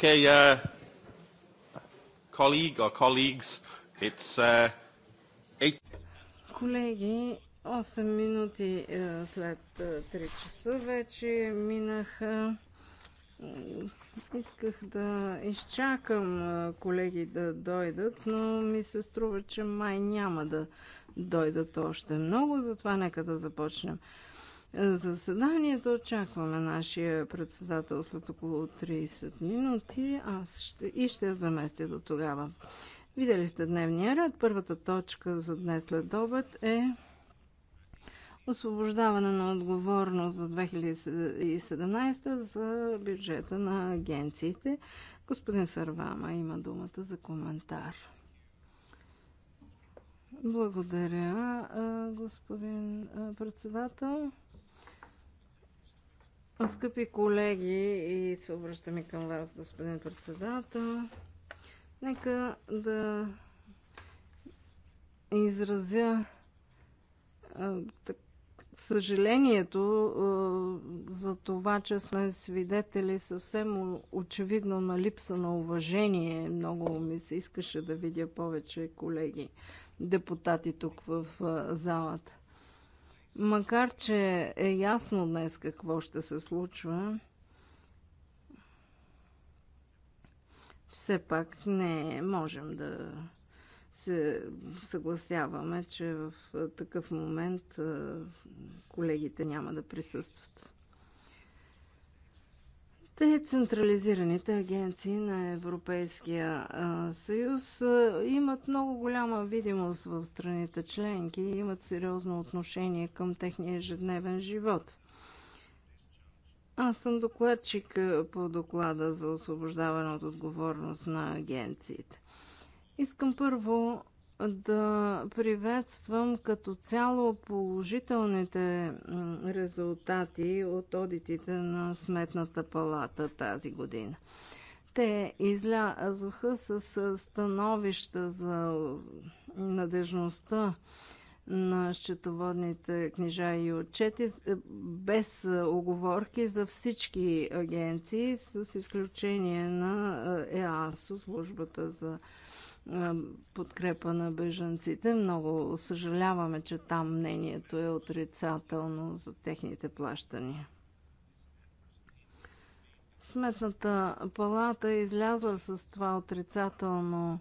Okay, uh, colleague or colleagues, it's uh, eight... Колеги, 8 минути е, след 3 е, часа вече минаха. Исках да изчакам е, колеги да дойдат, но ми се струва, че май няма да дойдат още много, затова нека да започнем. Е, заседанието. Очакваме нашия председател след около 30 минути аз ще, и ще я заместя до тогава. Видели сте дневния ред. Първата точка за днес след обед е освобождаване на отговорност за 2017 за бюджета на агенциите. Господин Сарвама има думата за коментар. Благодаря, е, господин е, председател. Скъпи колеги, и се обръщаме към вас, господин председател, нека да изразя съжалението за това, че сме свидетели съвсем очевидно на липса на уважение. Много ми се искаше да видя повече колеги депутати тук в залата. Макар, че е ясно днес какво ще се случва, все пак не можем да се съгласяваме, че в такъв момент колегите няма да присъстват. Те, централизираните агенции на Европейския съюз, имат много голяма видимост в страните членки и имат сериозно отношение към техния ежедневен живот. Аз съм докладчик по доклада за освобождаване от отговорност на агенциите. Искам първо да приветствам като цяло положителните резултати от одитите на Сметната палата тази година. Те излязоха с становища за надежността на счетоводните книжа и отчети без оговорки за всички агенции, с изключение на ЕАСО, службата за подкрепа на бежанците. Много съжаляваме, че там мнението е отрицателно за техните плащания. Сметната палата изляза с това отрицателно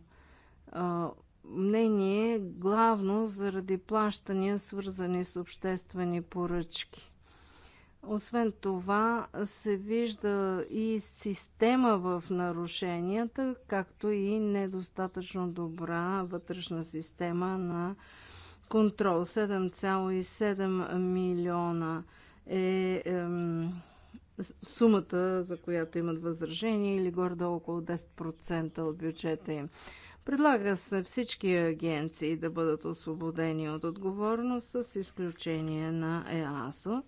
а, мнение, главно заради плащания, свързани с обществени поръчки. Освен това се вижда и система в нарушенията, както и недостатъчно добра вътрешна система на контрол. 7,7 милиона е, е сумата, за която имат възражение или гордо около 10% от бюджета им. Предлага се всички агенции да бъдат освободени от отговорност с изключение на ЕАСО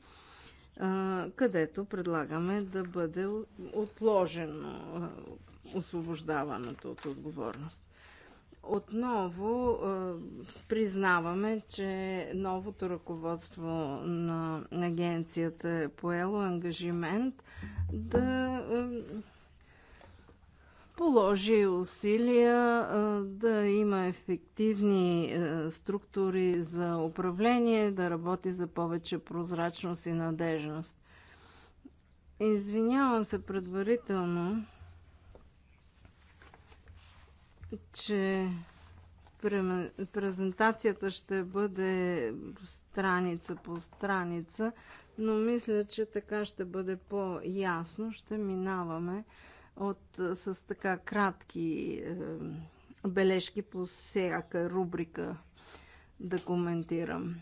където предлагаме да бъде отложено освобождаването от отговорност. Отново признаваме, че новото ръководство на агенцията е поело ангажимент да положи усилия да има ефективни структури за управление, да работи за повече прозрачност и надежност. Извинявам се предварително, че презентацията ще бъде страница по страница, но мисля, че така ще бъде по-ясно. Ще минаваме от, с така кратки е, бележки по всяка рубрика да коментирам.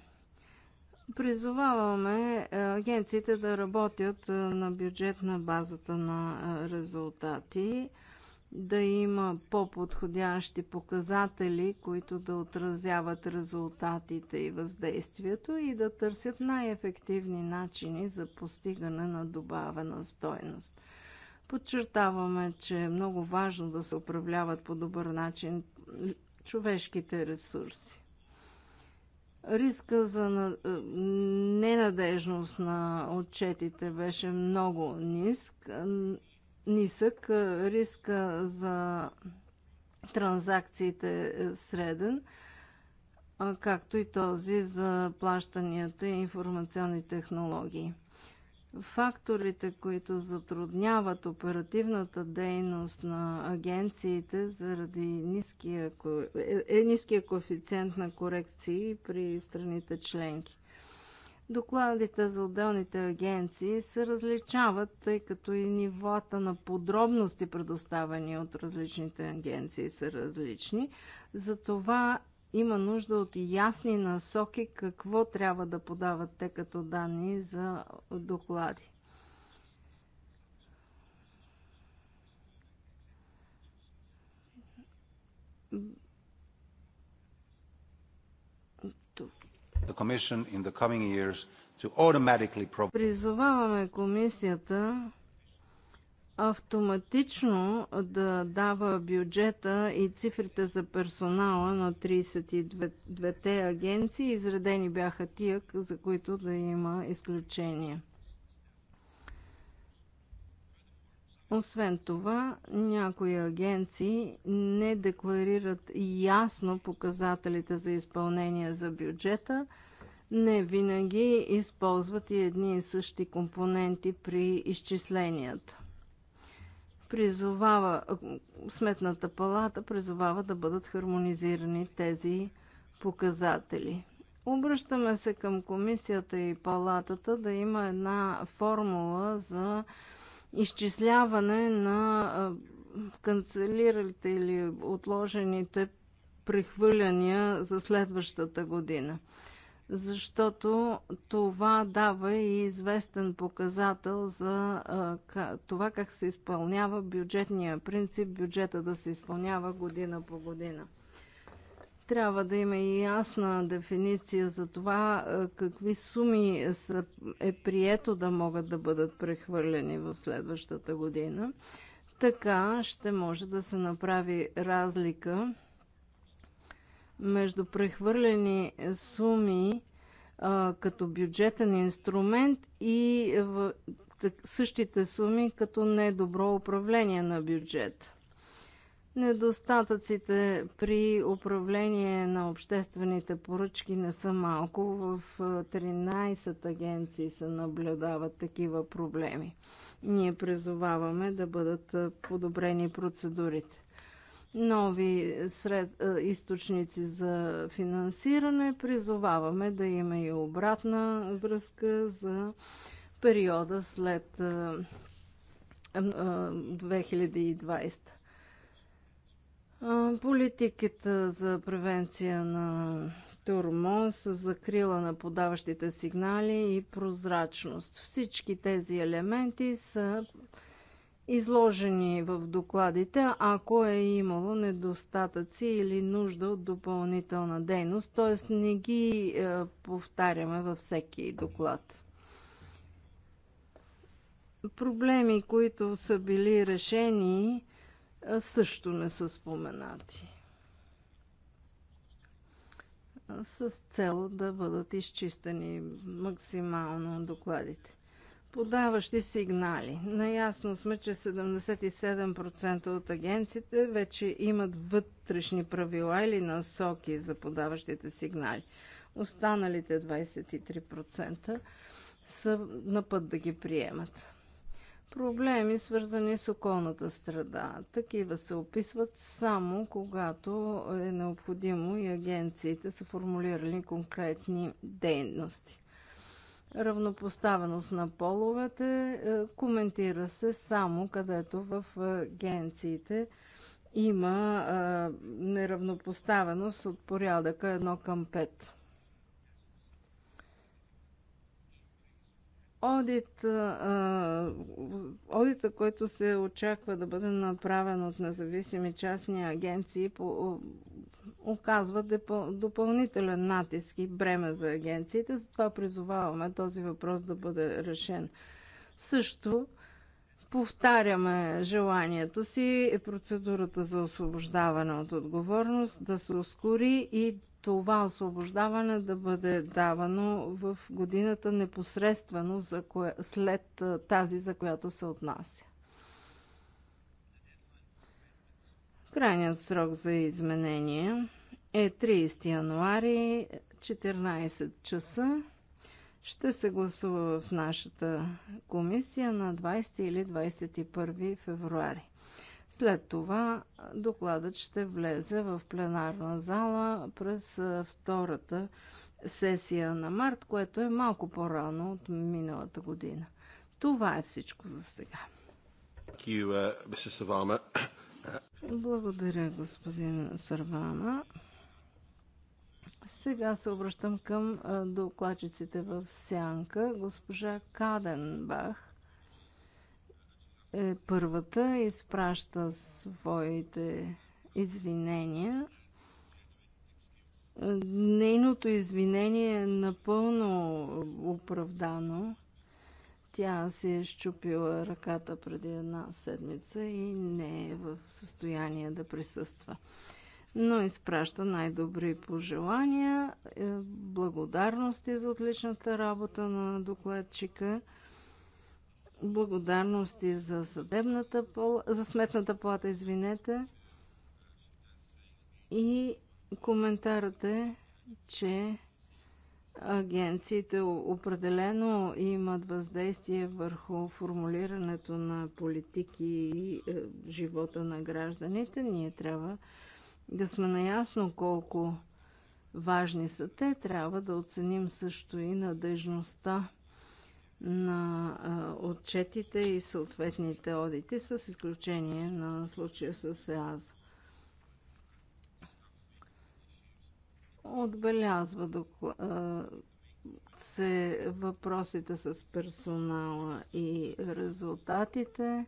Призоваваме е, агенциите да работят е, на бюджет на базата на е, резултати, да има по-подходящи показатели, които да отразяват резултатите и въздействието и да търсят най-ефективни начини за постигане на добавена стойност – Подчертаваме, че е много важно да се управляват по добър начин човешките ресурси. Риска за е, ненадежност на отчетите беше много ниск, е, нисък, е, риска за транзакциите е среден, както и този за плащанията и информационни технологии факторите, които затрудняват оперативната дейност на агенциите заради ниския, е, е ниския коефициент на корекции при страните членки. Докладите за отделните агенции се различават, тъй като и нивата на подробности, предоставени от различните агенции, са различни. Затова има нужда от ясни насоки какво трябва да подават те като данни за доклади. Призоваваме комисията автоматично да дава бюджета и цифрите за персонала на 32-те агенции. Изредени бяха тия, за които да има изключение. Освен това, някои агенции не декларират ясно показателите за изпълнение за бюджета, не винаги използват и едни и същи компоненти при изчисленията призовава, Сметната палата призовава да бъдат хармонизирани тези показатели. Обръщаме се към комисията и палатата да има една формула за изчисляване на канцелиралите или отложените прехвърляния за следващата година защото това дава и известен показател за това как се изпълнява бюджетния принцип, бюджета да се изпълнява година по година. Трябва да има и ясна дефиниция за това какви суми е прието да могат да бъдат прехвърлени в следващата година. Така ще може да се направи разлика между прехвърлени суми а, като бюджетен инструмент и в, същите суми като недобро управление на бюджет. Недостатъците при управление на обществените поръчки не са малко. В 13 агенции се наблюдават такива проблеми. Ние призоваваме да бъдат подобрени процедурите нови сред, е, източници за финансиране. Призоваваме да има и обратна връзка за периода след 2020. Е, е, политиката за превенция на турмоз, закрила на подаващите сигнали и прозрачност. Всички тези елементи са изложени в докладите, ако е имало недостатъци или нужда от допълнителна дейност, т.е. не ги е, повтаряме във всеки доклад. Проблеми, които са били решени, е, също не са споменати. Е, с цел да бъдат изчистени максимално докладите подаващи сигнали. Наясно сме, че 77% от агенциите вече имат вътрешни правила или насоки за подаващите сигнали. Останалите 23% са на път да ги приемат. Проблеми, свързани с околната среда. Такива се описват само когато е необходимо и агенциите са формулирали конкретни дейности равнопоставеност на половете е, коментира се само където в агенциите е, има е, неравнопоставеност от порядъка 1 към 5. Одит, одита, който се очаква да бъде направен от независими частни агенции, по, оказва допълнителен натиск и бреме за агенциите. Затова призоваваме този въпрос да бъде решен. Също повтаряме желанието си е процедурата за освобождаване от отговорност да се ускори и това освобождаване да бъде давано в годината непосредствено за кое, след тази, за която се отнася. Крайният срок за изменение е 30 януари, 14 часа. Ще се гласува в нашата комисия на 20 или 21 февруари. След това докладът ще влезе в пленарна зала през втората сесия на март, което е малко по-рано от миналата година. Това е всичко за сега. Uh, Благодаря, господин Сарвана. Сега се обръщам към докладчиците в Сянка. Госпожа Каденбах е първата, и изпраща своите извинения. Нейното извинение е напълно оправдано. Тя си е щупила ръката преди една седмица и не е в състояние да присъства но изпраща най-добри пожелания, е, благодарности за отличната работа на докладчика, благодарности за съдебната пола, за сметната плата, извинете, и коментарът е, че агенциите определено имат въздействие върху формулирането на политики и е, живота на гражданите. Ние трябва да сме наясно колко важни са те, трябва да оценим също и надежността на отчетите и съответните одити, с изключение на случая с ЕАЗО. Отбелязва доклад, се въпросите с персонала и резултатите.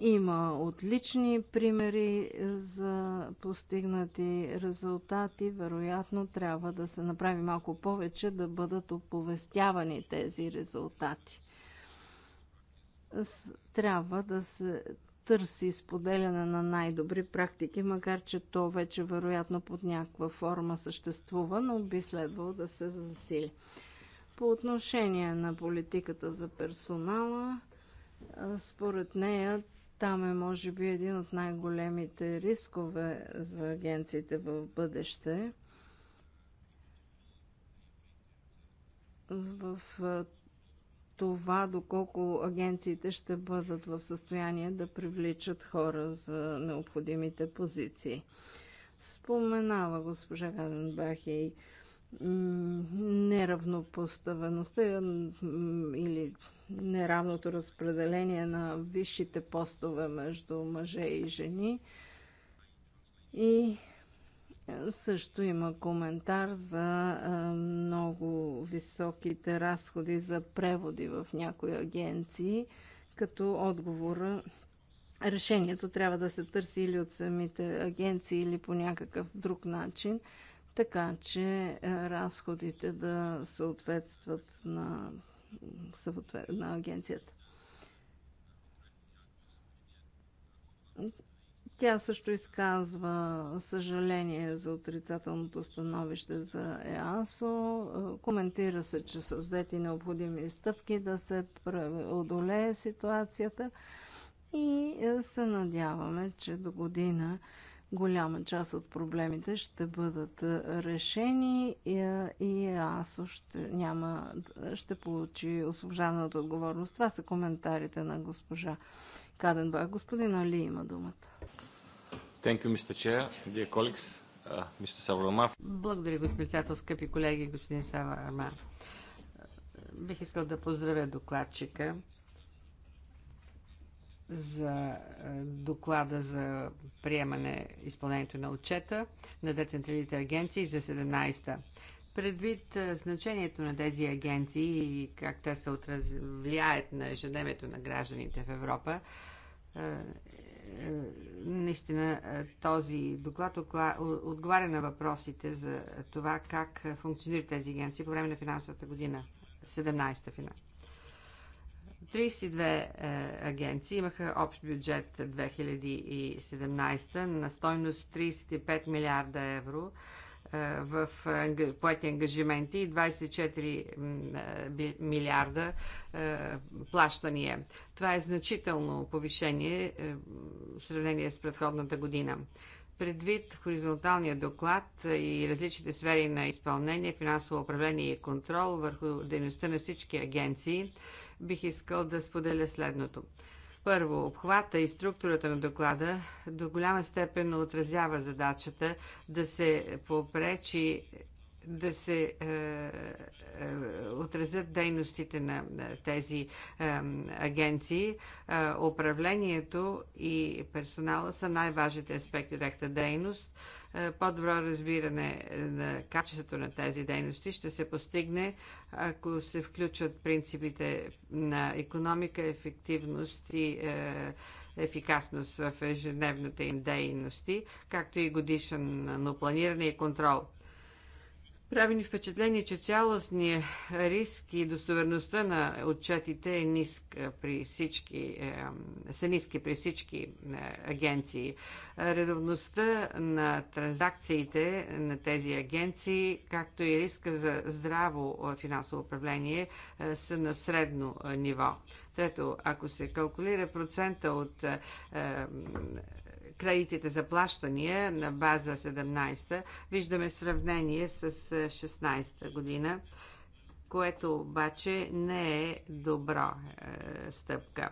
Има отлични примери за постигнати резултати. Вероятно трябва да се направи малко повече да бъдат оповестявани тези резултати. Трябва да се търси споделяне на най-добри практики, макар че то вече вероятно под някаква форма съществува, но би следвало да се засили. По отношение на политиката за персонала, според нея там е, може би, един от най-големите рискове за агенциите в бъдеще. В това, доколко агенциите ще бъдат в състояние да привличат хора за необходимите позиции. Споменава госпожа Гаденбах и неравнопоставеността или неравното разпределение на висшите постове между мъже и жени. И е, също има коментар за е, много високите разходи за преводи в някои агенции, като отговора решението трябва да се търси или от самите агенции, или по някакъв друг начин, така че е, разходите да съответстват на на агенцията. Тя също изказва съжаление за отрицателното становище за ЕАСО. Коментира се, че са взети необходими стъпки да се одолее ситуацията и се надяваме, че до година голяма част от проблемите ще бъдат е, решени е, и аз още няма, ще получи освобождаване от отговорност. Това са коментарите на госпожа Каденбах. Господин Али има думата. Thank you, Mr. Chair, dear colleagues, uh, Mr. Благодаря, господин председател, скъпи колеги, господин Савармар. Бих искал да поздравя докладчика за е, доклада за приемане изпълнението на отчета на децентралните агенции за 17-та. Предвид е, значението на тези агенции и как те се отраз... влияят на ежедневието на гражданите в Европа, е, наистина този доклад отговаря на въпросите за това как функционират тези агенции по време на финансовата година, 17-та финансовата. 32 е, агенции имаха общ бюджет 2017 на стойност 35 милиарда евро е, в е, поети ангажименти и 24 милиарда плащания. Това е значително повишение в сравнение с предходната година. Предвид хоризонталния доклад и различните сфери на изпълнение, финансово управление и контрол върху дейността на всички агенции, бих искал да споделя следното. Първо, обхвата и структурата на доклада до голяма степен отразява задачата да се попречи да се е, е, отразят дейностите на тези е, агенции. Е, управлението и персонала са най-важните аспекти от тяхната дейност. Е, е, по-добро разбиране е, на качеството на тези дейности ще се постигне, ако се включат принципите на економика, ефективност и е, ефикасност в ежедневната им дейности, както и годишно планиране и контрол. Прави ни впечатление, че цялостният риск и достоверността на отчетите е ниск при всички, е, са ниски при всички е, агенции. Редовността на транзакциите на тези агенции, както и риска за здраво е, финансово управление, е, са на средно е, ниво. Трето, ако се калкулира процента от е, кредитите за плащания на база 17-та, виждаме сравнение с 16-та година, което обаче не е добра е, стъпка.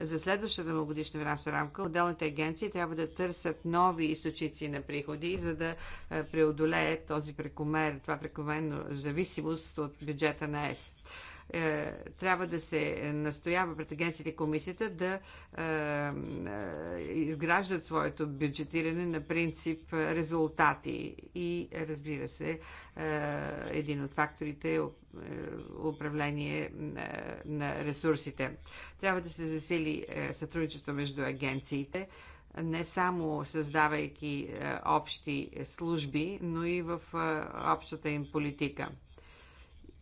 За следващата му годишна финансова рамка отделните агенции трябва да търсят нови източници на приходи, за да е, преодолеят този прекомер, това прекомерно зависимост от бюджета на ЕС. Е, трябва да се настоява пред агенциите и комисията да е, е, изграждат своето бюджетиране на принцип е, резултати и разбира се е, един от факторите е управление е, на ресурсите. Трябва да се засили сътрудничество между агенциите, не само създавайки общи служби, но и в общата им политика.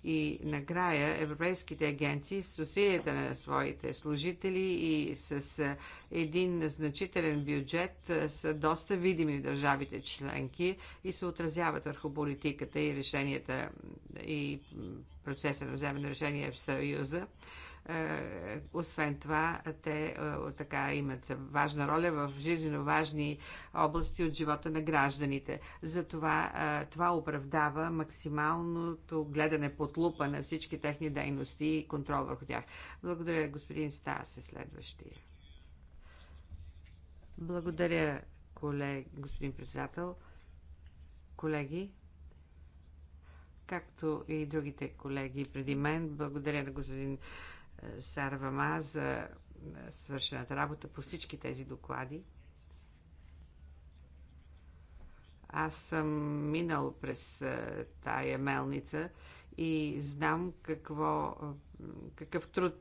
И накрая европейските агенции с усилията на своите служители и с един значителен бюджет са доста видими в държавите членки и се отразяват върху политиката и решенията и процеса на вземане на решения в Съюза. Е, освен това, те е, така имат важна роля в жизненно важни области от живота на гражданите. Затова е, това оправдава максималното гледане под лупа на всички техни дейности и контрол върху тях. Благодаря, господин Стас, е следващия. Благодаря, колег, господин председател. Колеги, както и другите колеги преди мен, благодаря на господин Сарвама за е, свършената работа по всички тези доклади. Аз съм минал през е, тая мелница и знам какво, е, какъв труд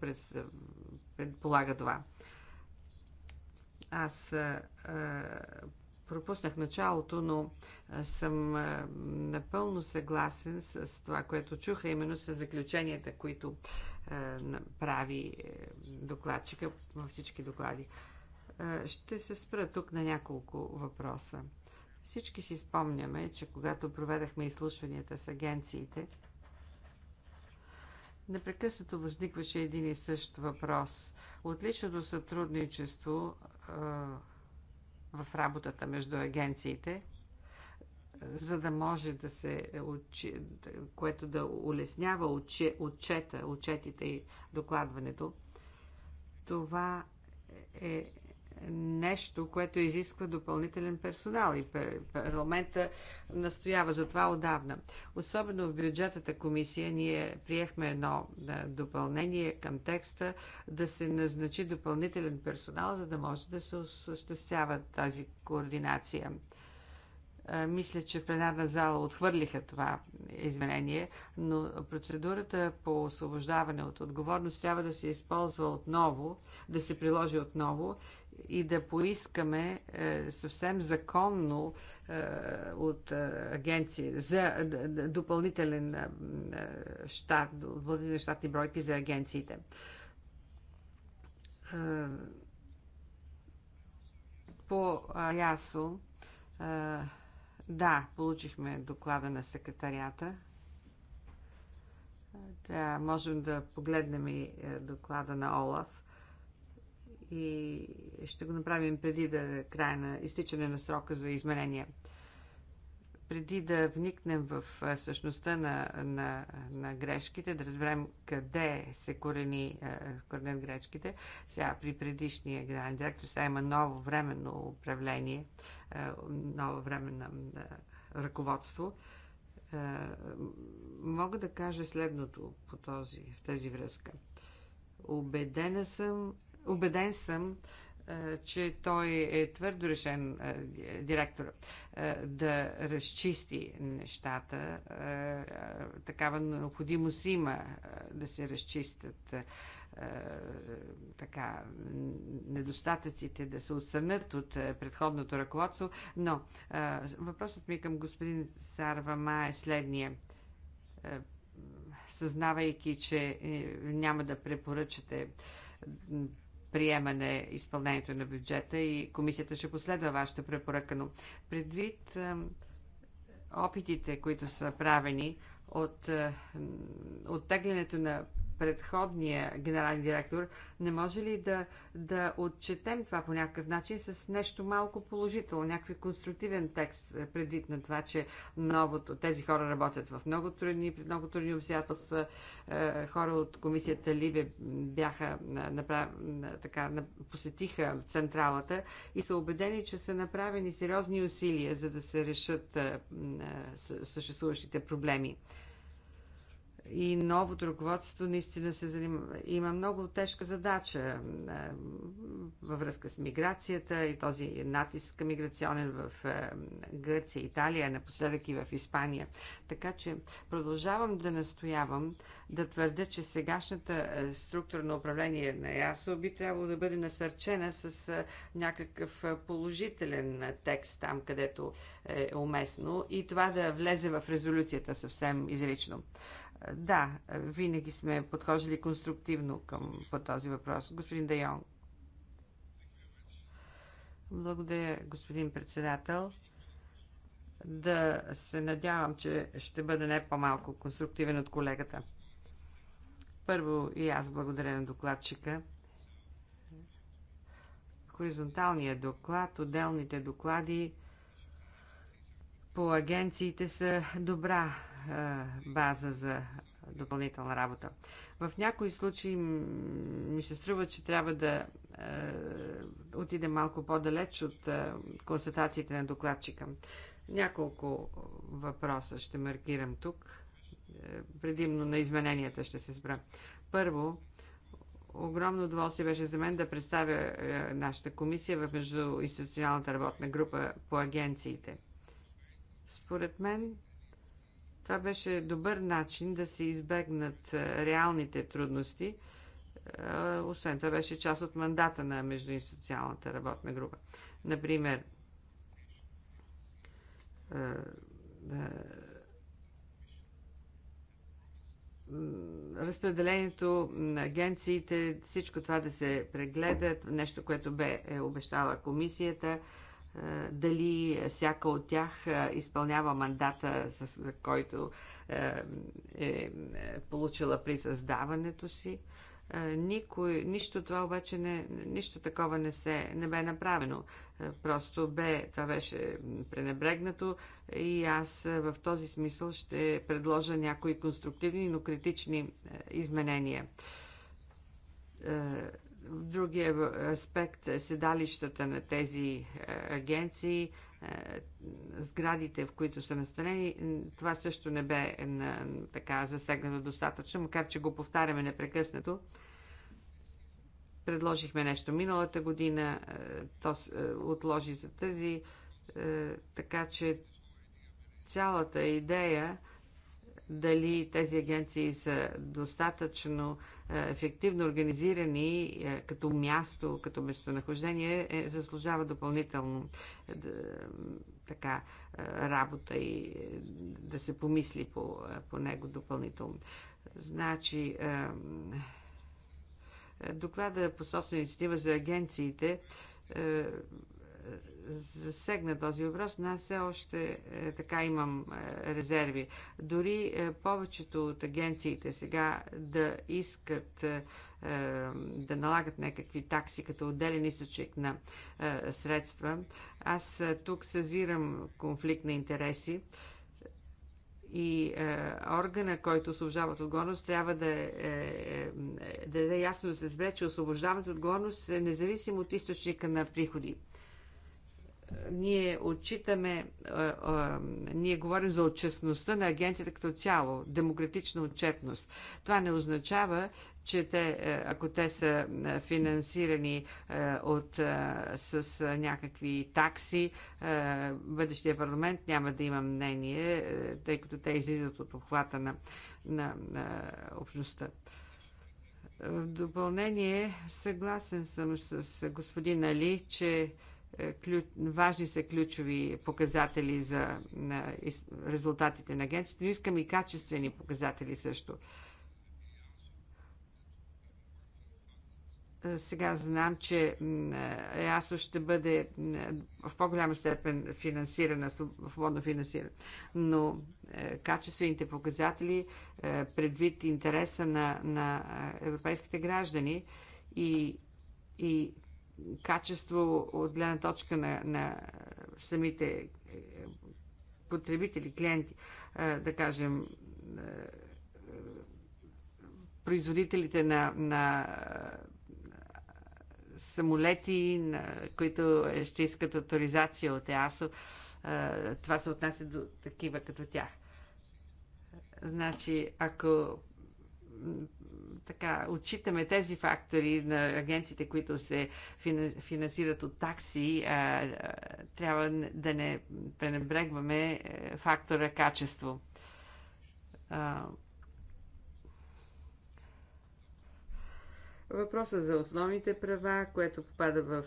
предполага това. Аз пропуснах началото, но съм напълно съгласен с това, което чуха, именно с заключенията, които прави е, докладчика във всички доклади. Ще се спра тук на няколко въпроса. Всички си спомняме, че когато проведахме изслушванията с агенциите, непрекъснато възникваше един и същ въпрос. Отличното сътрудничество в работата между агенциите за да може да се което да улеснява отче, отчета, отчетите и докладването. Това е нещо, което изисква допълнителен персонал и парламента настоява за това отдавна. Особено в бюджетата комисия ние приехме едно допълнение към текста да се назначи допълнителен персонал, за да може да се осъществява тази координация. Е, мисля, че в пленарна зала отхвърлиха това изменение, но процедурата по освобождаване от отговорност трябва да се използва отново, да се приложи отново и да поискаме е, съвсем законно е, от агенции за допълнителен щат, допълнителни щатни бройки за агенциите по ясно. Да, получихме доклада на секретарията. Да, можем да погледнем и е, доклада на Олаф. И ще го направим преди да е края на изтичане на срока за изменения преди да вникнем в същността на, на, на грешките, да разберем къде се корени, коренят грешките. Сега при предишния генерален директор сега има ново временно управление, ново временно ръководство. Мога да кажа следното по този, в тази връзка. Убедена съм, убеден съм, е, че той е твърдо решен е, директор е, да разчисти нещата. Такава необходимост има да се разчистят така, недостатъците да се отстранят от предходното ръководство. Но въпросът ми към господин Сарвама е следния съзнавайки, че няма да препоръчате приемане изпълнението на бюджета и комисията ще последва вашата препоръка. Но предвид опитите, които са правени от оттеглянето на предходния генерален директор, не може ли да, да отчетем това по някакъв начин с нещо малко положително, някакви конструктивен текст е, предвид на това, че новото, тези хора работят в много трудни, при много трудни обстоятелства. Е, хора от комисията Либе бяха е, направ, така, посетиха централата и са убедени, че са направени сериозни усилия, за да се решат съществуващите проблеми и новото ръководство наистина се занимава. Има много тежка задача е, във връзка с миграцията и този натиск миграционен в е, Гърция, Италия, напоследък и в Испания. Така че продължавам да настоявам да твърдя, че сегашната е, структура на управление на ЯСО би трябвало да бъде насърчена с някакъв положителен текст там, където е уместно и това да влезе в резолюцията съвсем изрично. Да, винаги сме подхождали конструктивно към, по този въпрос. Господин Дайон. Благодаря, господин председател. Да се надявам, че ще бъда не по-малко конструктивен от колегата. Първо и аз благодаря на докладчика. Хоризонталният доклад, отделните доклади по агенциите са добра база за допълнителна работа. В някои случаи ми се струва, че трябва да отиде малко по-далеч от констатациите на докладчика. Няколко въпроса ще маркирам тук. Е, предимно на измененията ще се спра. Първо, огромно удоволствие беше за мен да представя е, нашата комисия в междуинституционалната работна група по агенциите. Според мен, това беше добър начин да се избегнат реалните трудности. Освен това беше част от мандата на междуинституционалната работна група. Например, разпределението на агенциите, всичко това да се прегледа, нещо, което бе е обещала комисията, дали всяка от тях изпълнява мандата, с който е, е получила при създаването си. Никой, нищо това обаче не, нищо такова не, се, не бе направено. Просто бе, това беше пренебрегнато и аз в този смисъл ще предложа някои конструктивни, но критични изменения в Другия аспект е седалищата на тези е, агенции, е, сградите, в които са настанени. Това също не бе е, така засегнато достатъчно, макар че го повтаряме непрекъснато. Предложихме нещо миналата година, то отложи за тази, така че цялата идея дали тези агенции са достатъчно е, ефективно организирани е, като място, като местонахождение, е, заслужава допълнително е, така работа и да се помисли по, по него допълнително. Значи, доклада по собствените за агенциите засегна този въпрос, но аз все още е, така имам е, резерви. Дори е, повечето от агенциите сега да искат е, да налагат някакви такси като отделен източник на е, средства, аз е, тук съзирам конфликт на интереси и е, органа, който освобождава от отговорност, трябва да, е, е, е да е ясно да се разбере, че освобождаването от отговорност е независимо от източника на приходи ние отчитаме, ние говорим за отчестността на агенцията като цяло, демократична отчетност. Това не означава, че те, е, ако те са е, финансирани е, от, с някакви такси, бъдещия парламент няма да има мнение, тъй като те излизат от обхвата на, на, на общността. В допълнение, съгласен съм с господин Али, че е, ключ, важни са ключови показатели за на, резултатите на агенцията, но искам и качествени показатели също. Е, сега знам, че ЕАСО ще бъде в по-голяма степен финансирана, свободно финансирана, но е, качествените показатели предвид интереса на, на европейските граждани и, и качество от гледна точка на, на самите е, потребители, клиенти, е, да кажем, е, производителите на, на самолети, на които ще искат авторизация от ЕАСО. Това се отнася до такива като тях. Значи, ако така, отчитаме тези фактори на агенциите, които се финансират от такси, трябва да не пренебрегваме е, фактора качество. Въпросът за основните права, което попада в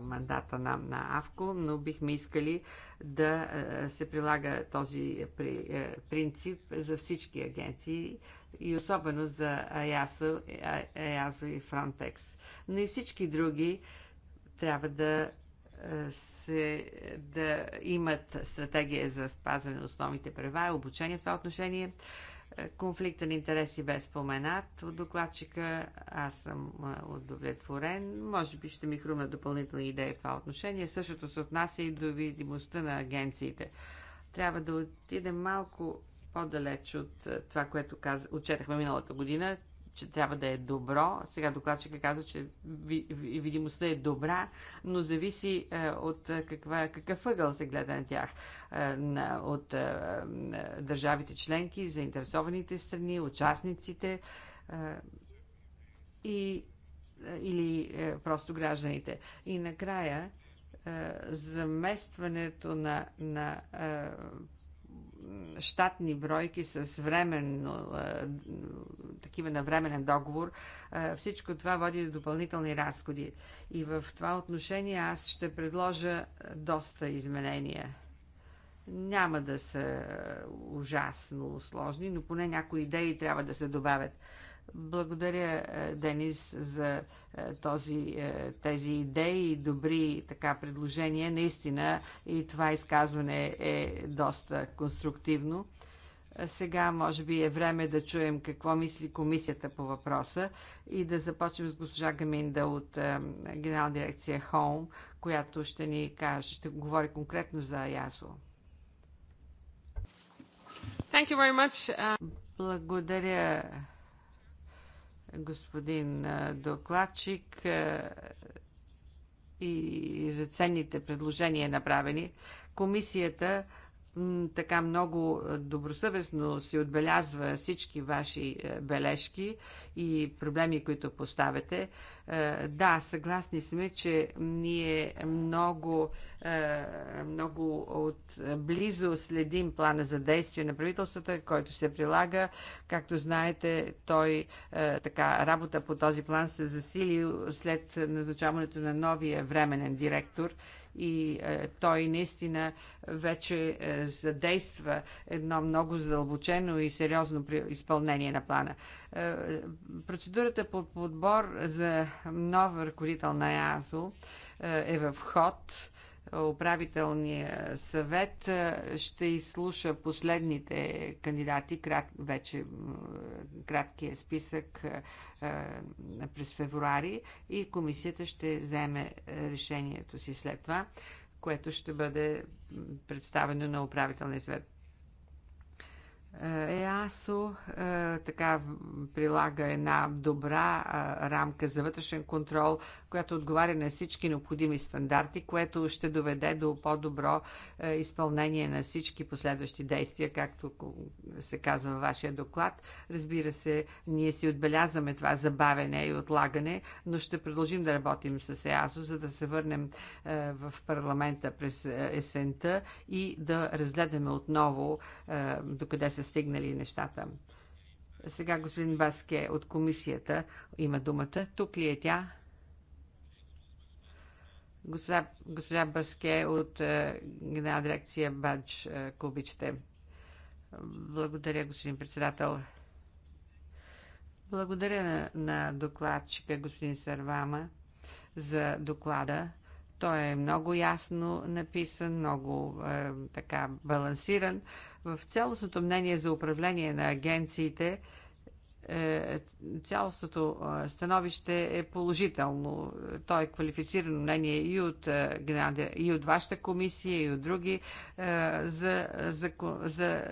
мандата на, на АВКО, но бихме искали да се прилага този е, принцип за всички агенции и особено за АЯСО, АЯСО и Фронтекс. Но и всички други трябва да, е, се, да имат стратегия за спазване на основните права, обучение в това отношение. Е, конфликта на интереси бе споменат от докладчика. Аз съм е, удовлетворен. Може би ще ми хрумна допълнителни идеи в това отношение. Същото се отнася и до видимостта на агенциите. Трябва да отидем малко по-далеч от е, това, което каз... отчетахме миналата година, че трябва да е добро. Сега докладчика каза, че видимостта е добра, но зависи е, от е, каква, какъв ъгъл се гледа на тях. от държавите членки, заинтересованите страни, участниците и, или просто гражданите. И накрая заместването на, на щатни бройки с временно, такива на временен договор, всичко това води до допълнителни разходи. И в това отношение аз ще предложа доста изменения. Няма да са ужасно сложни, но поне някои идеи трябва да се добавят. Благодаря, е, Денис, за е, този, е, тези идеи и добри така предложения. Наистина и това изказване е доста конструктивно. Сега може би е време да чуем какво мисли комисията по въпроса и да започнем с госпожа Гаминда от Генерална дирекция Home, която ще ни каже, ще говори конкретно за ЯСО. Uh, Благодаря, господин докладчик и за ценните предложения направени. Комисията така много е, добросъвестно си отбелязва всички ваши е, бележки и проблеми, които поставяте. Е, да, съгласни сме, че ние много, много отблизо следим плана за действие на правителствата, който се прилага. Както знаете, той така, работа по този план се засили след назначаването на новия временен директор и е, той наистина вече е, задейства едно много задълбочено и сериозно изпълнение на плана. Е, процедурата по подбор за нов ръководител на ЕАЗО е в ход управителния съвет е, ще изслуша последните кандидати, крат, вече краткия списък е, е, през февруари и комисията ще вземе решението си след това, което ще бъде представено на управителния съвет. ЕАСО така прилага една добра рамка за вътрешен контрол, която отговаря на всички необходими стандарти, което ще доведе до по-добро е, изпълнение на всички последващи действия, както се казва във вашия доклад. Разбира се, ние си отбелязваме това забавене и отлагане, но ще продължим да работим с ЕАСО, за да се върнем е, в парламента през е, есента и да разгледаме отново докъде са стигнали нещата. Сега господин Баске от комисията има думата. Тук ли е тя? Госпожа, госпожа Баске от е, Генерална дирекция Бадж, ако е, обичате. Благодаря, господин председател. Благодаря на, на докладчика, господин Сарвама, за доклада. Той е много ясно написан, много е, така балансиран. В цялостното мнение за управление на агенциите, е, цялостното е, становище е положително. То е квалифицирано мнение и от, е, и от вашата комисия, и от други за, за, за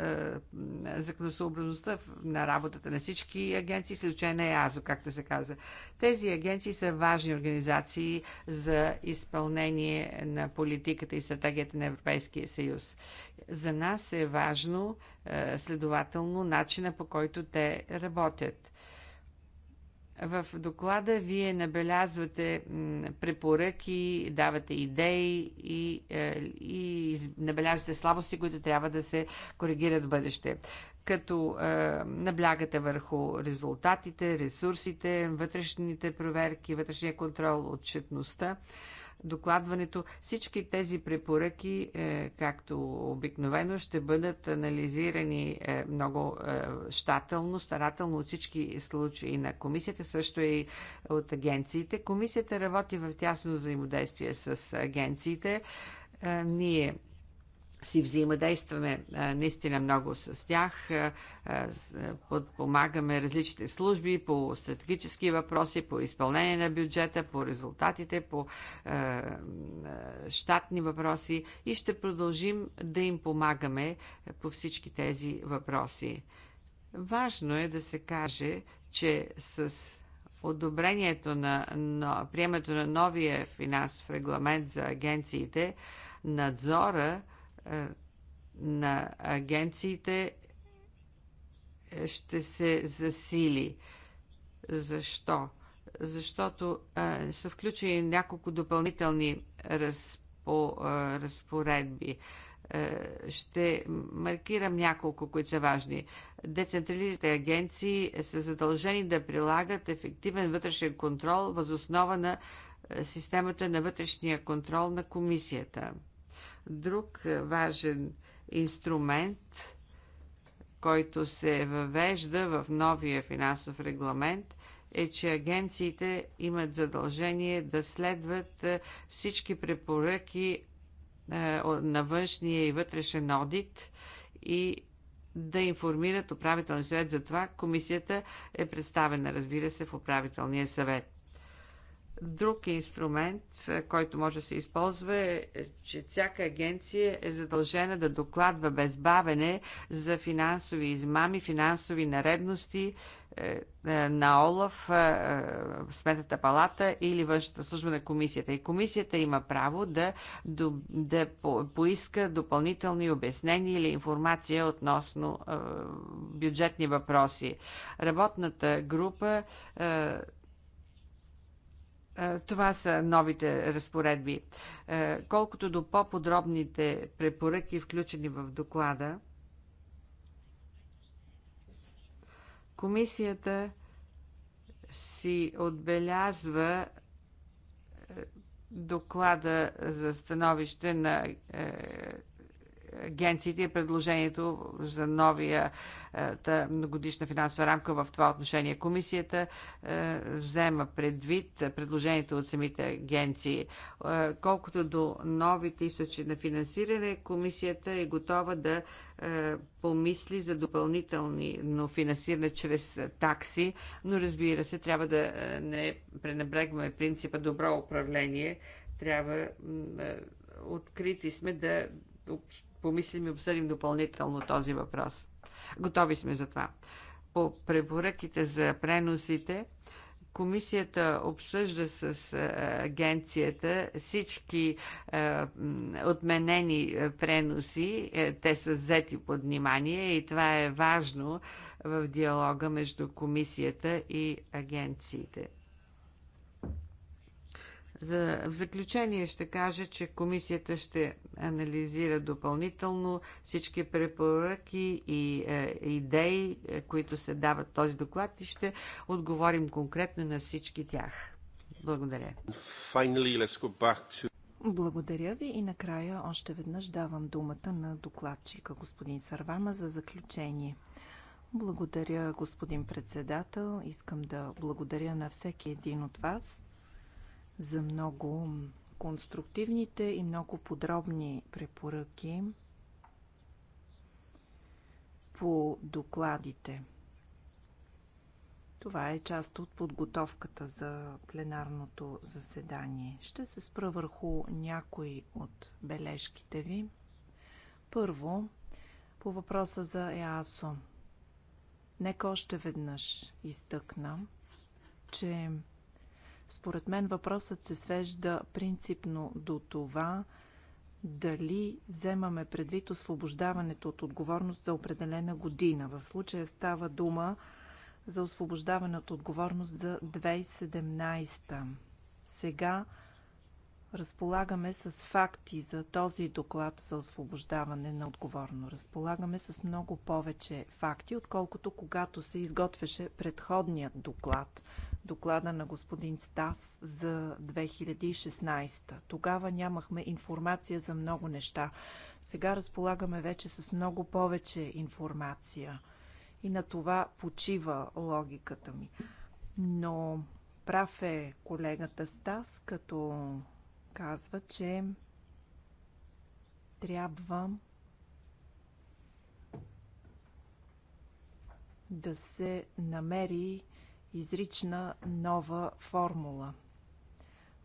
законосъобразността на работата на всички агенции, с не на ЕАЗО, както се каза. Тези агенции са важни организации за изпълнение на политиката и стратегията на Европейския съюз. За нас е важно, е, следователно, начина по който те работят. В доклада вие набелязвате препоръки, давате идеи и, е, и набелязвате слабости, които трябва да се коригират в бъдеще като е, наблягате върху резултатите, ресурсите, вътрешните проверки, вътрешния контрол, отчетността, докладването. Всички тези препоръки, е, както обикновено, ще бъдат анализирани е, много е, щателно, старателно от всички случаи на комисията, също и от агенциите. Комисията работи в тясно взаимодействие с агенциите. Е, ние си взаимодействаме наистина много с тях, подпомагаме различните служби по стратегически въпроси, по изпълнение на бюджета, по резултатите, по щатни въпроси и ще продължим да им помагаме по всички тези въпроси. Важно е да се каже, че с одобрението на, на приемането на новия финансов регламент за агенциите, надзора на агенциите е, ще се засили. Защо? Защото а, са включени няколко допълнителни разпо, а, разпоредби. А, е, ще маркирам няколко, които са важни. Децентрализираните агенции са задължени да прилагат ефективен вътрешен контрол възоснова на е, системата на вътрешния контрол на комисията Друг важен инструмент, който се въвежда в новия финансов регламент, е, че агенциите имат задължение да следват е, всички препоръки е, на външния и вътрешен одит и да информират управителния съвет за това. Комисията е представена, разбира се, в управителния съвет. Друг инструмент, който може да се използва е, е, че всяка агенция е задължена да докладва безбавене за финансови измами, финансови наредности е, е, на ОЛАФ, Сметната палата или външната служба на комисията. И комисията има право да, да поиска допълнителни обяснения или информация относно бюджетни въпроси. Работната група е, това са новите разпоредби. Е, колкото до по-подробните препоръки, включени в доклада, комисията си отбелязва е, доклада за становище на агенциите и предложението за новия е, многодишна финансова рамка в това отношение. Комисията е, взема предвид предложението от самите агенции. Е, колкото до новите източи на финансиране, комисията е готова да помисли за допълнителни, но финансиране чрез такси, но разбира се, трябва да не пренебрегваме принципа добро управление. Трябва открити сме да помислим и обсъдим допълнително този въпрос. Готови сме за това. По препоръките за преносите, комисията обсъжда с е, агенцията всички е, отменени е, преноси. Те са взети под внимание и това е важно в диалога между комисията и агенциите. За, в заключение ще кажа, че комисията ще анализира допълнително всички препоръки и е, идеи, е, които се дават този доклад и ще отговорим конкретно на всички тях. Благодаря. Finally, to... Благодаря ви и накрая още веднъж давам думата на докладчика господин Сарвама за заключение. Благодаря, господин председател. Искам да благодаря на всеки един от вас за много конструктивните и много подробни препоръки по докладите. Това е част от подготовката за пленарното заседание. Ще се спра върху някои от бележките ви. Първо, по въпроса за ЕАСО. Нека още веднъж изтъкна, че според мен въпросът се свежда принципно до това дали вземаме предвид освобождаването от отговорност за определена година. В случая става дума за освобождаване от отговорност за 2017. Сега Разполагаме с факти за този доклад за освобождаване на отговорно. Разполагаме с много повече факти, отколкото когато се изготвяше предходният доклад, доклада на господин Стас за 2016. Тогава нямахме информация за много неща. Сега разполагаме вече с много повече информация. И на това почива логиката ми. Но прав е колегата Стас, като казва, че трябва да се намери изрична нова формула.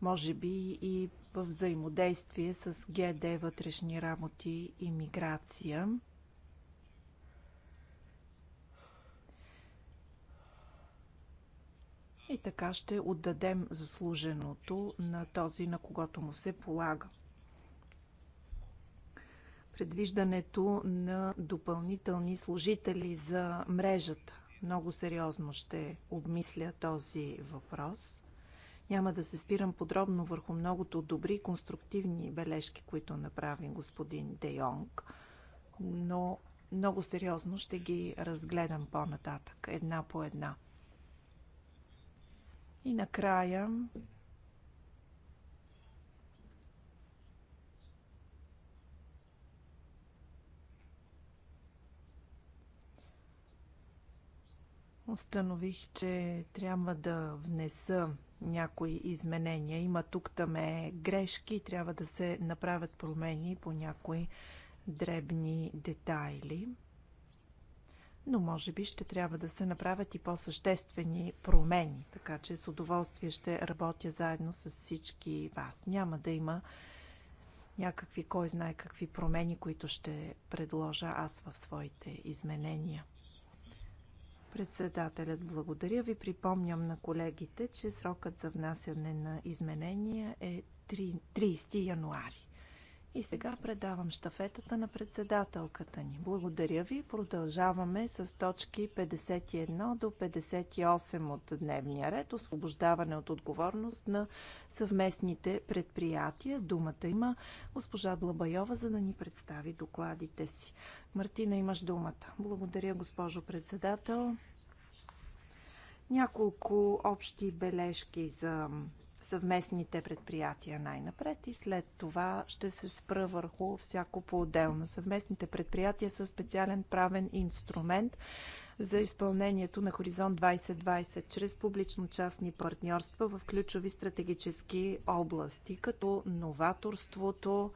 Може би и в взаимодействие с ГД вътрешни работи и миграция – и така ще отдадем заслуженото на този, на когото му се полага. Предвиждането на допълнителни служители за мрежата. Много сериозно ще обмисля този въпрос. Няма да се спирам подробно върху многото добри конструктивни бележки, които направи господин Де Йонг, но много сериозно ще ги разгледам по-нататък, една по една – и накрая установих, че трябва да внеса някои изменения. Има тук е грешки, трябва да се направят промени по някои дребни детайли но може би ще трябва да се направят и по-съществени промени, така че с удоволствие ще работя заедно с всички вас. Няма да има някакви, кой знае какви промени, които ще предложа аз в своите изменения. Председателят благодаря ви. Припомням на колегите, че срокът за внасяне на изменения е 30 януари. И сега предавам штафетата на председателката ни. Благодаря ви. Продължаваме с точки 51 до 58 от дневния ред. Освобождаване от отговорност на съвместните предприятия. Думата има госпожа Длабайова, за да ни представи докладите си. Мартина, имаш думата. Благодаря, госпожо председател. Няколко общи бележки за съвместните предприятия най-напред и след това ще се спра върху всяко по-отделно. Съвместните предприятия са специален правен инструмент за изпълнението на Хоризонт 2020 чрез публично-частни партньорства в ключови стратегически области, като новаторството,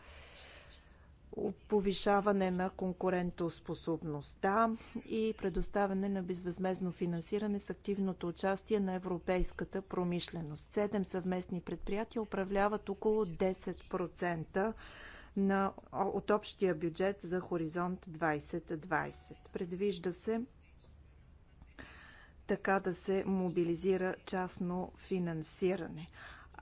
повишаване на конкурентоспособността и предоставяне на безвъзмезно финансиране с активното участие на европейската промишленост. Седем съвместни предприятия управляват около 10% на, от общия бюджет за Хоризонт 2020. Предвижда се така да се мобилизира частно финансиране.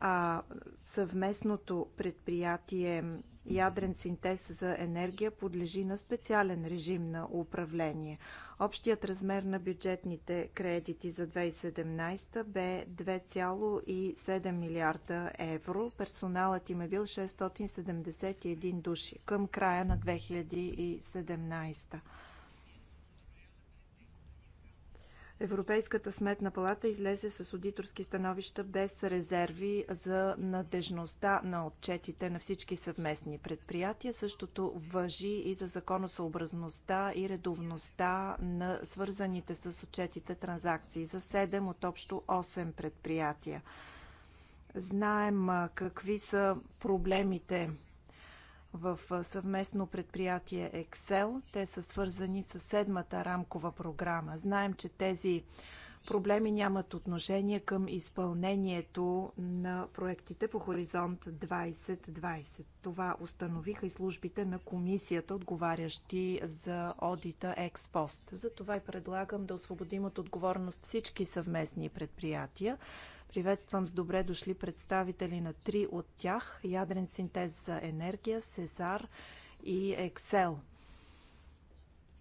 А съвместното предприятие ядрен синтез за енергия подлежи на специален режим на управление. Общият размер на бюджетните кредити за 2017 бе 2,7 милиарда евро. Персоналът им е бил 671 души към края на 2017. Европейската сметна палата излезе с аудиторски становища без резерви за надежността на отчетите на всички съвместни предприятия. Същото въжи и за законосъобразността и редовността на свързаните с отчетите транзакции за 7 от общо 8 предприятия. Знаем какви са проблемите в съвместно предприятие Excel. Те са свързани с седмата рамкова програма. Знаем, че тези проблеми нямат отношение към изпълнението на проектите по Хоризонт 2020. Това установиха и службите на комисията, отговарящи за одита Експост. За това и предлагам да освободим от отговорност всички съвместни предприятия, Приветствам с добре дошли представители на три от тях – ядрен синтез за енергия, Сезар и Ексел.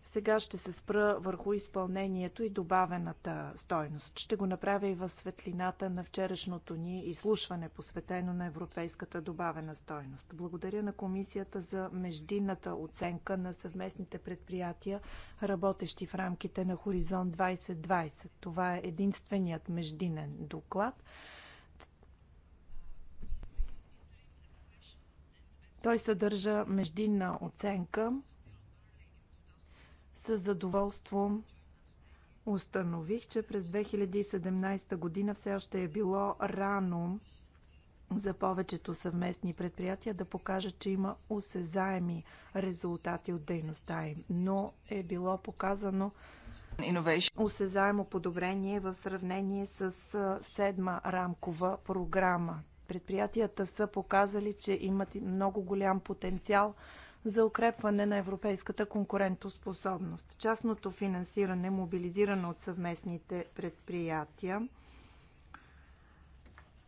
Сега ще се спра върху изпълнението и добавената стойност. Ще го направя и в светлината на вчерашното ни изслушване, посветено на европейската добавена стойност. Благодаря на Комисията за междинната оценка на съвместните предприятия, работещи в рамките на Хоризонт 2020. Това е единственият междинен доклад. Той съдържа междинна оценка с задоволство установих, че през 2017 година все още е било рано за повечето съвместни предприятия да покажат, че има осезаеми резултати от дейността им, но е било показано Innovation. осезаемо подобрение в сравнение с седма рамкова програма. Предприятията са показали, че имат много голям потенциал за укрепване на европейската конкурентоспособност. Частното финансиране, мобилизирано от съвместните предприятия,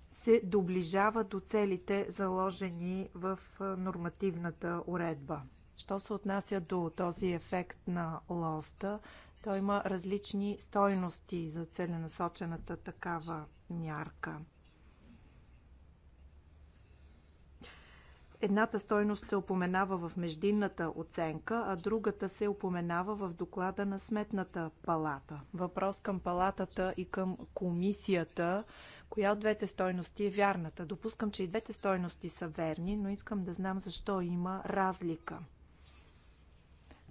се доближава до целите, заложени в нормативната уредба. Що се отнася до този ефект на лоста, той има различни стойности за целенасочената такава мярка – Едната стойност се упоменава в междинната оценка, а другата се упоменава в доклада на Сметната палата. Въпрос към палатата и към комисията. Коя от двете стойности е вярната? Допускам, че и двете стойности са верни, но искам да знам защо има разлика.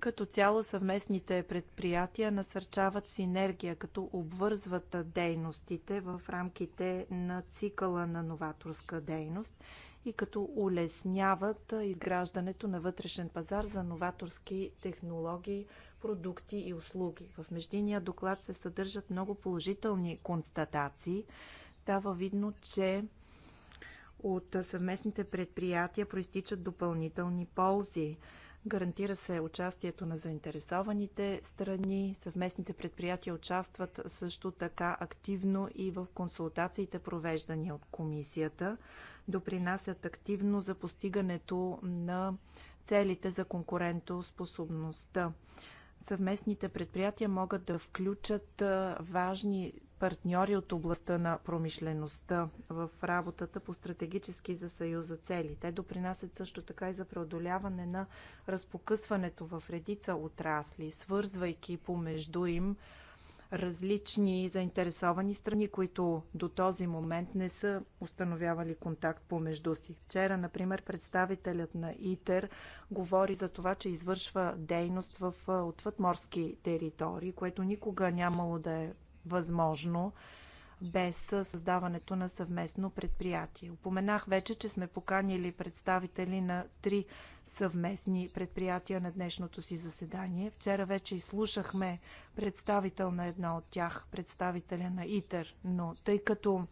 Като цяло съвместните предприятия насърчават синергия, като обвързват дейностите в рамките на цикъла на новаторска дейност – и като улесняват изграждането на вътрешен пазар за новаторски технологии, продукти и услуги. В междиния доклад се съдържат много положителни констатации. Става видно, че от съвместните предприятия проистичат допълнителни ползи Гарантира се участието на заинтересованите страни. Съвместните предприятия участват също така активно и в консултациите, провеждани от комисията. Допринасят активно за постигането на целите за конкурентоспособността съвместните предприятия могат да включат важни партньори от областта на промишлеността в работата по стратегически за Съюза цели. Те допринасят също така и за преодоляване на разпокъсването в редица отрасли, свързвайки помежду им различни заинтересовани страни, които до този момент не са установявали контакт помежду си. Вчера, например, представителят на ИТЕР говори за това, че извършва дейност в отвъдморски територии, което никога нямало да е възможно без създаването на съвместно предприятие. Упоменах вече, че сме поканили представители на три съвместни предприятия на днешното си заседание. Вчера вече изслушахме представител на една от тях, представителя на ИТЕР, но тъй като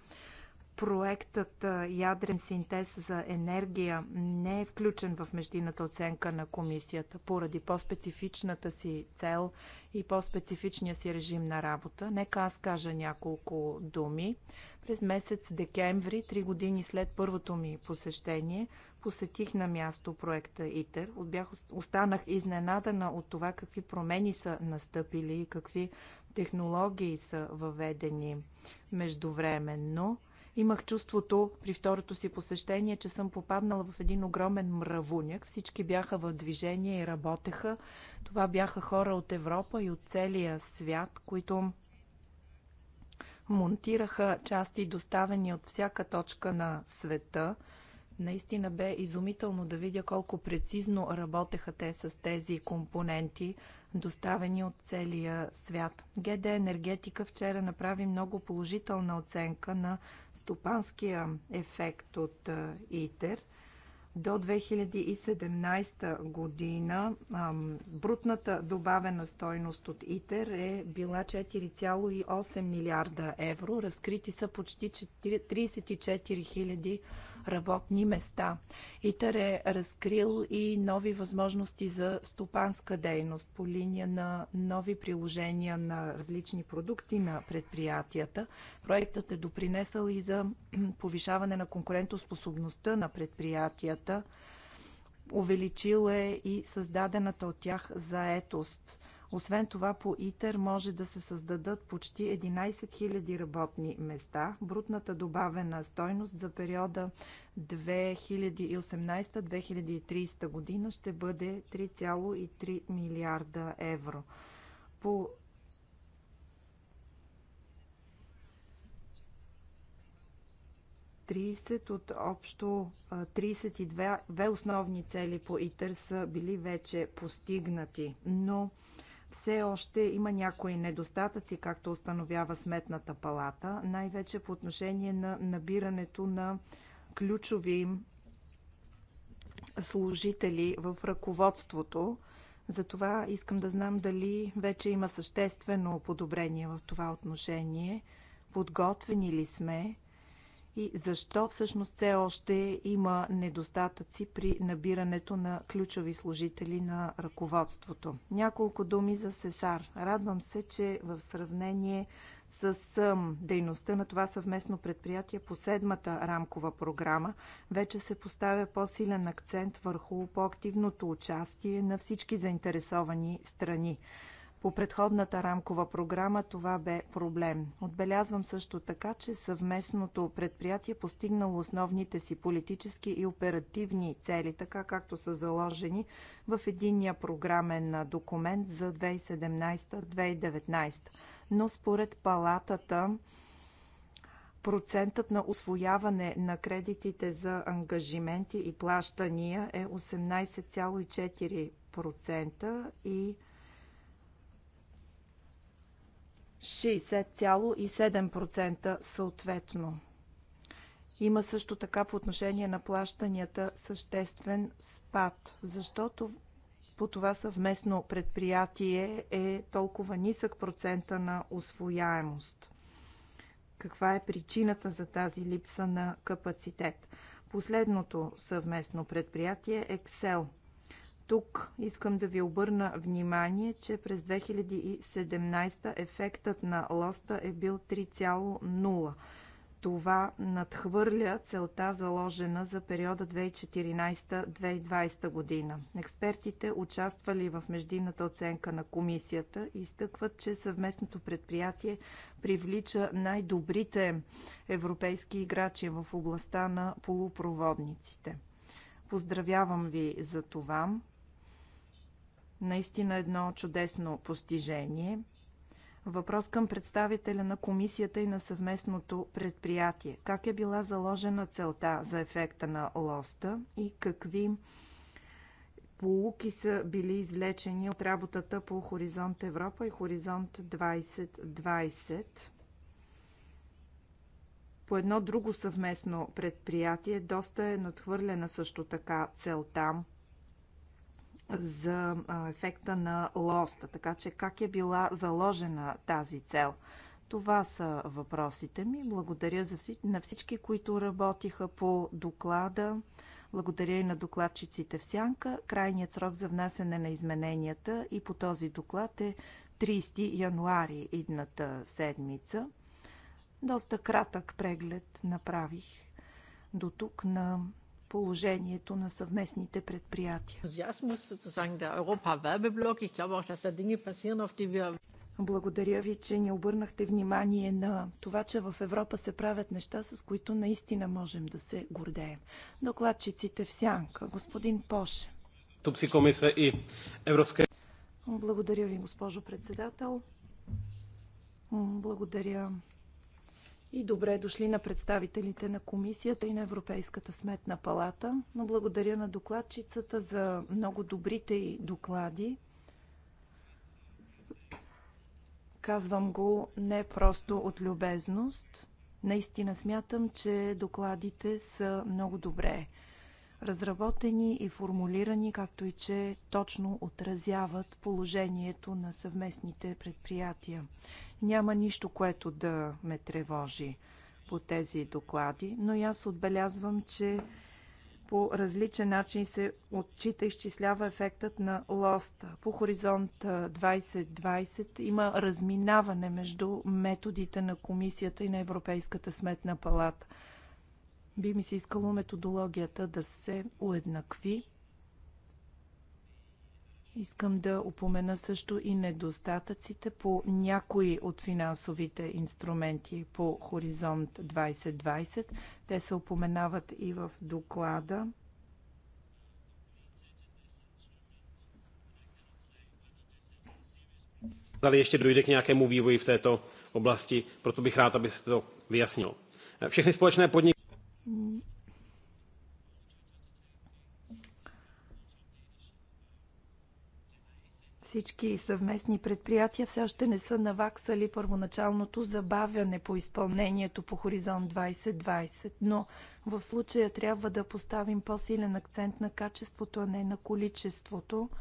проектът Ядрен синтез за енергия не е включен в междинната оценка на комисията поради по-специфичната си цел и по-специфичния си режим на работа. Нека аз кажа няколко думи. През месец декември, три години след първото ми посещение, посетих на място проекта ИТЕР. Отбях, останах изненадана от това какви промени са настъпили и какви технологии са въведени междувременно. Имах чувството при второто си посещение, че съм попаднала в един огромен мравуняк. Всички бяха в движение и работеха. Това бяха хора от Европа и от целия свят, които монтираха части, доставени от всяка точка на света. Наистина бе изумително да видя колко прецизно работеха те с тези компоненти, доставени от целия свят. ГД Енергетика вчера направи много положителна оценка на стопанския ефект от ИТЕР. До 2017 година брутната добавена стойност от ИТЕР е била 4,8 милиарда евро. Разкрити са почти 34 000 работни места. Итър е разкрил и нови възможности за стопанска дейност по линия на нови приложения на различни продукти на предприятията. Проектът е допринесъл и за повишаване на конкурентоспособността на предприятията. Увеличил е и създадената от тях заетост – освен това по ИТЕР може да се създадат почти 11 000 работни места. Брутната добавена стойност за периода 2018-2030 година ще бъде 3,3 милиарда евро. По от общо 32 основни цели по ИТЕР са били вече постигнати, но все още има някои недостатъци, както установява Сметната палата, най-вече по отношение на набирането на ключови служители в ръководството. Затова искам да знам дали вече има съществено подобрение в това отношение. Подготвени ли сме и защо всъщност все още има недостатъци при набирането на ключови служители на ръководството. Няколко думи за Сесар. Радвам се, че в сравнение с дейността на това съвместно предприятие по седмата рамкова програма вече се поставя по-силен акцент върху по-активното участие на всички заинтересовани страни по предходната рамкова програма това бе проблем. Отбелязвам също така, че съвместното предприятие постигнало основните си политически и оперативни цели, така както са заложени в единния програмен документ за 2017-2019. Но според палатата процентът на освояване на кредитите за ангажименти и плащания е 18,4% и 60,7% съответно. Има също така по отношение на плащанията съществен спад, защото по това съвместно предприятие е толкова нисък процента на освояемост. Каква е причината за тази липса на капацитет? Последното съвместно предприятие е Excel. Тук искам да ви обърна внимание, че през 2017 ефектът на лоста е бил 3,0. Това надхвърля целта заложена за периода 2014-2020 година. Експертите, участвали в междинната оценка на комисията, изтъкват, че съвместното предприятие привлича най-добрите европейски играчи в областта на полупроводниците. Поздравявам ви за това. Наистина едно чудесно постижение. Въпрос към представителя на комисията и на съвместното предприятие. Как е била заложена целта за ефекта на лоста и какви полуки са били извлечени от работата по Хоризонт Европа и Хоризонт 2020? По едно друго съвместно предприятие доста е надхвърлена също така целта за ефекта на лоста. Така че как е била заложена тази цел? Това са въпросите ми. Благодаря за всич... на всички, които работиха по доклада. Благодаря и на докладчиците в Сянка. Крайният срок за внасене на измененията и по този доклад е 30 януари идната седмица. Доста кратък преглед направих до тук на положението на съвместните предприятия. Благодаря ви, че ни обърнахте внимание на това, че в Европа се правят неща, с които наистина можем да се гордеем. Докладчиците в сянка. Господин Поше. Благодаря ви, госпожо председател. Благодаря и добре дошли на представителите на комисията и на Европейската сметна палата, но благодаря на докладчицата за много добрите й доклади. Казвам го не просто от любезност. Наистина смятам, че докладите са много добре разработени и формулирани, както и че точно отразяват положението на съвместните предприятия. Няма нищо, което да ме тревожи по тези доклади, но и аз отбелязвам, че по различен начин се отчита и изчислява ефектът на лоста. По хоризонт 2020 има разминаване между методите на комисията и на Европейската сметна палата – би ми се искало методологията да се уеднакви. Искам да упомена също и недостатъците по някои от финансовите инструменти по Хоризонт 2020. Те се упоменават и в доклада. Дали, ještě dojde k nějakému vývoji v této oblasti, proto bych rád, aby se to vyjasnilo. Všechny společné podniky всички съвместни предприятия все още не са наваксали първоначалното забавяне по изпълнението по Хоризонт 2020, но в случая трябва да поставим по-силен акцент на качеството, а не на количеството –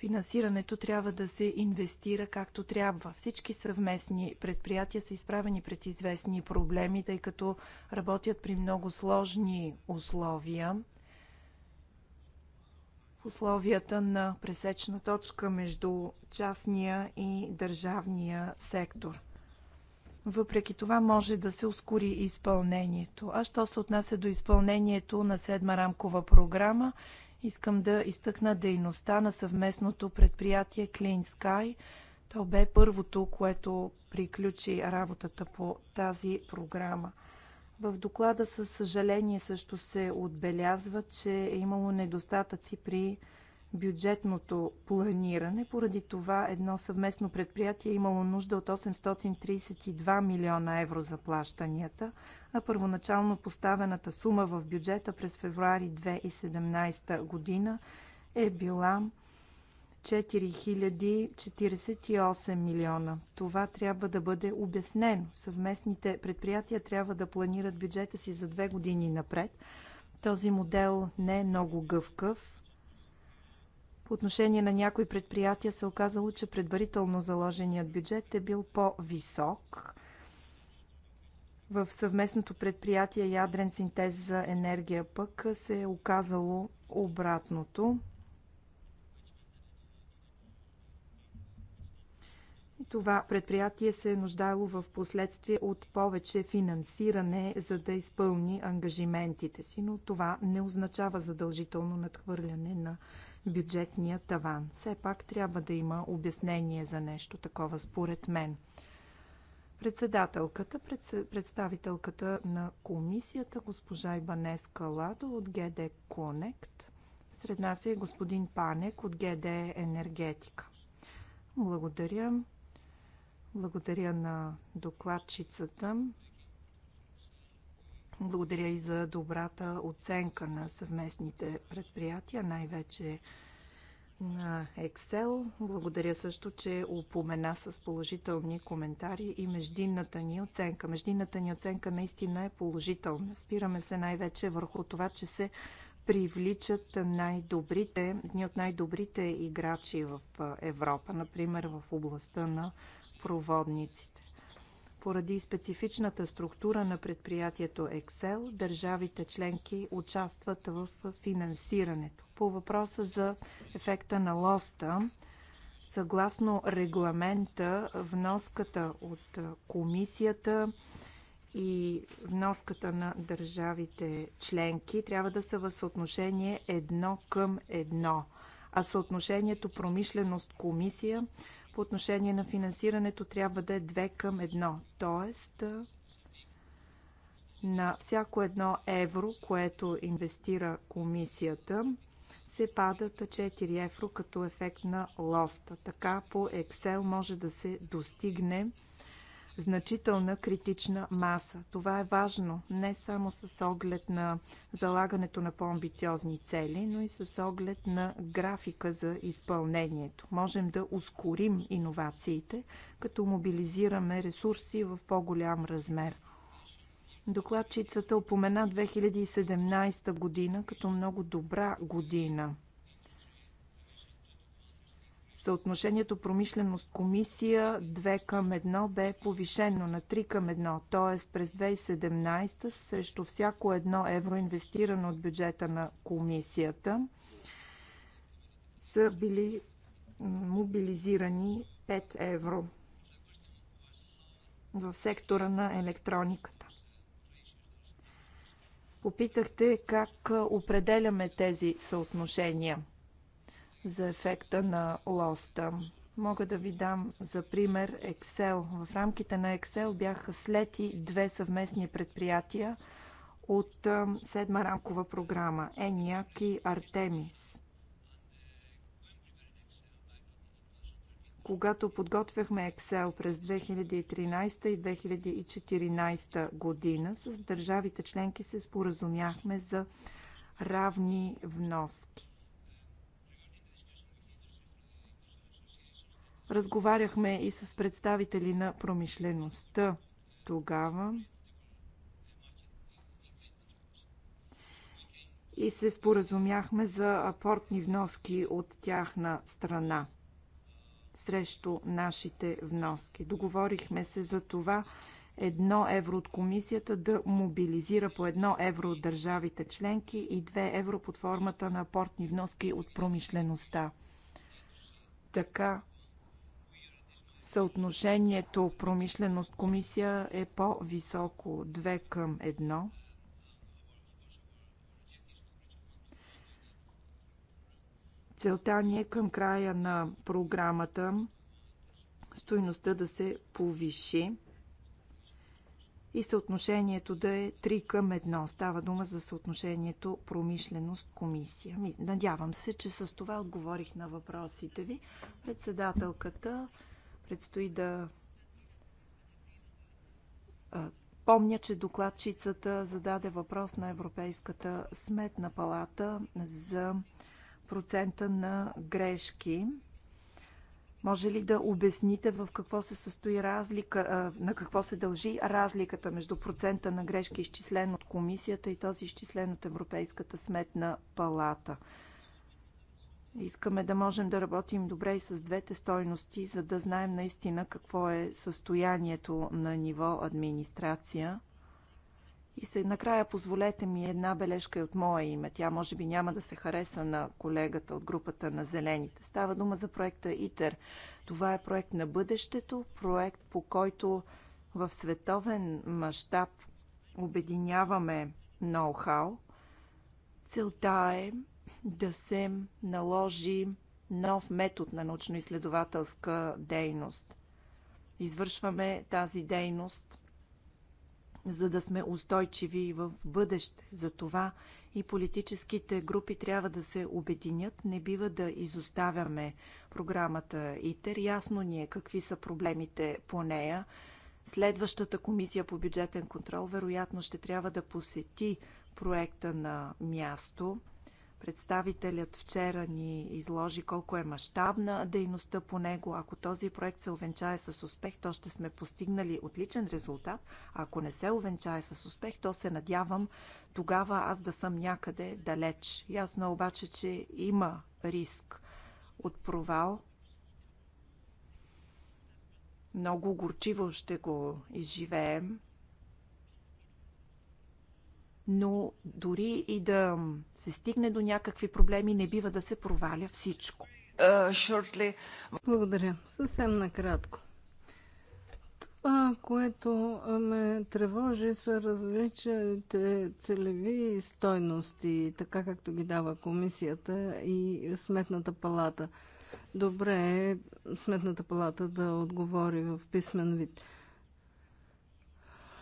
финансирането трябва да се инвестира както трябва. Всички съвместни предприятия са изправени пред известни проблеми, тъй като работят при много сложни условия. В условията на пресечна точка между частния и държавния сектор. Въпреки това може да се ускори изпълнението. А що се отнася до изпълнението на седма рамкова програма, Искам да изтъкна дейността на съвместното предприятие Clean Sky. То бе първото, което приключи работата по тази програма. В доклада със съжаление също се отбелязва, че е имало недостатъци при бюджетното планиране. Поради това едно съвместно предприятие е имало нужда от 832 милиона евро за плащанията, а първоначално поставената сума в бюджета през февруари 2017 година е била 4048 милиона. Това трябва да бъде обяснено. Съвместните предприятия трябва да планират бюджета си за две години напред. Този модел не е много гъвкав, по отношение на някои предприятия се е оказало, че предварително заложеният бюджет е бил по-висок. В съвместното предприятие Ядрен синтез за енергия пък се е оказало обратното. това предприятие се е нуждаело в последствие от повече финансиране, за да изпълни ангажиментите си, но това не означава задължително надхвърляне на бюджетния таван. Все пак трябва да има обяснение за нещо такова, според мен. Председателката, представителката на комисията, госпожа Ибанес Каладо от ГД Конект. Сред нас е господин Панек от ГД Енергетика. Благодаря. Благодаря на докладчицата. Благодаря и за добрата оценка на съвместните предприятия, най-вече на Excel. Благодаря също, че упомена с положителни коментари и междинната ни оценка. Междинната ни оценка наистина е положителна. Спираме се най-вече върху това, че се привличат най-добрите, едни от най-добрите играчи в Европа, например в областта на проводниците. Поради специфичната структура на предприятието Excel, държавите членки участват в финансирането. По въпроса за ефекта на лоста, съгласно регламента, вноската от комисията и вноската на държавите членки трябва да са в съотношение едно към едно, а съотношението промишленост комисия по отношение на финансирането трябва да е 2 към 1, т.е. на всяко едно евро, което инвестира комисията, се падат 4 евро като ефект на лоста. Така по Excel може да се достигне значителна критична маса. Това е важно не само с оглед на залагането на по-амбициозни цели, но и с оглед на графика за изпълнението. Можем да ускорим иновациите, като мобилизираме ресурси в по-голям размер. Докладчицата опомена 2017 година като много добра година – съотношението промишленост комисия 2 към 1 бе повишено на 3 към 1, т.е. през 2017 срещу всяко едно евро инвестирано от бюджета на комисията са били мобилизирани 5 евро в сектора на електрониката. Попитахте как определяме тези съотношения – за ефекта на лоста. Мога да ви дам за пример Excel. В рамките на Excel бяха слети две съвместни предприятия от седма рамкова програма ENIAC и Артемис. когато подготвяхме Excel през 2013 и 2014 година, с държавите членки се споразумяхме за равни вноски. Разговаряхме и с представители на промишлеността тогава. И се споразумяхме за апортни вноски от тяхна страна срещу нашите вноски. Договорихме се за това едно евро от комисията да мобилизира по едно евро от държавите членки и две евро под формата на апортни вноски от промишлеността. Така съотношението промишленост комисия е по-високо 2 към 1. Целта ни е към края на програмата стоиността да се повиши и съотношението да е 3 към 1. Става дума за съотношението промишленост-комисия. Надявам се, че с това отговорих на въпросите ви. Председателката Предстои да Помня, че докладчицата зададе въпрос на Европейската сметна палата за процента на грешки. Може ли да обясните в какво се състои разлика, на какво се дължи разликата между процента на грешки, изчислен от комисията и този изчислен от Европейската сметна палата? Искаме да можем да работим добре и с двете стойности, за да знаем наистина какво е състоянието на ниво администрация. И се, накрая позволете ми една бележка от моя име. Тя може би няма да се хареса на колегата от групата на Зелените. Става дума за проекта ИТЕР. Това е проект на бъдещето, проект по който в световен мащаб обединяваме ноу-хау. Целта е да се наложи нов метод на научно-изследователска дейност. Извършваме тази дейност, за да сме устойчиви в бъдеще. Затова и политическите групи трябва да се обединят. Не бива да изоставяме програмата ИТЕР. Ясно ни е какви са проблемите по нея. Следващата комисия по бюджетен контрол вероятно ще трябва да посети проекта на място. Представителят вчера ни изложи колко е мащабна дейността по него. Ако този проект се овенчае с успех, то ще сме постигнали отличен резултат. А ако не се овенчае с успех, то се надявам тогава аз да съм някъде далеч. Ясно е обаче, че има риск от провал. Много горчиво ще го изживеем но дори и да се стигне до някакви проблеми, не бива да се проваля всичко. Е, Благодаря. Съвсем накратко. Това, което ме тревожи, са различните целеви стойности, така както ги дава комисията и Сметната палата. Добре е Сметната палата да отговори в писмен вид.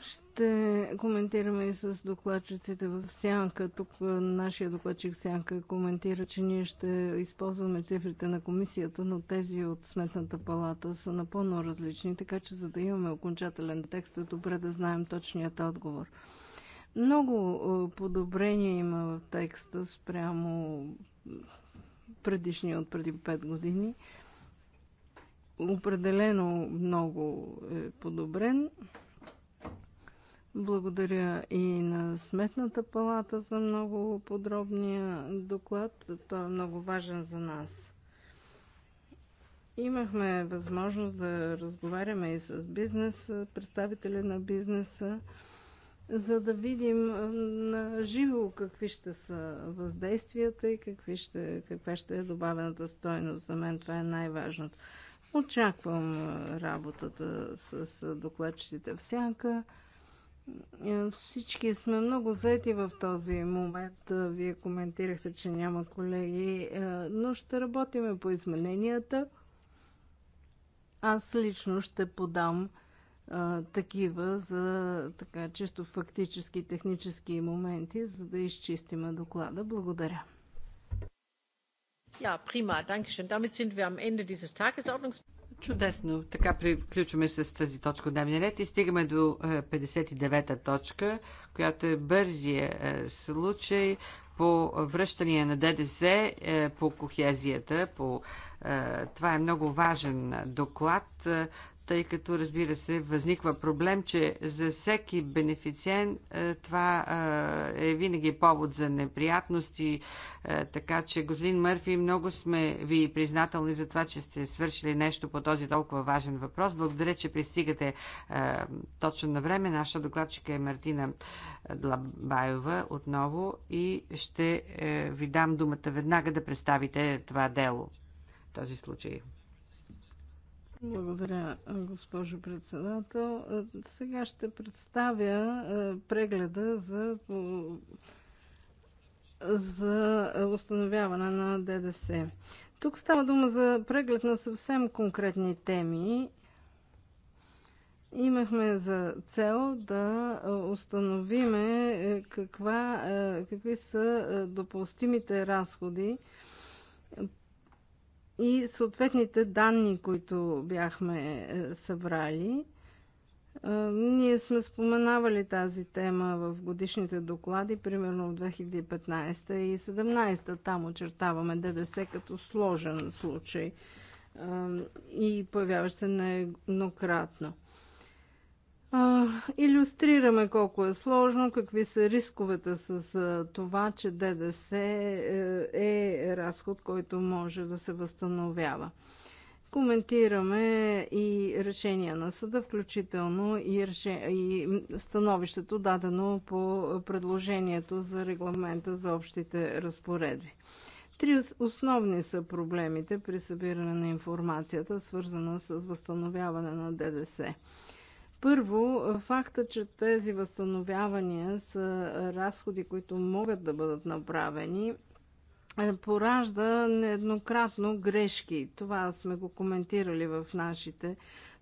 Ще коментираме и с докладчиците в Сянка. Тук е, нашия докладчик Сянка коментира, че ние ще използваме цифрите на комисията, но тези от Сметната палата са напълно различни, така че за да имаме окончателен текст, е добре да знаем точният отговор. Много е, подобрения има в текста спрямо предишния от преди 5 години. Определено много е подобрен. Благодаря и на Сметната палата за много подробния доклад. Той е много важен за нас. Имахме възможност да разговаряме и с бизнес, представители на бизнеса, за да видим на живо какви ще са въздействията и какви ще, каква ще е добавената стойност. За мен това е най-важното. Очаквам работата с докладчиците всяка. Е, всички сме много заети в този момент. Е, вие коментирахте, че няма колеги, е, но ще работиме по измененията. Аз лично ще подам а, такива за така чисто фактически, технически моменти, за да изчистиме доклада. Благодаря. Ja, prima, danke schön. Damit sind wir am Ende dieses Tagesordnungspunkts. Чудесно. Така приключваме с тази точка от дневния ред и стигаме до 59-та е, точка, която е бързия е, случай по връщане на ДДС е, по кохезията. По... Това е много важен доклад тъй като, разбира се, възниква проблем, че за всеки бенефициент е, това е, е винаги повод за неприятности, е, така че, господин Мърфи, много сме ви признателни за това, че сте свършили нещо по този толкова важен въпрос. Благодаря, че пристигате точно на време. Наша докладчика е Мартина Длабаева отново и ще ви дам думата веднага да представите това дело, този случай. Благодаря, госпожо председател. Сега ще представя прегледа за, за установяване на ДДС. Тук става дума за преглед на съвсем конкретни теми. Имахме за цел да установиме е, каква, е, какви са е, допустимите разходи и съответните данни, които бяхме е, събрали. Е, ние сме споменавали тази тема в годишните доклади, примерно в 2015 и 2017. Там очертаваме ДДС като сложен случай е, и появяващ се нееднократно а, иллюстрираме колко е сложно, какви са рисковете с а, това, че ДДС е, е разход, който може да се възстановява. Коментираме и решения на съда, включително и, реше... и становището дадено по предложението за регламента за общите разпоредби. Три основни са проблемите при събиране на информацията, свързана с възстановяване на ДДС. Първо, факта, че тези възстановявания са разходи, които могат да бъдат направени, е, поражда нееднократно грешки. Това сме го коментирали в нашите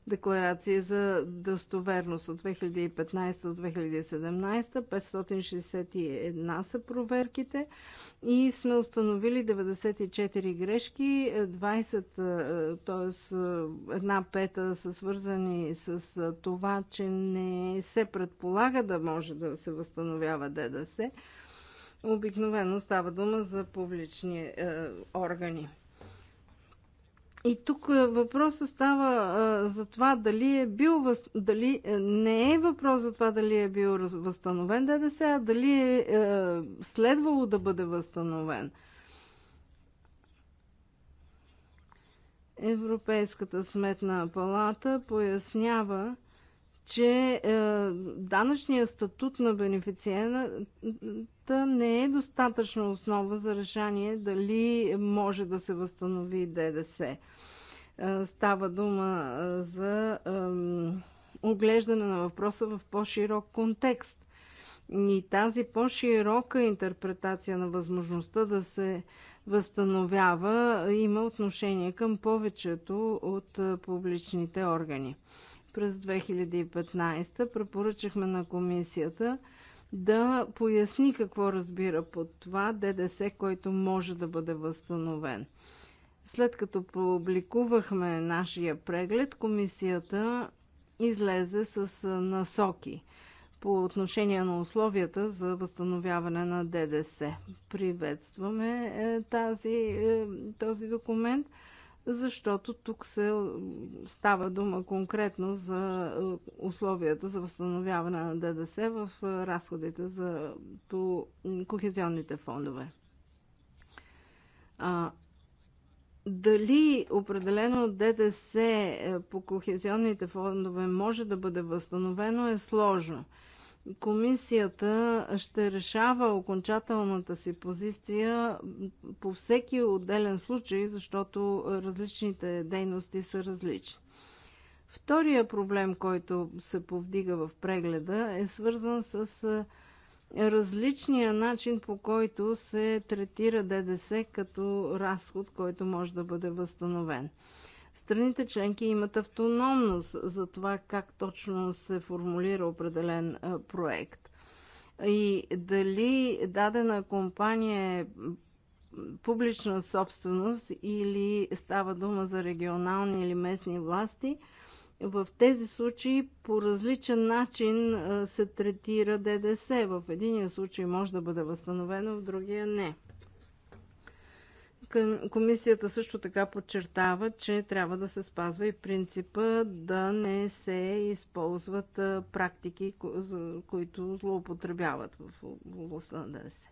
декларации за достоверност от 2015 до 2017. 561 са проверките и сме установили 94 грешки. 20, е, т.е. една пета са свързани с е, това, че не се предполага да може да се възстановява ДДС. Обикновено става дума за публични е, органи. И тук е, въпросът става е, за това дали е бил, въз... дали е, не е въпрос за това дали е бил възстановен ДДС, а дали е, е следвало да бъде възстановен. Европейската сметна палата пояснява, че е, данъчният статут на бенефициента не е достатъчна основа за решение дали може да се възстанови ДДС. Е, става дума е, за е, оглеждане на въпроса в по-широк контекст. И тази по-широка интерпретация на възможността да се възстановява има отношение към повечето от е, публичните органи през 2015 препоръчахме на комисията да поясни какво разбира под това ДДС, който може да бъде възстановен. След като публикувахме нашия преглед, комисията излезе с насоки по отношение на условията за възстановяване на ДДС. Приветстваме е, тази, е, този документ защото тук се става дума конкретно за е, условията за възстановяване на ДДС в е, разходите за, по кохезионните фондове. А, дали определено ДДС е, по кохезионните фондове може да бъде възстановено е сложно – Комисията ще решава окончателната си позиция по всеки отделен случай, защото различните дейности са различни. Втория проблем, който се повдига в прегледа, е свързан с различния начин по който се третира ДДС като разход, който може да бъде възстановен. Страните членки имат автономност за това как точно се формулира определен проект. И дали дадена компания е публична собственост или става дума за регионални или местни власти, в тези случаи по различен начин се третира ДДС. В единия случай може да бъде възстановено, в другия не. Комисията също така подчертава, че трябва да се спазва и принципа да не се използват практики, които злоупотребяват в областта на ДДС.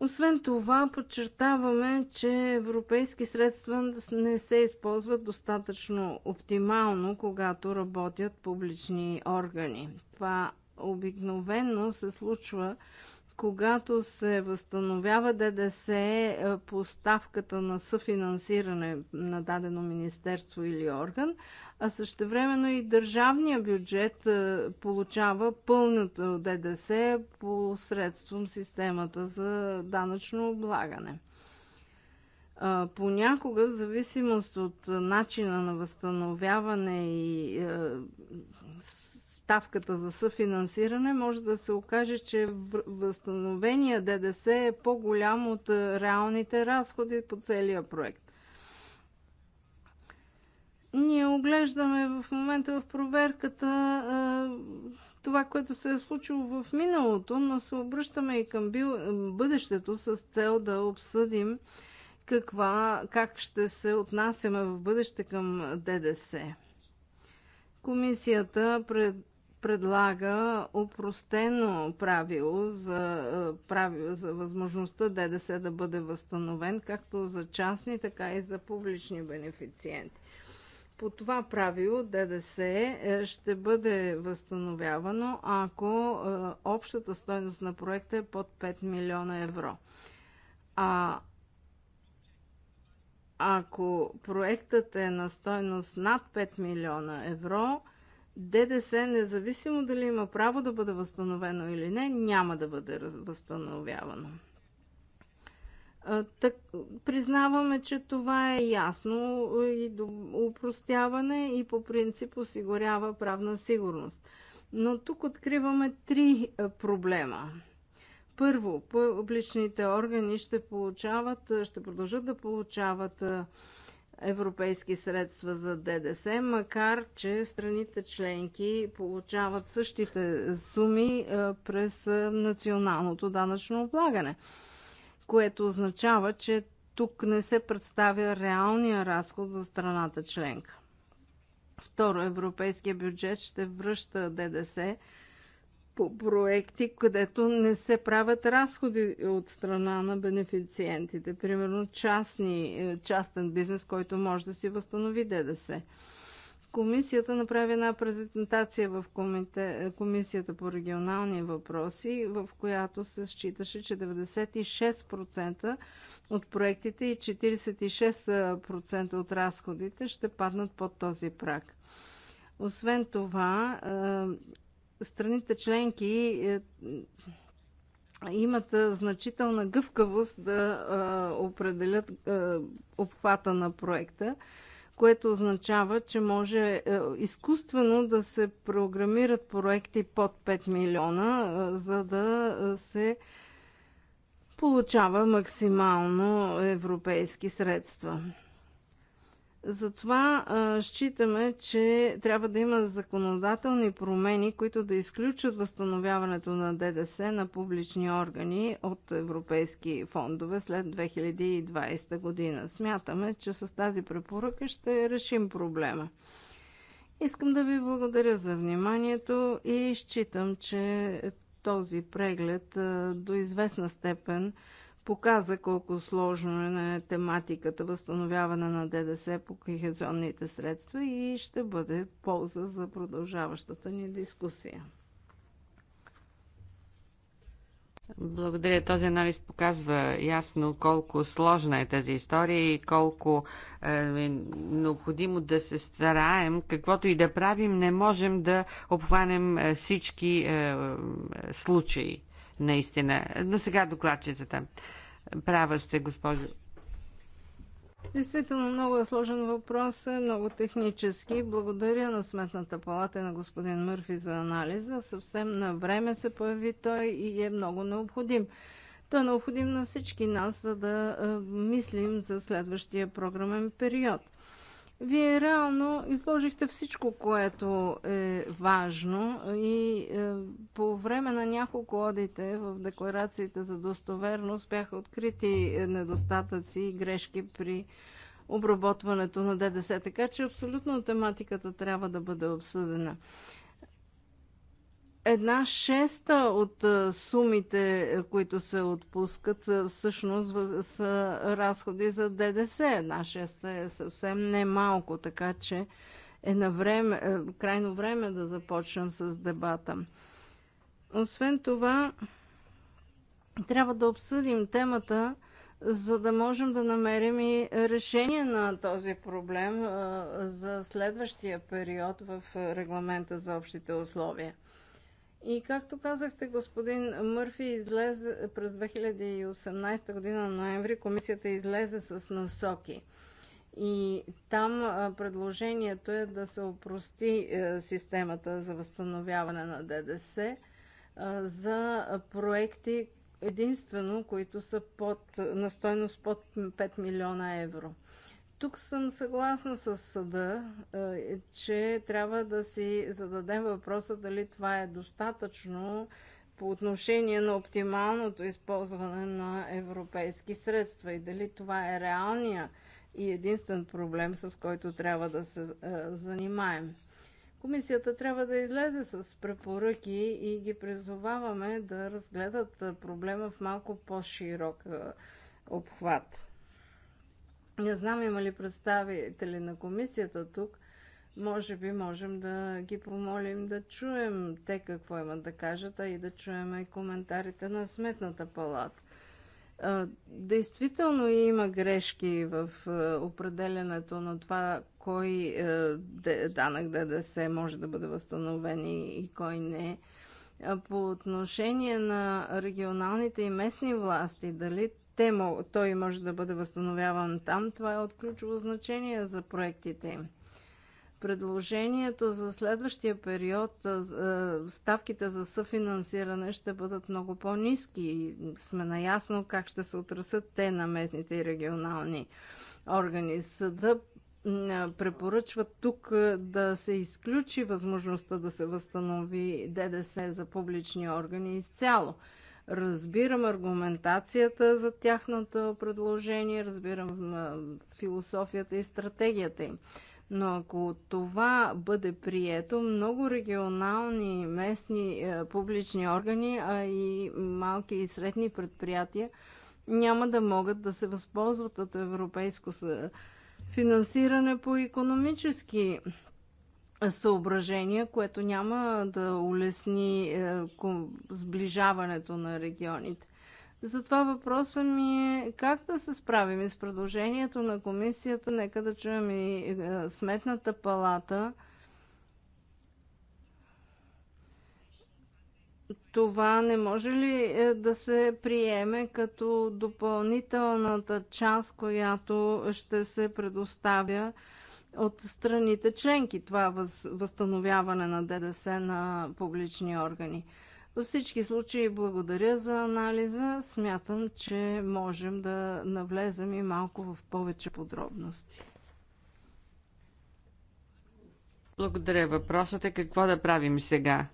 Освен това, подчертаваме, че европейски средства не се използват достатъчно оптимално, когато работят публични органи. Това обикновено се случва когато се възстановява ДДС е, поставката на съфинансиране на дадено министерство или орган, а същевременно и държавния бюджет е, получава пълното ДДС посредством системата за данъчно облагане. Понякога, в зависимост от начина на възстановяване и е, ставката за съфинансиране, може да се окаже, че възстановения ДДС е по-голям от реалните разходи по целия проект. Ние оглеждаме в момента в проверката това, което се е случило в миналото, но се обръщаме и към бъдещето с цел да обсъдим каква, как ще се отнасяме в бъдеще към ДДС. Комисията пред, предлага упростено правило за, е, правило за възможността ДДС да бъде възстановен както за частни, така и за публични бенефициенти. По това правило ДДС е, ще бъде възстановявано, ако е, общата стойност на проекта е под 5 милиона евро. А ако проектът е на стойност над 5 милиона евро, ДДС, независимо дали има право да бъде възстановено или не, няма да бъде възстановявано. Так, признаваме, че това е ясно и до упростяване и по принцип осигурява правна сигурност. Но тук откриваме три проблема. Първо, публичните органи ще получават, ще продължат да получават европейски средства за ДДС, макар че страните членки получават същите суми е, през е, националното данъчно облагане, което означава, че тук не се представя реалния разход за страната членка. Второ, европейския бюджет ще връща ДДС по проекти, където не се правят разходи от страна на бенефициентите. Примерно частни, е, частен бизнес, който може да си възстанови ДДС. Комисията направи една презентация в комите... Е, Комисията по регионални въпроси, в която се считаше, че 96% от проектите и 46% от разходите ще паднат под този прак. Освен това, е, страните членки е, имат е, значителна гъвкавост да е, определят обхвата на проекта, което означава, че може изкуствено да се програмират проекти под 5 милиона, за да се получава максимално европейски средства. Затова а, считаме, че трябва да има законодателни промени, които да изключат възстановяването на ДДС на публични органи от европейски фондове след 2020 година. Смятаме, че с тази препоръка ще решим проблема. Искам да ви благодаря за вниманието и считам, че този преглед а, до известна степен показа колко сложно е тематиката възстановяване на ДДС по кохезионните средства и ще бъде полза за продължаващата ни дискусия. Благодаря. Този анализ показва ясно колко сложна е тази история и колко е, е необходимо да се стараем. Каквото и да правим, не можем да обхванем е, всички е, е случаи наистина. Но сега докладчицата. Права сте, госпожо. Действително много е сложен въпрос, много технически. Благодаря на Сметната палата и на господин Мърфи за анализа. Съвсем на време се появи той и е много необходим. Той е необходим на всички нас, за да мислим за следващия програмен период. Вие реално изложихте всичко, което е важно и е, по време на няколко одите в декларациите за достоверност бяха открити е, недостатъци и грешки при обработването на ДДС, така че абсолютно тематиката трябва да бъде обсъдена една шеста от сумите, е, които се отпускат, е, всъщност са разходи за ДДС. Една шеста е съвсем не малко, така че е на време, е, крайно време да започнем с дебата. Освен това, трябва да обсъдим темата, за да можем да намерим и решение на този проблем е, за следващия период в е, регламента за общите условия. И както казахте, господин Мърфи излезе през 2018 година на ноември, комисията излезе с насоки. И там предложението е да се опрости е, системата за възстановяване на ДДС за проекти единствено, които са под, на стойност под 5 милиона евро. Тук съм съгласна с съда, е, че трябва да си зададем въпроса дали това е достатъчно по отношение на оптималното използване на европейски средства и дали това е реалния и единствен проблем, с който трябва да се е, занимаем. Комисията трябва да излезе с препоръки и ги призоваваме да разгледат е, проблема в малко по-широк обхват. Не знам има ли представители на комисията тук. Може би можем да ги помолим да чуем те какво имат да кажат, а и да чуем и коментарите на Сметната палата. Действително има грешки в определенето на това кой е, данък ДДС може да бъде възстановен и кой не. По отношение на регионалните и местни власти, дали те, той може да бъде възстановяван там. Това е от ключово значение за проектите им. Предложението за следващия период, ставките за съфинансиране ще бъдат много по-низки и сме наясно как ще се отрасат те на местните и регионални органи. Съда препоръчва тук да се изключи възможността да се възстанови ДДС за публични органи изцяло. Разбирам аргументацията за тяхното предложение, разбирам философията и стратегията им. Но ако това бъде прието, много регионални, местни публични органи, а и малки и средни предприятия няма да могат да се възползват от европейско финансиране по економически съображение, което няма да улесни е, сближаването на регионите. Затова въпросът ми е как да се справим с предложението на комисията. Нека да чуем и е, Сметната палата. Това не може ли е, да се приеме като допълнителната част, която ще се предоставя? от страните членки това въз, възстановяване на ДДС на публични органи. Във всички случаи благодаря за анализа. Смятам, че можем да навлезем и малко в повече подробности. Благодаря. Въпросът е какво да правим сега?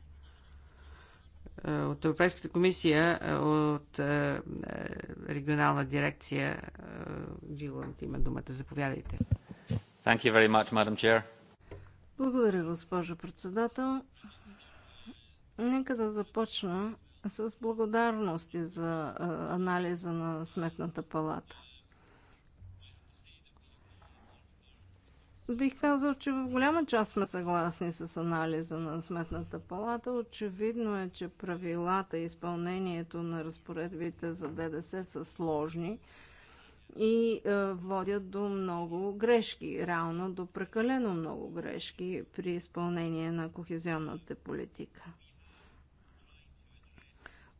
Е, от Европейската комисия, е, от е, регионална дирекция, Джиланд има думата. Заповядайте. Thank you very much, Madam Chair. Благодаря, госпожо председател. Нека да започна с благодарности за анализа на Сметната палата. Бих казал, че в голяма част сме съгласни с анализа на Сметната палата. Очевидно е, че правилата и изпълнението на разпоредбите за ДДС са сложни и е, водят до много грешки, реално до прекалено много грешки при изпълнение на кохезионната политика.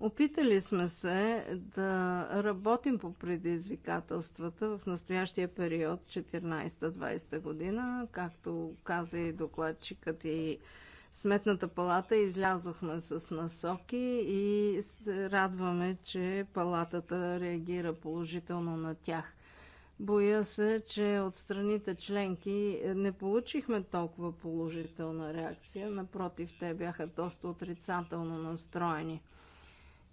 Опитали сме се да работим по предизвикателствата в настоящия период 14-20 година, както каза и докладчикът и Сметната палата излязохме с насоки и се радваме, че палатата реагира положително на тях. Боя се, че от страните членки не получихме толкова положителна реакция. Напротив, те бяха доста отрицателно настроени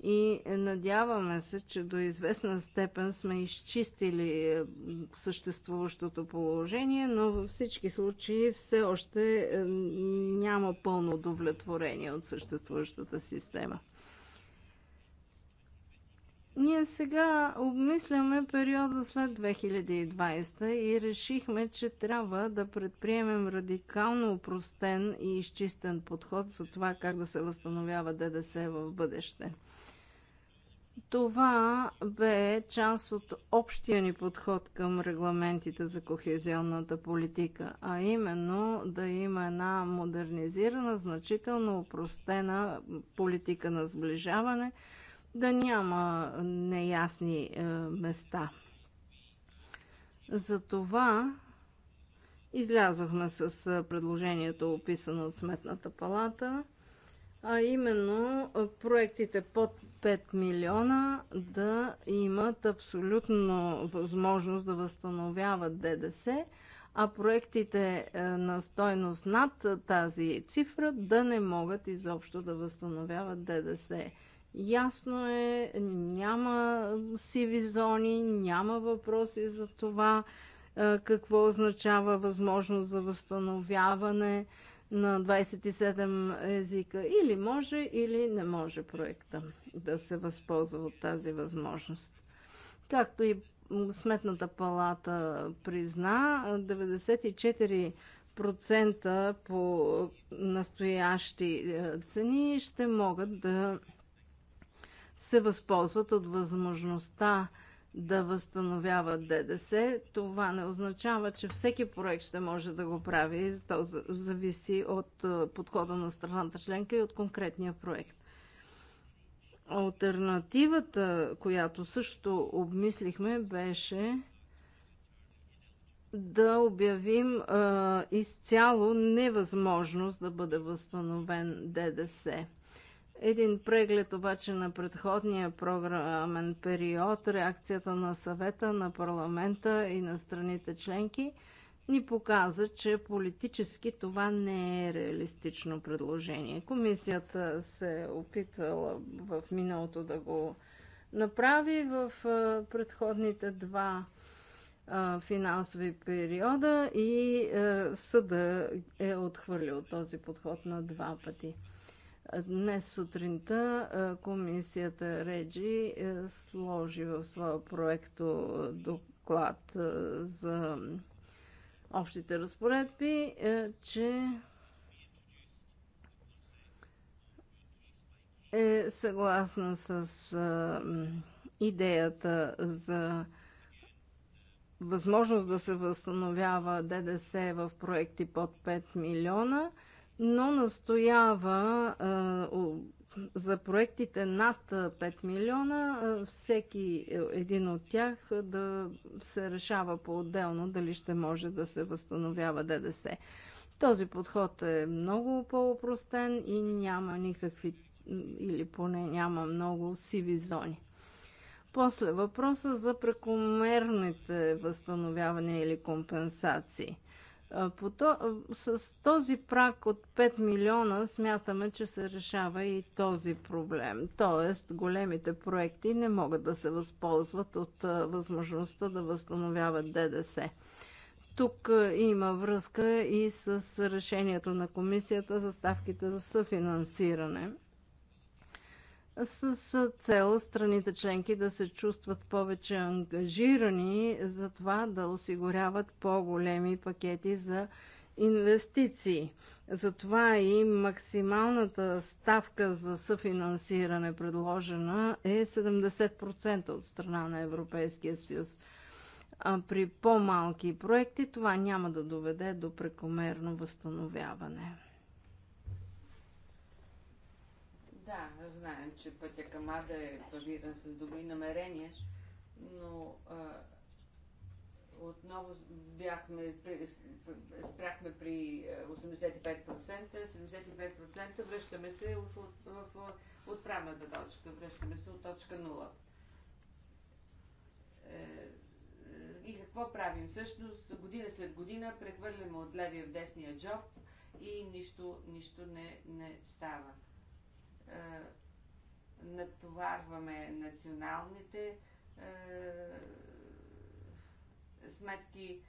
и надяваме се, че до известна степен сме изчистили е, съществуващото положение, но във всички случаи все още е, няма пълно удовлетворение от съществуващата система. Ние сега обмисляме периода след 2020 и решихме, че трябва да предприемем радикално упростен и изчистен подход за това как да се възстановява ДДС в бъдеще. Това бе част от общия ни подход към регламентите за кохезионната политика, а именно да има една модернизирана, значително упростена политика на сближаване, да няма неясни е, места. Затова излязохме с е, предложението, описано от Сметната палата, а именно е, проектите под 5 милиона да имат абсолютно възможност да възстановяват ДДС, а проектите е, на стойност над тази цифра да не могат изобщо да възстановяват ДДС. Ясно е, няма сиви зони, няма въпроси за това е, какво означава възможност за възстановяване на 27 езика. Или може, или не може проекта да се възползва от тази възможност. Както и Сметната палата призна, 94% по настоящи е, цени ще могат да се възползват от възможността да възстановяват ДДС. Това не означава, че всеки проект ще може да го прави. То зависи от подхода на страната членка и от конкретния проект. Альтернативата, която също обмислихме, беше да обявим а, изцяло невъзможност да бъде възстановен ДДС. Един преглед обаче на предходния програмен период, реакцията на съвета, на парламента и на страните членки ни показа, че политически това не е реалистично предложение. Комисията се опитвала в миналото да го направи в предходните два финансови периода и съда е отхвърлил този подход на два пъти. Днес сутринта комисията Реджи е, сложи в своя проекто доклад за общите разпоредби, е, че е съгласна с идеята за възможност да се възстановява ДДС в проекти под 5 милиона – но настоява за проектите над 5 милиона, всеки е, един от тях да се решава по-отделно дали ще може да се възстановява ДДС. Този подход е много по-опростен и няма никакви, или поне няма много сиви зони. После въпроса за прекомерните възстановявания или компенсации – с този прак от 5 милиона смятаме, че се решава и този проблем. Тоест, големите проекти не могат да се възползват от възможността да възстановяват ДДС. Тук има връзка и с решението на комисията за ставките за съфинансиране с цел страните членки да се чувстват повече ангажирани за това да осигуряват по-големи пакети за инвестиции. Затова и максималната ставка за съфинансиране предложена е 70% от страна на Европейския съюз. А при по-малки проекти това няма да доведе до прекомерно възстановяване. Да, знаем, че пътя към Ада е павиран с добри намерения, но а, отново бяхме, спряхме при 85%, 75% връщаме се в, в, в, в отправната точка, връщаме се от точка 0. Е, и какво правим? Всъщност, година след година прехвърляме от левия в десния джоб и нищо, нищо не, не става. Е, натоварваме националните е, сметки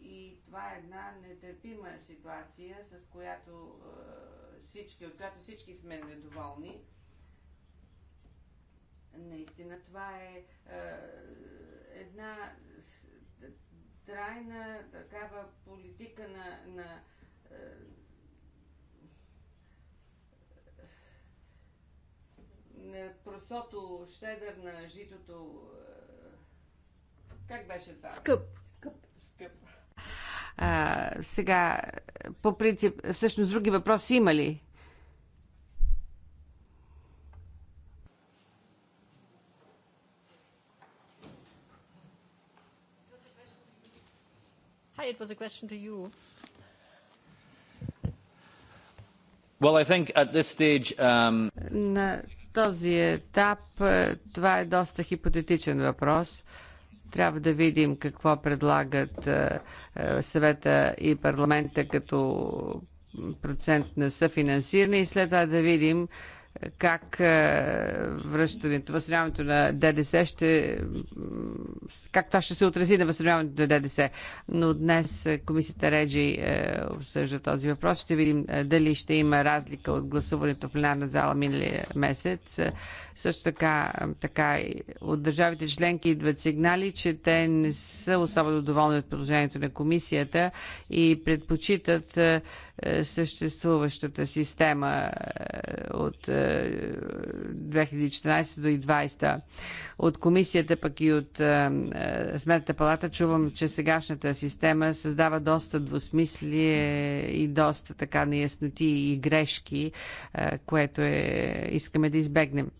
и това е една нетърпима ситуация, с която е, всички, от която всички сме недоволни. Наистина това е, една трайна такава политика на, на просото, щедър на житото. Е, как беше това? Скъп. Скъп. Скъп. А, сега, по принцип, всъщност други въпроси има ли? Hi, it was a question to you. Well, I think at this stage, um... На този етап е, това е доста хипотетичен въпрос. Трябва да видим какво предлагат е, е, съвета и парламента като процент на съфинансиране и след това да видим как е, връщането, възстановяването на ДДС ще... как това ще се отрази на възстановяването на ДДС. Но днес е, комисията Реджи е, обсъжда този въпрос. Ще видим дали ще има разлика от гласуването в пленарна зала миналия месец. Също така, така от държавите членки идват сигнали, че те не са особено доволни от предложението на комисията и предпочитат е, съществуващата система е, от 2014 е, до 2020. От комисията, пък и от Сметната палата чувам, че сегашната система създава доста двусмислие и доста така неясноти и грешки, което е, искаме да избегнем.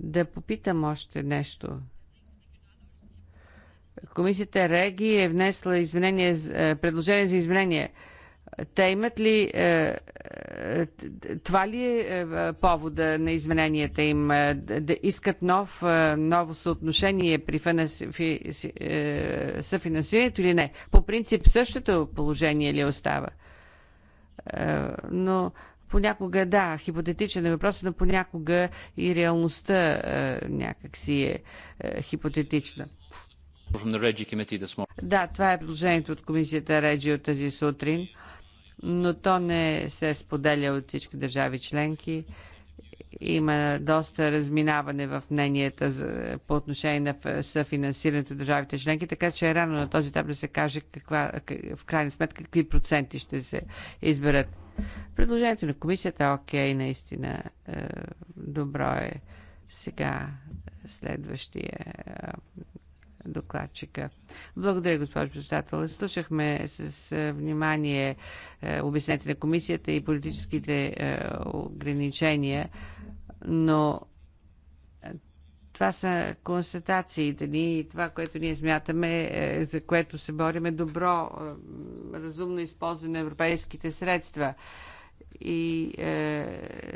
Да попитам още нещо. Комисията Реги е внесла изменение, предложение за изменение те имат ли... Е, е, това ли е, е повода на измененията им? Да искат нов, ново съотношение при съфинансирането или не? По принцип същото положение ли остава? Но понякога, да, хипотетичен е въпрос, но понякога и реалността някакси е хипотетична. Да, това е предложението от комисията Реджи от тази сутрин но то не се споделя от всички държави членки. Има доста разминаване в мненията за, по отношение на съфинансирането на държавите членки, така че е рано на този етап да се каже каква, в крайна сметка какви проценти ще се изберат. Предложението на комисията е окей, наистина е, добро е. Сега следващия докладчика. Благодаря, госпожо председател. Слушахме с е, внимание е, обяснете на комисията и политическите е, ограничения, но това са констатациите ни и това, което ние смятаме, за което се бориме добро, разумно използване на европейските средства и е,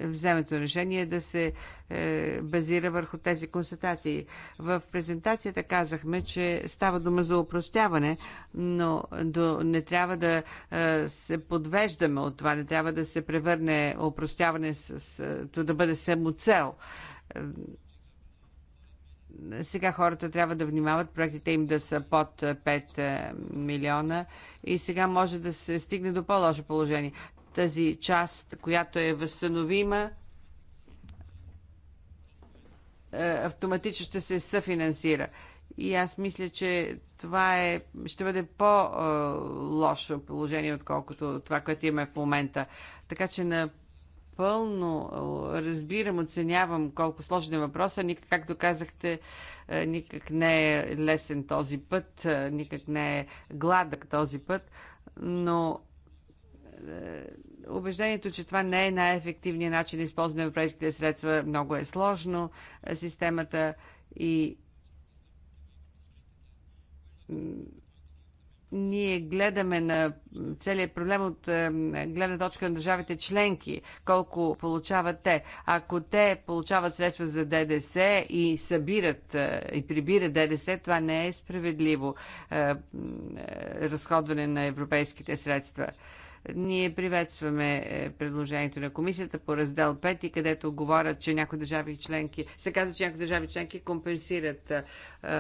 вземето решение да се е, базира върху тези констатации. В презентацията казахме, че става дума за упростяване, но до, не трябва да е, се подвеждаме от това, не трябва да се превърне упростяване с, с, да бъде самоцел е, сега хората трябва да внимават, проектите им да са под 5 е, е, милиона и сега може да се стигне до по-лошо положение тази част, която е възстановима, е, автоматично ще се съфинансира. И аз мисля, че това е, ще бъде по-лошо положение, отколкото това, което имаме в момента. Така че напълно е, разбирам, оценявам колко сложен е въпроса. Никак, както казахте, е, никак не е лесен този път, никак не е гладък този път, но е, е, убеждението, че това не е най-ефективният начин да използваме европейските средства, много е сложно. Е, системата и ние гледаме на целият проблем от гледна точка на държавите членки, колко получават те. Ако те получават средства за ДДС и събират и прибират ДДС, това не е справедливо разходване на европейските средства. Ние приветстваме е, предложението на комисията по раздел 5, където говорят, че някои държави членки, се казва, че някои държави членки компенсират е, е,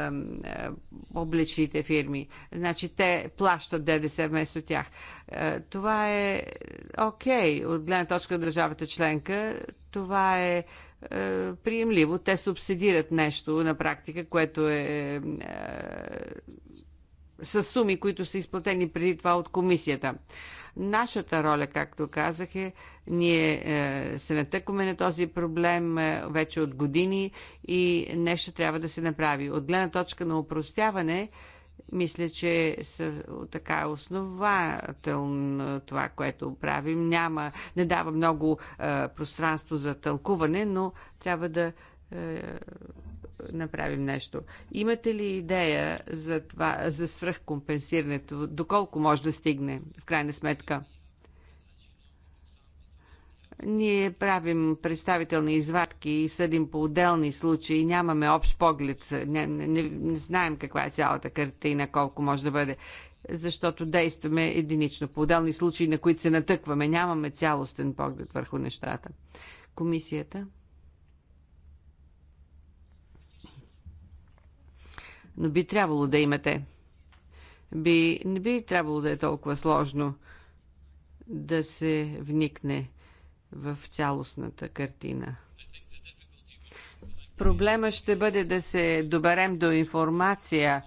обличните фирми. Значи те плащат ДДС вместо тях. Е, това е окей okay. от гледна точка на държавата членка. Това е, е приемливо. Те субсидират нещо на практика, което е, е с суми, които са изплатени преди това от комисията. Нашата роля, както казах, е ние е, се натъкваме на този проблем е, вече от години и нещо трябва да се направи. От гледна точка на упростяване, мисля, че са, така е основателно това, което правим. Няма, не дава много е, пространство за тълкуване, но трябва да е, направим нещо. Имате ли идея за, това, за свръхкомпенсирането? Доколко може да стигне, в крайна сметка? Ние правим представителни извадки и съдим по отделни случаи, нямаме общ поглед, не, не, не знаем каква е цялата картина, колко може да бъде, защото действаме единично по отделни случаи, на които се натъкваме. Нямаме цялостен поглед върху нещата. Комисията? но би трябвало да имате. Би, не би трябвало да е толкова сложно да се вникне в цялостната картина. Проблема ще бъде да се доберем до информация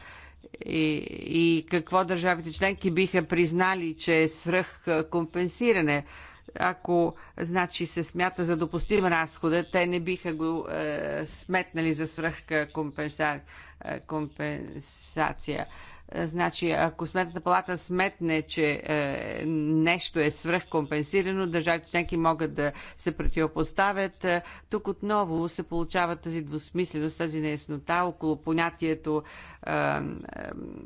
и, и какво държавите членки биха признали, че е свръх компенсиране ако значи се смята за допустим разхода, те не биха го е, сметнали за свръхкомпенсация. компенса... компенсация. Е, значи, ако сметната палата сметне, че е, нещо е свръхкомпенсирано, държавите членки могат да се противопоставят. Е, тук отново се получава тази двусмисленост, тази неяснота около понятието е, е,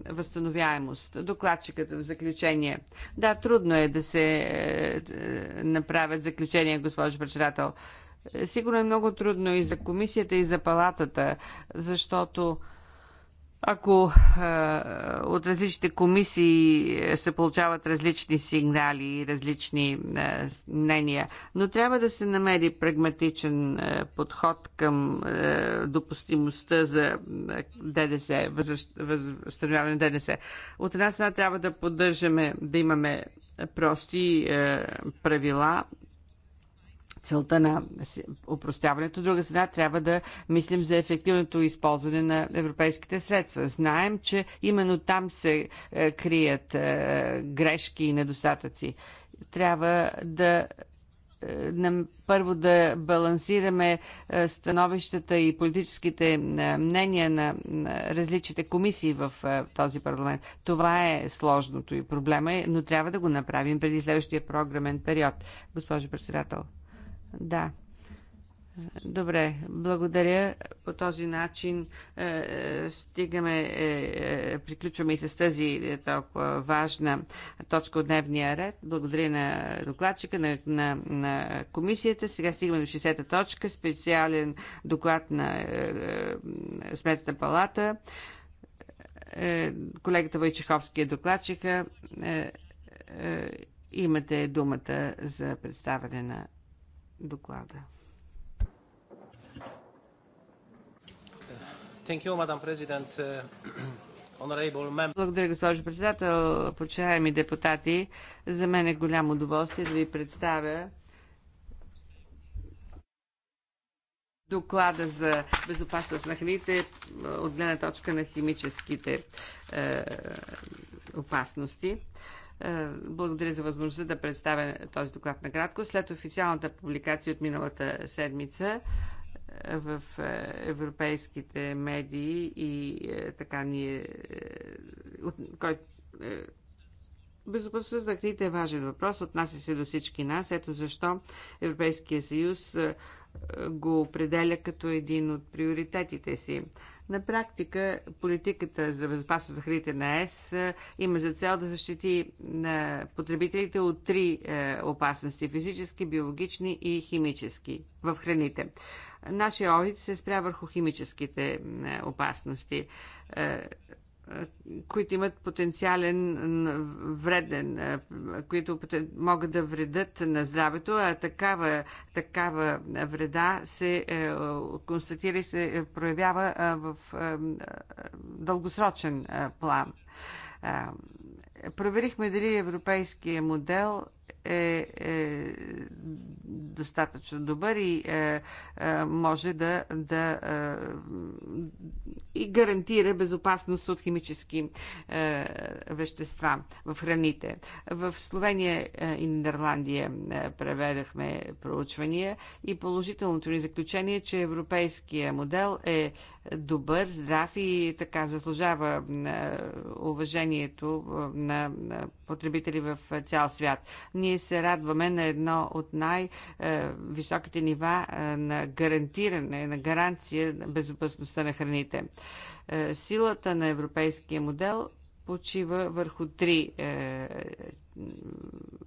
възстановяемост. Докладчикът в заключение. Да, трудно е да се е, е, направят заключения, госпожо председател. Е, сигурно е много трудно и за комисията, и за палатата, защото е, ако е, от различните комисии е, се получават различни сигнали и различни е, мнения, но трябва да се намери прагматичен е, подход към е, допустимостта за е, ДДС, възстановяване на ДДС. От една страна трябва да поддържаме, да имаме прости е, правила целта на упростяването. От друга страна, трябва да мислим за ефективното използване на европейските средства. Знаем, че именно там се е, крият е, грешки и недостатъци. Трябва да е, първо да балансираме становищата и политическите мнения на различните комисии в този парламент. Това е сложното и проблема, но трябва да го направим преди следващия програмен период, госпожо председател. Да. Добре, благодаря. По този начин е, е стигаме, е, е, приключваме и с тази е, толкова важна точка от дневния ред. Благодаря на докладчика, на, на, на комисията. Сега стигаме до 60-та точка, специален доклад на е, Сметната палата. Е, колегата Войчеховски е докладчика. Е, е, имате думата за представяне на доклада. Благодаря, госпожо председател. Почаеми депутати, за мен е голямо удоволствие да ви представя доклада за безопасност на храните от гледна точка на химическите е, опасности. Е, благодаря за възможността да представя този доклад накратко. След официалната публикация от миналата седмица е, в е, европейските медии и така ние... От, кой, Безопасността за храните е важен въпрос, отнася се до всички нас. Ето защо Европейския съюз го определя като един от приоритетите си. На практика политиката за безопасност за храните на ЕС е, има за цел да защити на е, потребителите от три е, опасности физически, биологични и химически в храните. Нашия одит се спря върху химическите опасности които имат потенциален вреден, които могат да вредят на здравето, а такава, такава вреда се е, констатира и се проявява в дългосрочен план. Проверихме дали европейския модел е, е достатъчно добър и е, е, може да, да е, и гарантира безопасност от химически е, вещества в храните. В Словения е, и Нидерландия е, преведахме проучвания и положителното ни заключение, е, че европейския модел е добър, здрав и така заслужава е, уважението на потребители в цял свят. Ние се радваме на едно от най-високите нива е, на гарантиране, на гаранция на безопасността на храните. Е, силата на европейския модел почива върху три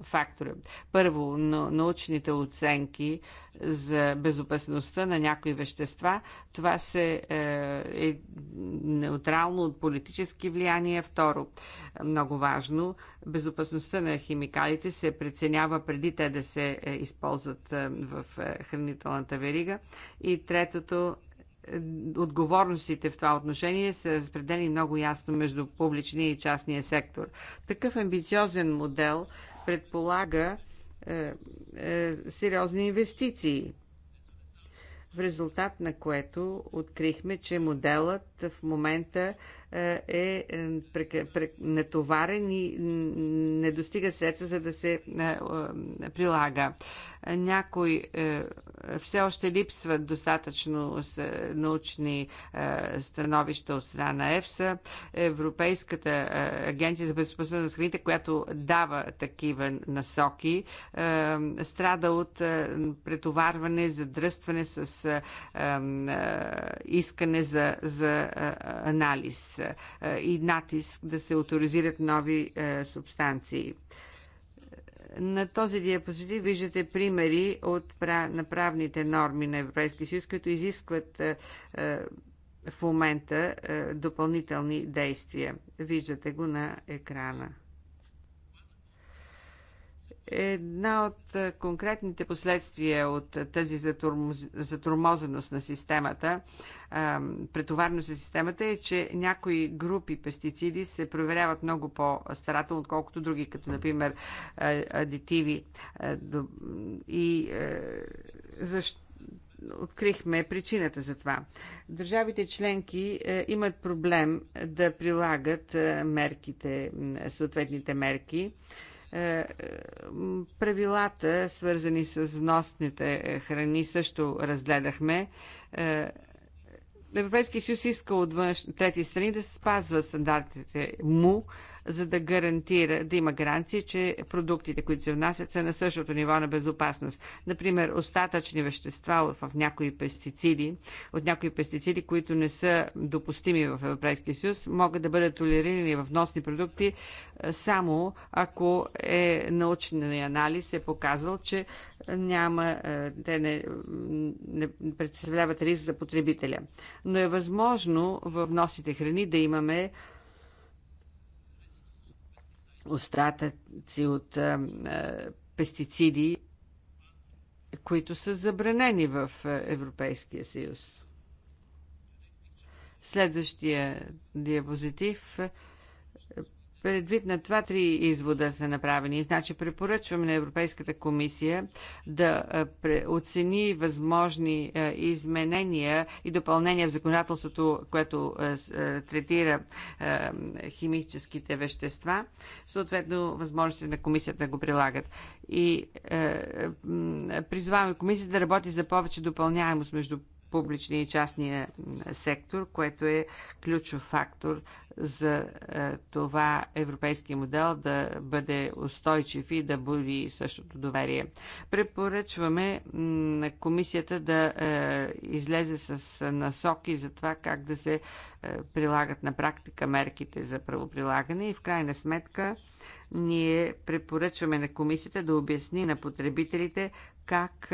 фактора. Първо, научните оценки за безопасността на някои вещества. Това се е, е неутрално от политически влияния. Второ, много важно, безопасността на химикалите се преценява преди те да се е, използват е, в е, хранителната верига. И третото, отговорностите в това отношение са разпределени много ясно между публичния и частния сектор. Такъв амбициозен модел предполага е, е, сериозни инвестиции, в резултат на което открихме, че моделът в момента е, е, е претоварен и не достига средства, за да се е, прилага. Някои все още липсват достатъчно научни становища от страна на ЕФСА. Европейската агенция за безопасност на храните, която дава такива насоки, страда от претоварване, задръстване с искане за, за анализ е, и натиск да се авторизират нови е, субстанции. На този диапозитив виждате примери от направните норми на Европейския съюз, които изискват е, в момента допълнителни действия. Виждате го на екрана. Една от е, конкретните последствия от е, тази затормозеност на системата, е, претоварност на системата е, че някои групи пестициди се проверяват много по-старателно, отколкото други, като например адитиви. И защо? открихме причината за това. Държавите членки имат проблем да прилагат мерките, съответните мерки е, е, правилата, свързани с вносните е, храни, също разгледахме. Европейския съюз иска от външ, трети страни да спазва стандартите му за да гарантира, да има гаранции, че продуктите, които се внасят, са на същото ниво на безопасност. Например, остатъчни вещества в някои пестициди, от някои пестициди, които не са допустими в Европейския съюз, могат да бъдат толерирани в вносни продукти само ако е научен анализ е показал, че няма, те не, не представляват риск за потребителя. Но е възможно в вносите храни да имаме остатъци от пестициди, които са забранени в Европейския съюз. Следващия диапозитив Предвид на това три извода са направени. Значи препоръчваме на Европейската комисия да оцени възможни изменения и допълнения в законодателството, което третира химическите вещества, съответно възможности на комисията да го прилагат. И призваваме комисията да работи за повече допълняемост между публичния и частния сектор, което е ключов фактор за е, това европейски модел да бъде устойчив и да бъде същото доверие. Препоръчваме на комисията да е, излезе с насоки за това как да се е, прилагат на практика мерките за правоприлагане и в крайна сметка ние препоръчваме на комисията да обясни на потребителите как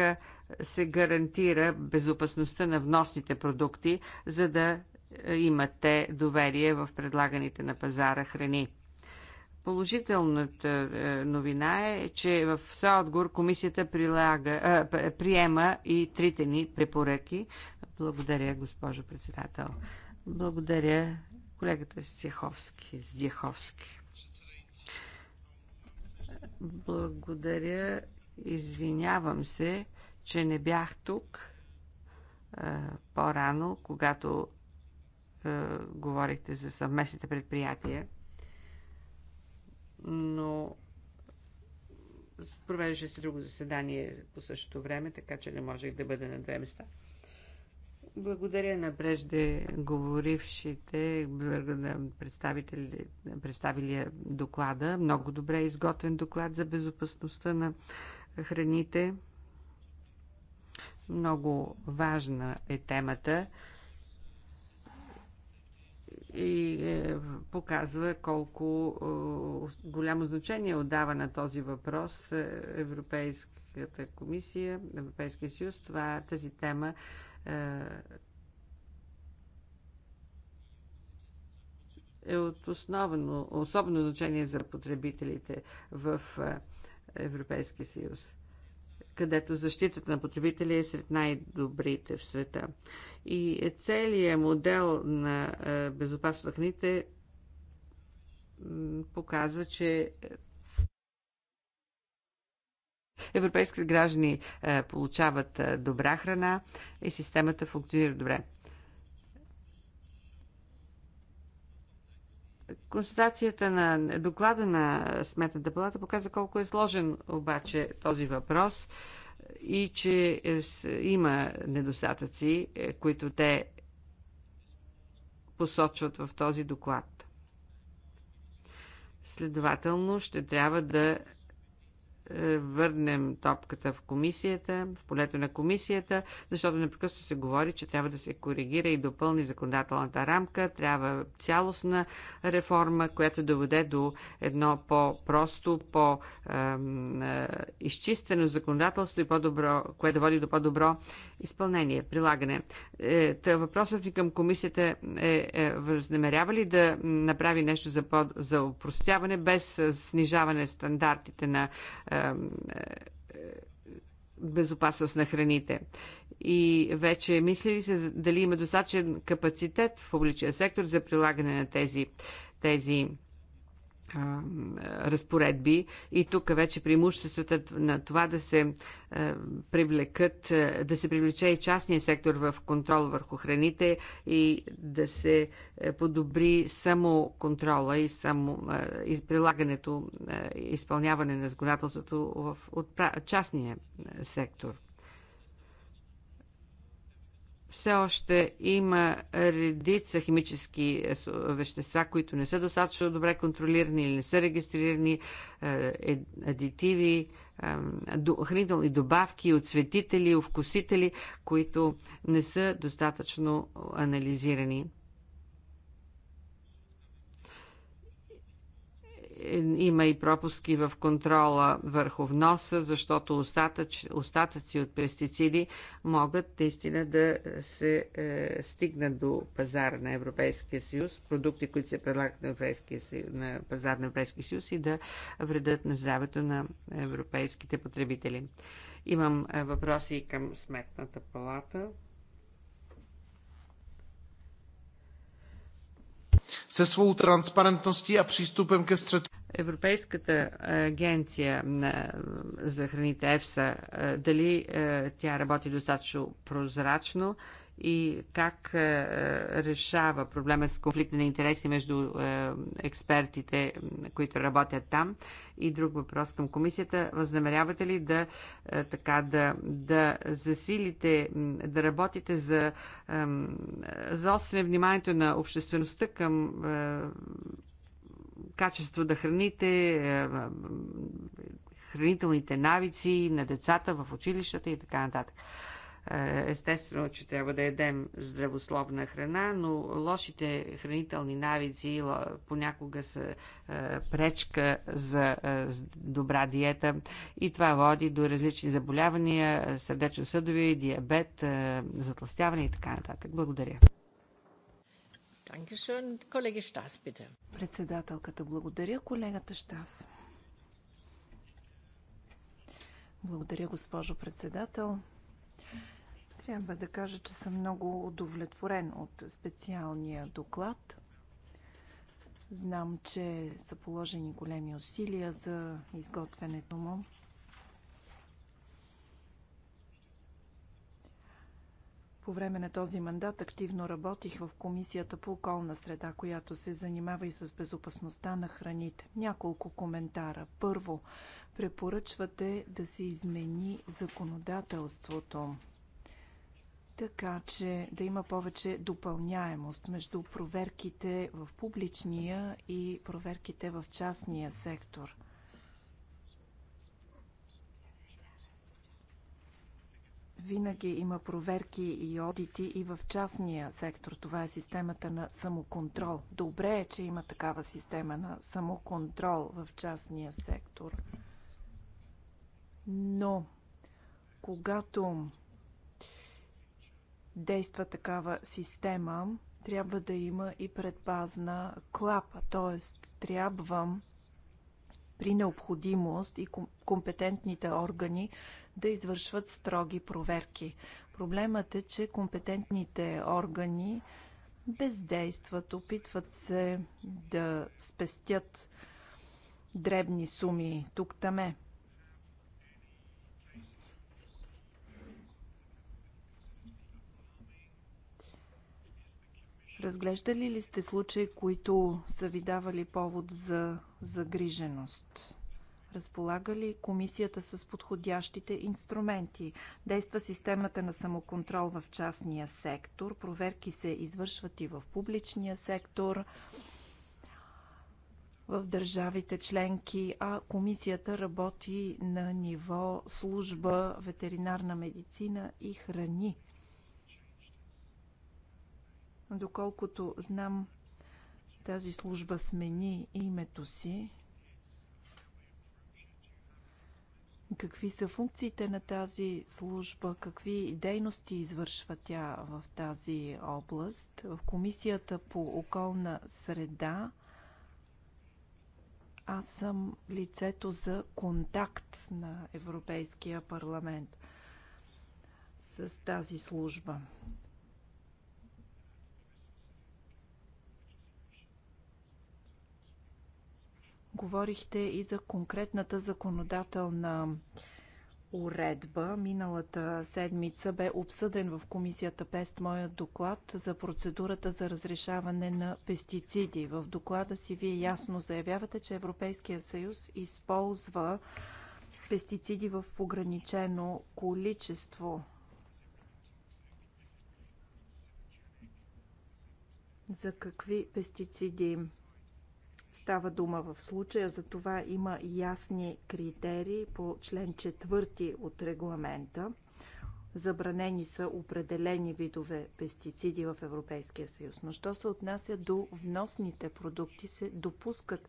се гарантира безопасността на вносните продукти, за да имате доверие в предлаганите на пазара храни. Положителната новина е, че в Саотгор комисията прилага, а, приема и трите ни препоръки. Благодаря, госпожо председател. Благодаря колегата Сяховски. Здяховски. Благодаря Извинявам се, че не бях тук по-рано, когато говорихте за съвместните предприятия, но провеждаше се друго заседание по същото време, така че не можех да бъда на две места. Благодаря на преждеговорившите, благодаря на представилия доклада. Много добре изготвен доклад за безопасността на храните. Много важна е темата и е, показва колко е, голямо значение отдава на този въпрос е, Европейската комисия, Европейския съюз. Това, тази тема е от основно, особено значение за потребителите в Европейския съюз, където защитата на потребителя е сред най-добрите в света. И е целият модел на е, безопасност на храните показва, че е, европейските граждани получават добра храна и системата функционира добре. Констатацията на доклада на Сметната палата показва колко е сложен обаче този въпрос и че има недостатъци, е, които те посочват в този доклад. Следователно, ще трябва да е, върнем топката в комисията, в полето на комисията, защото непрекъснато се говори, че трябва да се коригира и допълни законодателната рамка, трябва цялостна реформа, която доведе до едно по-просто, по-изчистено е, законодателство и по-добро, което води до по-добро изпълнение, прилагане. Е, та въпросът ми към комисията е, е възнамерява ли да направи нещо за, по, за упростяване без снижаване стандартите на е, безопасност на храните. И вече мисли ли се дали има достатъчен капацитет в публичния сектор за прилагане на тези, тези разпоредби и тук вече преимуществото на това да се привлекат, да се привлече и частния сектор в контрол върху храните и да се подобри само контрола и само прилагането, изпълняване на законодателството в от частния сектор все още има редица химически е, вещества, които не са достатъчно добре контролирани или не са регистрирани, е, е, адитиви, хранителни добавки, отцветители, овкусители, които не са достатъчно анализирани Има и пропуски в контрола върху вноса, защото остатъч, остатъци от пестициди могат наистина да се е, стигнат до пазара на Европейския съюз, продукти, които се предлагат на, Европейския на пазар на Европейския съюз и да вредят на здравето на европейските потребители. Имам е, въпроси и към Сметната палата. se svou transparentností a přístupem ke střetu. Европейската агенция за храните ЕФСА, е, дали е, тя работи достатъчно прозрачно, и как е, решава проблема с конфликта на интереси между е, експертите, които работят там. И друг въпрос към комисията. Възнамерявате ли да, е, така, да, да засилите, да работите за заострене вниманието на обществеността към качество да храните, хранителните навици на децата в училищата и така нататък. Е, естествено, че трябва да едем здравословна храна, но лошите хранителни навици понякога са е, пречка за е, добра диета и това води до различни заболявания, сърдечно-съдови, диабет, затластяване и така нататък. Благодаря. Председателката благодаря, колегата Штас. Благодаря, госпожо председател. Трябва да кажа, че съм много удовлетворен от специалния доклад. Знам, че са положени големи усилия за изготвянето му. По време на този мандат активно работих в Комисията по околна среда, която се занимава и с безопасността на храните. Няколко коментара. Първо, препоръчвате да се измени законодателството така че да има повече допълняемост между проверките в публичния и проверките в частния сектор. Винаги има проверки и одити и в частния сектор. Това е системата на самоконтрол. Добре е, че има такава система на самоконтрол в частния сектор. Но когато действа такава система, трябва да има и предпазна клапа, т.е. трябва при необходимост и компетентните органи да извършват строги проверки. Проблемът е, че компетентните органи бездействат, опитват се да спестят дребни суми тук-таме. Разглеждали ли сте случаи, които са ви давали повод за загриженост? Разполага ли комисията с подходящите инструменти? Действа системата на самоконтрол в частния сектор, проверки се извършват и в публичния сектор, в държавите членки, а комисията работи на ниво служба ветеринарна медицина и храни. Доколкото знам, тази служба смени името си. Какви са функциите на тази служба? Какви дейности извършва тя в тази област? В Комисията по околна среда аз съм лицето за контакт на Европейския парламент с тази служба. Говорихте и за конкретната законодателна уредба. Миналата седмица бе обсъден в комисията ПЕСТ моят доклад за процедурата за разрешаване на пестициди. В доклада си вие ясно заявявате, че Европейския съюз използва пестициди в ограничено количество. За какви пестициди Става дума в случая, за това има ясни критерии по член 4 от регламента. Забранени са определени видове пестициди в Европейския съюз. Но що се отнася до вносните продукти, се допускат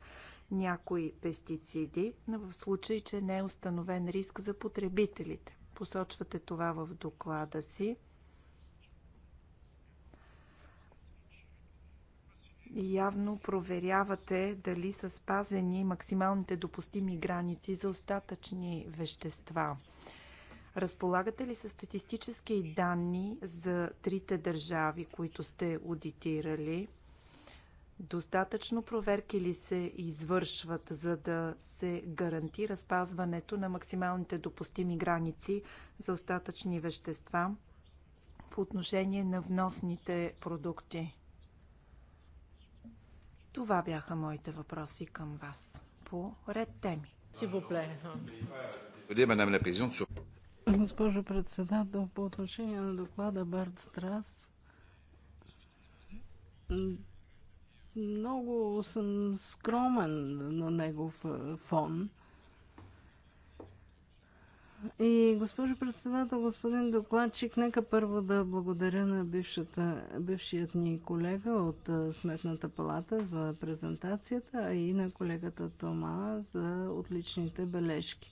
някои пестициди, в случай, че не е установен риск за потребителите. Посочвате това в доклада си. явно проверявате дали са спазени максималните допустими граници за остатъчни вещества. Разполагате ли са статистически данни за трите държави, които сте аудитирали? Достатъчно проверки ли се извършват, за да се гарантира спазването на максималните допустими граници за остатъчни вещества по отношение на вносните продукти? Това бяха моите въпроси към вас по ред теми. Госпожо председател, по отношение на доклада Барт Страс, много съм скромен на негов фон. И госпожо председател, господин докладчик, нека първо да благодаря на бившата, бившият ни колега от Сметната палата за презентацията, а и на колегата Тома за отличните бележки.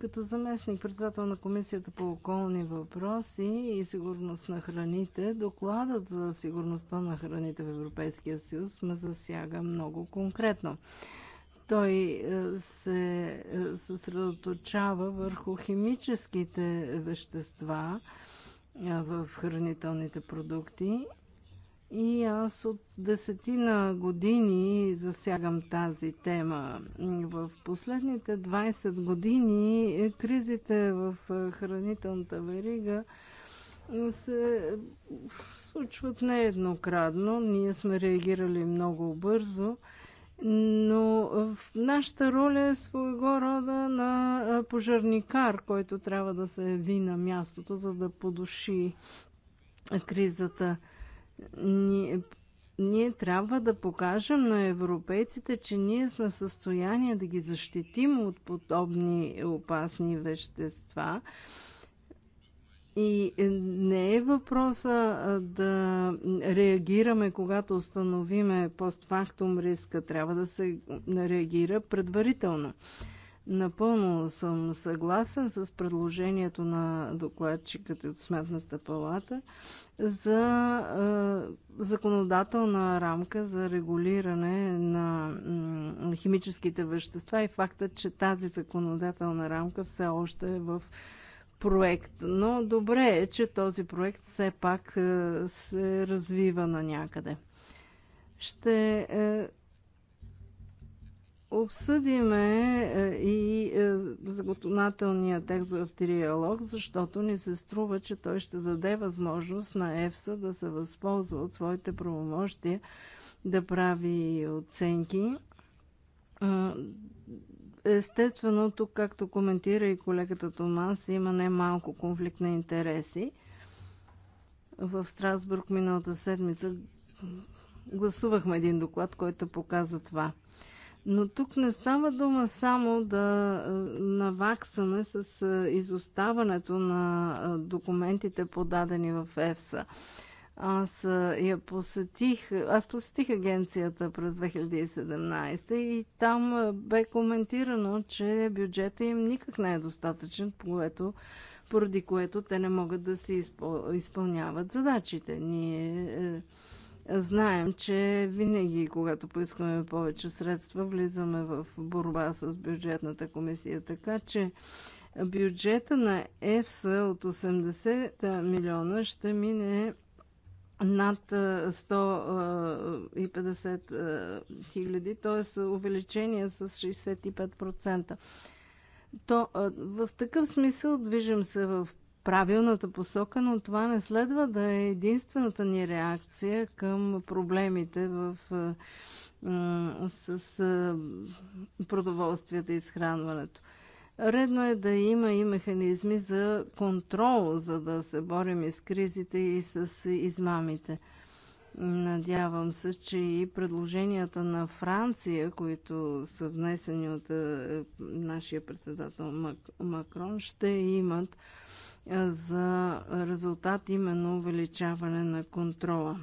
Като заместник председател на Комисията по околни въпроси и сигурност на храните, докладът за сигурността на храните в Европейския съюз ме засяга много конкретно. Той е, се е, съсредоточава върху химическите вещества е, в хранителните продукти и аз от десетина години засягам тази тема. В последните 20 години кризите в хранителната верига се случват нееднократно. Ние сме реагирали много бързо но в нашата роля е своего рода на пожарникар, който трябва да се яви на мястото, за да подуши кризата. Ние, ние трябва да покажем на европейците, че ние сме в състояние да ги защитим от подобни опасни вещества и е, не е въпроса да реагираме, когато установиме постфактум риска. Трябва да се реагира предварително. Напълно съм съгласен с предложението на докладчиката от Сметната палата за законодателна рамка за регулиране на химическите вещества и факта, че тази законодателна рамка все още е в проект, но добре е, че този проект все пак е, се развива на някъде. Ще е, обсъдиме е, и заготонателния текст в триалог, защото ни се струва, че той ще даде възможност на ЕФСА да се възползва от своите правомощия да прави оценки, Естествено, тук, както коментира и колегата Томас, има немалко конфликт на интереси. В Страсбург миналата седмица гласувахме един доклад, който показа това. Но тук не става дума само да наваксаме с изоставането на документите подадени в ЕФСА. Аз я посетих, аз посетих агенцията през 2017 и там бе коментирано, че бюджета им никак не е достатъчен, което, поради което те не могат да си изпълняват задачите. Ние е, знаем, че винаги, когато поискаме повече средства, влизаме в борба с бюджетната комисия, така че бюджета на ЕФСА от 80 милиона ще мине над 150 хиляди, т.е. увеличение с 65%. То, в такъв смисъл движим се в правилната посока, но това не следва да е единствената ни реакция към проблемите в, с продоволствията и изхранването. Редно е да има и механизми за контрол, за да се борим и с кризите и с измамите. Надявам се, че и предложенията на Франция, които са внесени от е, нашия председател Макрон, ще имат е, за резултат именно увеличаване на контрола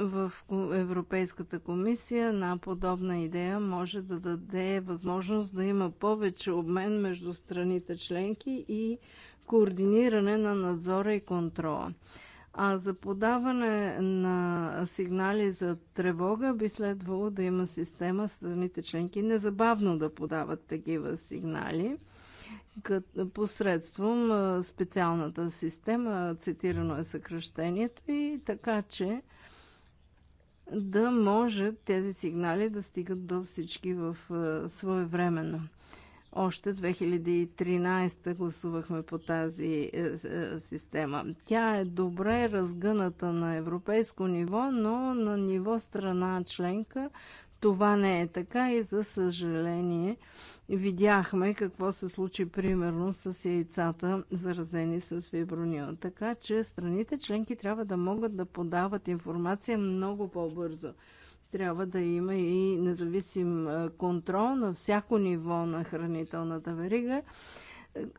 в Европейската комисия на подобна идея може да даде възможност да има повече обмен между страните членки и координиране на надзора и контрола. А за подаване на сигнали за тревога би следвало да има система страните членки незабавно да подават такива сигнали посредством специалната система, цитирано е съкръщението и така, че да може тези сигнали да стигат до всички в е, своевременно. Още 2013 гласувахме по тази е, е, система. Тя е добре разгъната на европейско ниво, но на ниво страна членка това не е така и за съжаление видяхме какво се случи примерно с яйцата, заразени с фибронил. Така че страните членки трябва да могат да подават информация много по-бързо. Трябва да има и независим контрол на всяко ниво на хранителната верига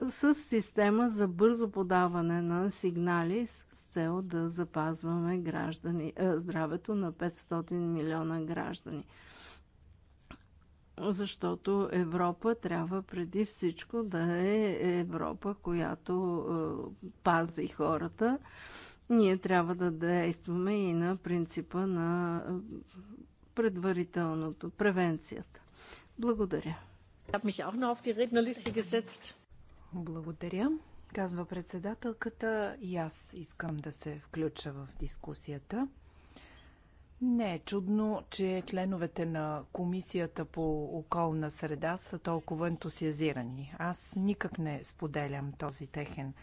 с система за бързо подаване на сигнали с цел да запазваме граждани, здравето на 500 милиона граждани защото Европа трябва преди всичко да е Европа, която е, пази хората. Ние трябва да действаме и на принципа на е, предварителното, превенцията. Благодаря. Благодаря. Казва председателката и аз искам да се включа в дискусията. Не е чудно, че членовете на Комисията по околна среда са толкова ентусиазирани. Аз никак не споделям този техен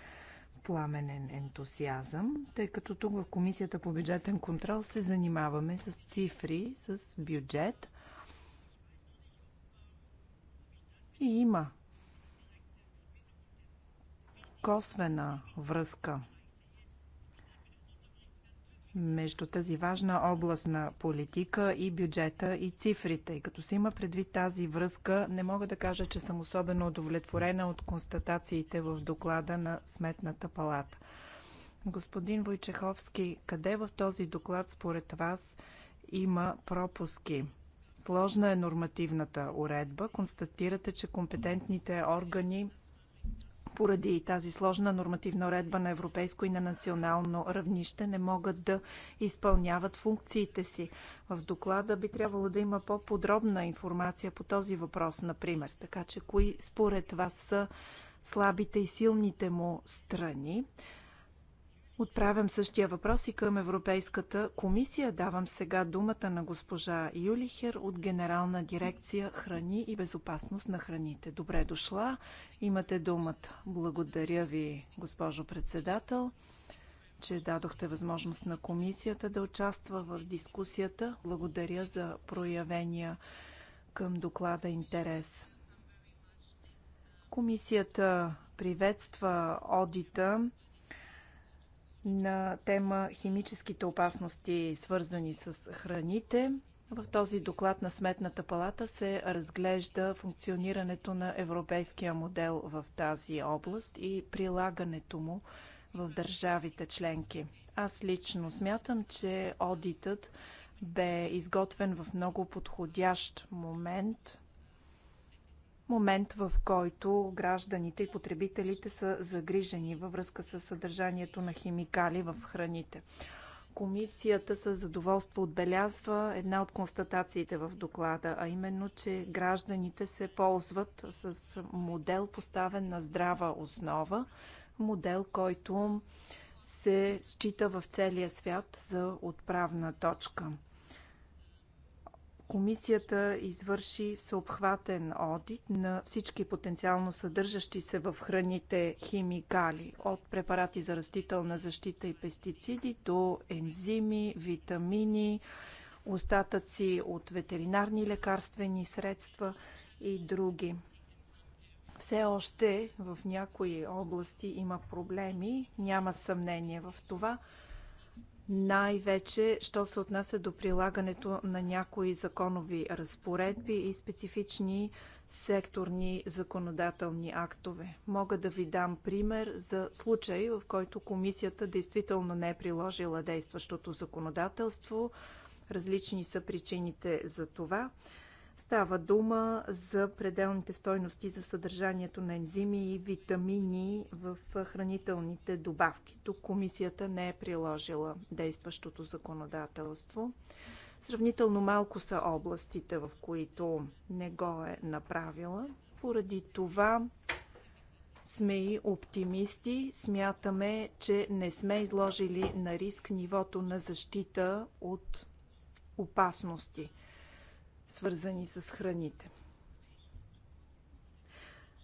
пламенен ентусиазъм, тъй като тук в Комисията по бюджетен контрол се занимаваме с цифри, с бюджет. И има косвена връзка между тази важна област на политика и бюджета и цифрите. И като се има предвид тази връзка, не мога да кажа, че съм особено удовлетворена от констатациите в доклада на Сметната палата. Господин Войчеховски, къде в този доклад според вас има пропуски? Сложна е нормативната уредба. Констатирате, че компетентните органи поради тази сложна нормативна редба на европейско и на национално равнище не могат да изпълняват функциите си. В доклада би трябвало да има по-подробна информация по този въпрос, например. Така че кои според вас са слабите и силните му страни? Отправям същия въпрос и към Европейската комисия. Давам сега думата на госпожа Юлихер от Генерална дирекция Храни и безопасност на храните. Добре дошла. Имате думата. Благодаря ви, госпожо председател, че дадохте възможност на комисията да участва в дискусията. Благодаря за проявения към доклада интерес. Комисията приветства одита на тема химическите опасности, свързани с храните. В този доклад на Сметната палата се разглежда функционирането на европейския модел в тази област и прилагането му в държавите членки. Аз лично смятам, че одитът бе изготвен в много подходящ момент – момент, в който гражданите и потребителите са загрижени във връзка с съдържанието на химикали в храните. Комисията с задоволство отбелязва една от констатациите в доклада, а именно, че гражданите се ползват с модел поставен на здрава основа, модел, който се счита в целия свят за отправна точка. Комисията извърши съобхватен одит на всички потенциално съдържащи се в храните химикали, от препарати за растителна защита и пестициди до ензими, витамини, остатъци от ветеринарни лекарствени средства и други. Все още в някои области има проблеми, няма съмнение в това – най-вече, що се отнася до прилагането на някои законови разпоредби и специфични секторни законодателни актове. Мога да ви дам пример за случай, в който комисията действително не е приложила действащото законодателство. Различни са причините за това. Става дума за пределните стойности за съдържанието на ензими и витамини в хранителните добавки. Тук комисията не е приложила действащото законодателство. Сравнително малко са областите, в които не го е направила. Поради това сме и оптимисти. Смятаме, че не сме изложили на риск нивото на защита от опасности – свързани с храните.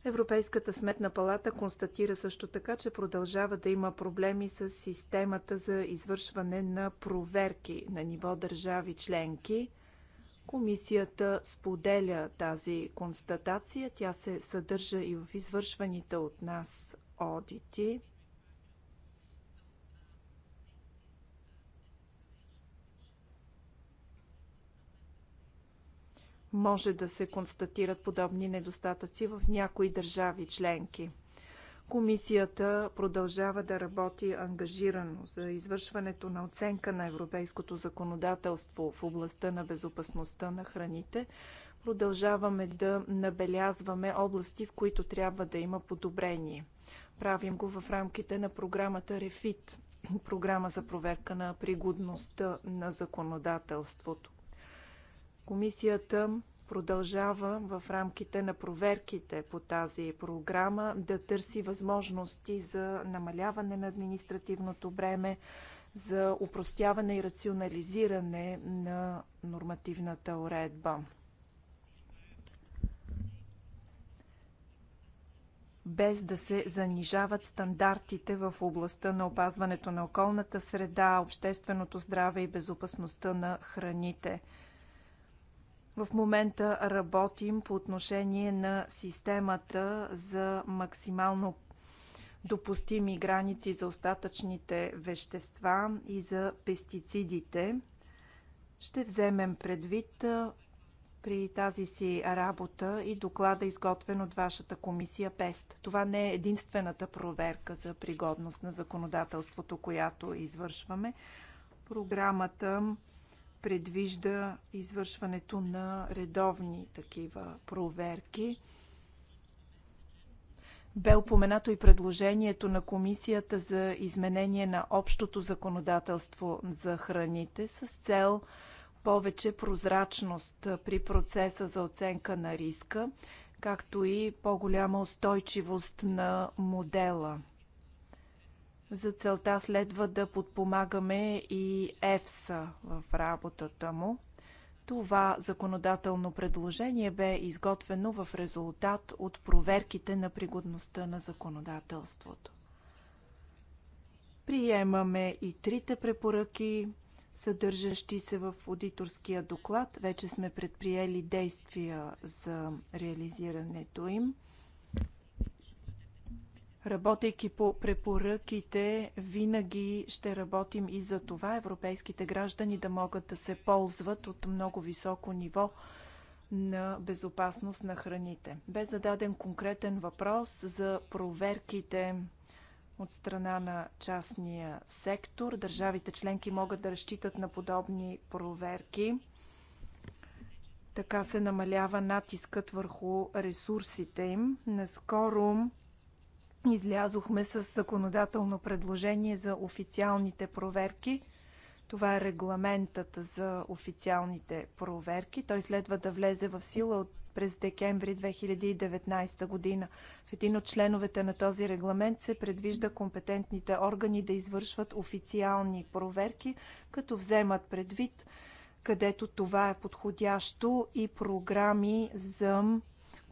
Европейската сметна палата констатира също така, че продължава да има проблеми с системата за извършване на проверки на ниво държави членки. Комисията споделя тази констатация. Тя се съдържа и в извършваните от нас одити. може да се констатират подобни недостатъци в някои държави членки. Комисията продължава да работи ангажирано за извършването на оценка на европейското законодателство в областта на безопасността на храните. Продължаваме да набелязваме области, в които трябва да има подобрение. Правим го в рамките на програмата Рефит, програма за проверка на пригодността на законодателството. Комисията продължава в рамките на проверките по тази програма да търси възможности за намаляване на административното бреме, за упростяване и рационализиране на нормативната уредба. без да се занижават стандартите в областта на опазването на околната среда, общественото здраве и безопасността на храните – в момента работим по отношение на системата за максимално допустими граници за остатъчните вещества и за пестицидите. Ще вземем предвид при тази си работа и доклада, изготвен от вашата комисия ПЕСТ. Това не е единствената проверка за пригодност на законодателството, която извършваме. Програмата предвижда извършването на редовни такива проверки. Бе упоменато и предложението на Комисията за изменение на общото законодателство за храните с цел повече прозрачност при процеса за оценка на риска, както и по-голяма устойчивост на модела. За целта следва да подпомагаме и ЕФСА в работата му. Това законодателно предложение бе изготвено в резултат от проверките на пригодността на законодателството. Приемаме и трите препоръки, съдържащи се в аудиторския доклад. Вече сме предприели действия за реализирането им – Работейки по препоръките, винаги ще работим и за това европейските граждани да могат да се ползват от много високо ниво на безопасност на храните. Без зададен конкретен въпрос за проверките от страна на частния сектор, държавите членки могат да разчитат на подобни проверки. Така се намалява натискът върху ресурсите им. Наскоро излязохме с законодателно предложение за официалните проверки. Това е регламентът за официалните проверки. Той следва да влезе в сила от през декември 2019 година. В един от членовете на този регламент се предвижда компетентните органи да извършват официални проверки, като вземат предвид където това е подходящо и програми за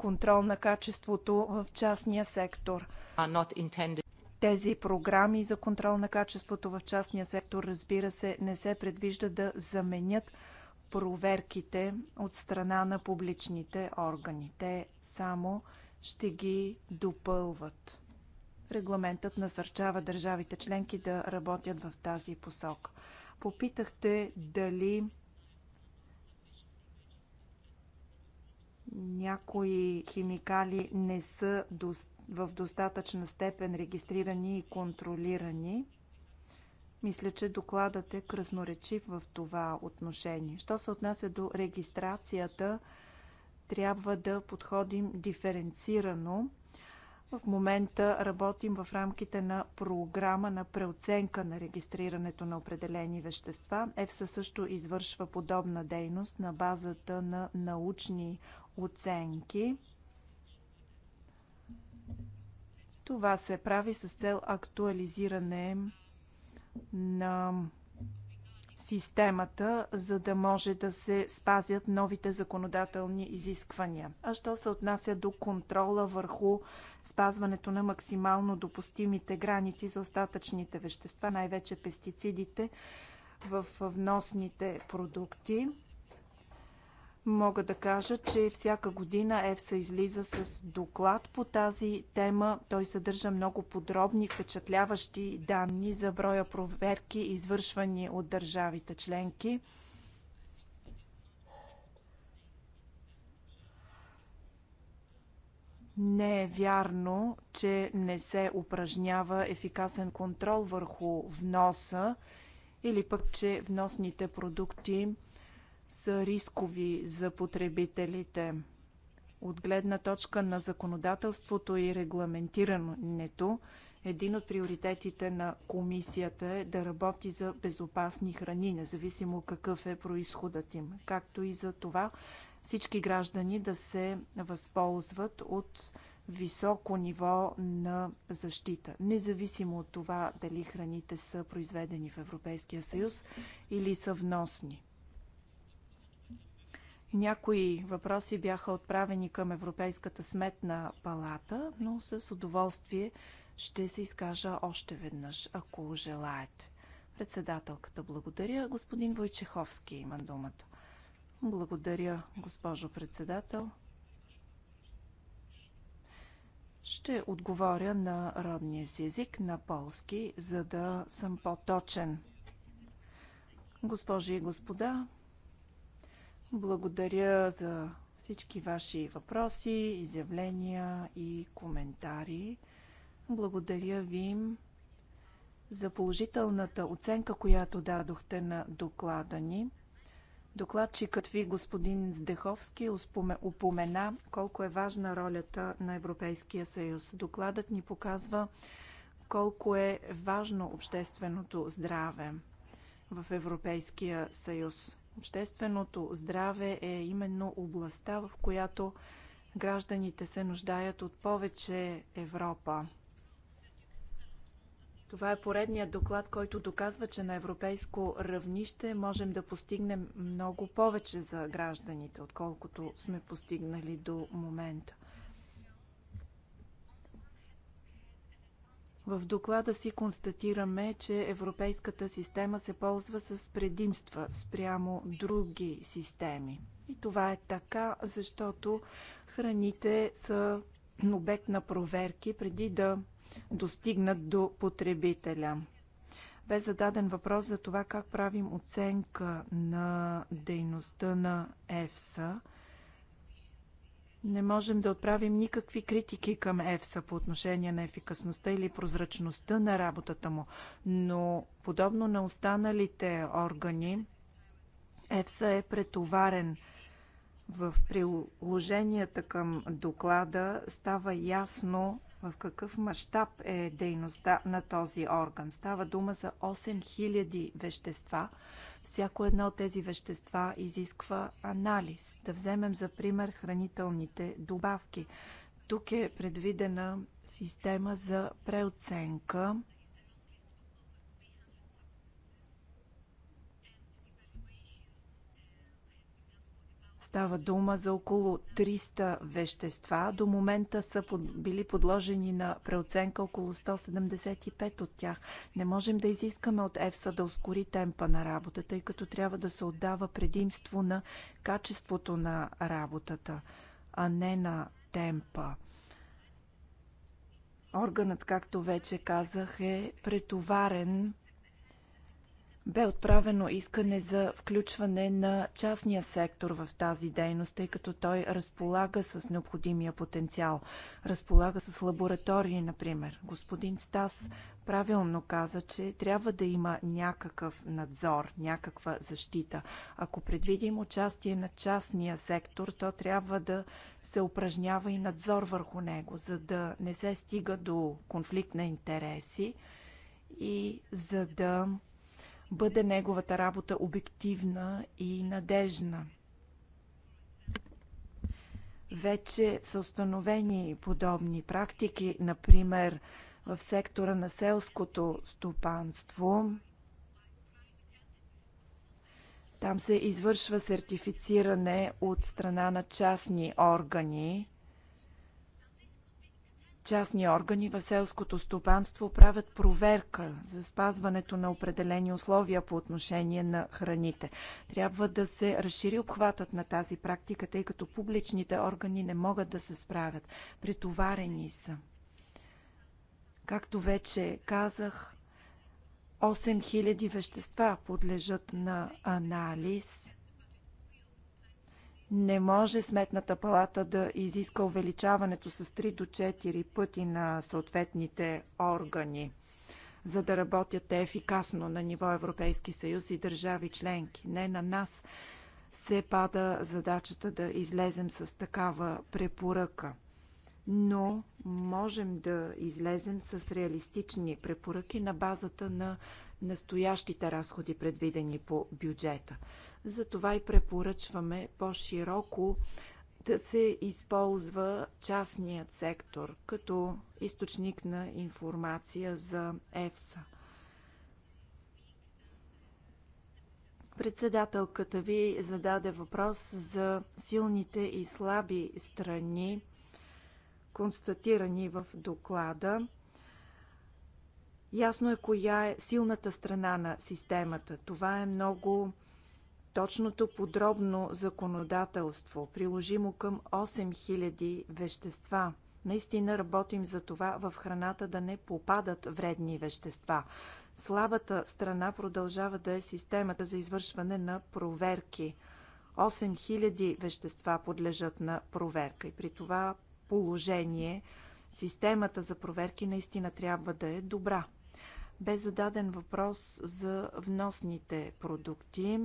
контрол на качеството в частния сектор. Тези програми за контрол на качеството в частния сектор, разбира се, не се предвижда да заменят проверките от страна на публичните органи. Те само ще ги допълват. Регламентът насърчава държавите членки да работят в тази посока. Попитахте дали някои химикали не са в достатъчна степен регистрирани и контролирани. Мисля, че докладът е красноречив в това отношение. Що се отнася до регистрацията, трябва да подходим диференцирано. В момента работим в рамките на програма на преоценка на регистрирането на определени вещества. ЕФСА също извършва подобна дейност на базата на научни оценки. Това се прави с цел актуализиране на системата, за да може да се спазят новите законодателни изисквания. А що се отнася до контрола върху спазването на максимално допустимите граници за остатъчните вещества, най-вече пестицидите в вносните продукти, Мога да кажа, че всяка година ЕФСА излиза с доклад по тази тема. Той съдържа много подробни, впечатляващи данни за броя проверки, извършвани от държавите членки. Не е вярно, че не се упражнява ефикасен контрол върху вноса или пък, че вносните продукти са рискови за потребителите от гледна точка на законодателството и регламентирането, един от приоритетите на комисията е да работи за безопасни храни, независимо какъв е происходът им, както и за това всички граждани да се възползват от високо ниво на защита, независимо от това дали храните са произведени в Европейския съюз или са вносни. Някои въпроси бяха отправени към Европейската сметна палата, но с удоволствие ще се изкажа още веднъж, ако желаете. Председателката благодаря. Господин Войчеховски има думата. Благодаря, госпожо председател. Ще отговоря на родния си език, на полски, за да съм по-точен. Госпожи и господа, благодаря за всички ваши въпроси, изявления и коментари. Благодаря ви за положителната оценка, която дадохте на доклада ни. Докладчикът ви, господин Здеховски, упомена колко е важна ролята на Европейския съюз. Докладът ни показва колко е важно общественото здраве в Европейския съюз. Общественото здраве е именно областта, в която гражданите се нуждаят от повече Европа. Това е поредният доклад, който доказва, че на европейско равнище можем да постигнем много повече за гражданите, отколкото сме постигнали до момента. В доклада си констатираме, че европейската система се ползва с предимства спрямо други системи. И това е така, защото храните са обект на проверки преди да достигнат до потребителя. Бе зададен въпрос за това как правим оценка на дейността на ЕФСА. Не можем да отправим никакви критики към ЕФСА по отношение на ефикасността или прозрачността на работата му, но подобно на останалите органи, ЕФСА е претоварен. В приложенията към доклада става ясно в какъв мащаб е дейността на този орган. Става дума за 8000 вещества, Всяко едно от тези вещества изисква анализ. Да вземем за пример хранителните добавки. Тук е предвидена система за преоценка Става дума за около 300 вещества. До момента са били подложени на преоценка около 175 от тях. Не можем да изискаме от ЕФСА да ускори темпа на работата, тъй като трябва да се отдава предимство на качеството на работата, а не на темпа. Органът, както вече казах, е претоварен бе отправено искане за включване на частния сектор в тази дейност, тъй като той разполага с необходимия потенциал. Разполага с лаборатории, например. Господин Стас правилно каза, че трябва да има някакъв надзор, някаква защита. Ако предвидим участие на частния сектор, то трябва да се упражнява и надзор върху него, за да не се стига до конфликт на интереси и за да бъде неговата работа обективна и надежна. Вече са установени подобни практики, например в сектора на селското стопанство. Там се извършва сертифициране от страна на частни органи частни органи в селското стопанство правят проверка за спазването на определени условия по отношение на храните. Трябва да се разшири обхватът на тази практика, тъй като публичните органи не могат да се справят. Притоварени са. Както вече казах, 8000 вещества подлежат на анализ – не може сметната палата да изиска увеличаването с 3 до 4 пъти на съответните органи, за да работят те ефикасно на ниво Европейски съюз и държави членки. Не на нас се пада задачата да излезем с такава препоръка. Но можем да излезем с реалистични препоръки на базата на настоящите разходи, предвидени по бюджета. Затова и препоръчваме по-широко да се използва частният сектор като източник на информация за ЕФСА. Председателката ви зададе въпрос за силните и слаби страни, констатирани в доклада. Ясно е коя е силната страна на системата. Това е много точното подробно законодателство, приложимо към 8000 вещества. Наистина работим за това в храната да не попадат вредни вещества. Слабата страна продължава да е системата за извършване на проверки. 8000 вещества подлежат на проверка и при това положение системата за проверки наистина трябва да е добра. Бе зададен въпрос за вносните продукти.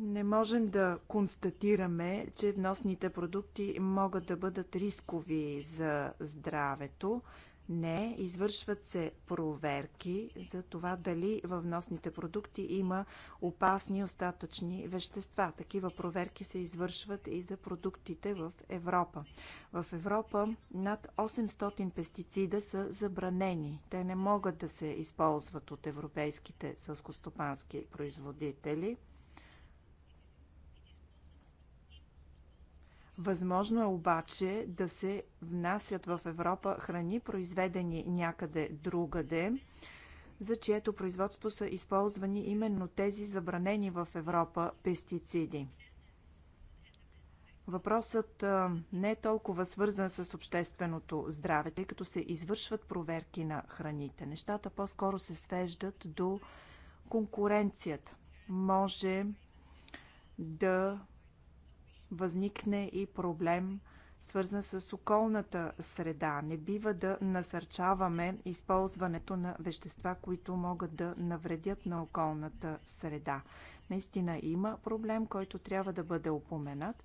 Не можем да констатираме, че вносните продукти могат да бъдат рискови за здравето. Не, извършват се проверки за това дали във вносните продукти има опасни остатъчни вещества. Такива проверки се извършват и за продуктите в Европа. В Европа над 800 пестицида са забранени. Те не могат да се използват от европейските сълскостопански производители. Възможно е обаче да се внасят в Европа храни, произведени някъде другаде, за чието производство са използвани именно тези забранени в Европа пестициди. Въпросът не е толкова свързан с общественото здраве, тъй като се извършват проверки на храните. Нещата по-скоро се свеждат до конкуренцията. Може да възникне и проблем, свързан с околната среда. Не бива да насърчаваме използването на вещества, които могат да навредят на околната среда. Наистина има проблем, който трябва да бъде упоменат.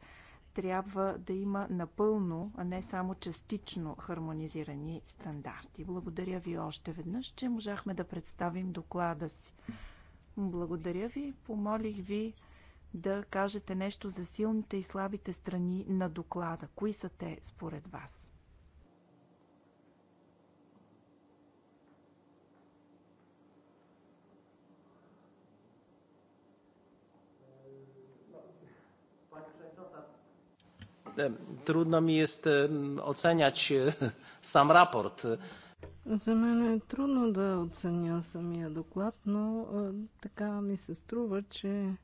Трябва да има напълно, а не само частично хармонизирани стандарти. Благодаря ви още веднъж, че можахме да представим доклада си. Благодаря ви. Помолих ви да кажете нещо за силните и слабите страни на доклада. Кои са те според вас? Трудно ми е, е оценя сам рапорт. За мен е трудно да оценя самия доклад, но е, така ми се струва, че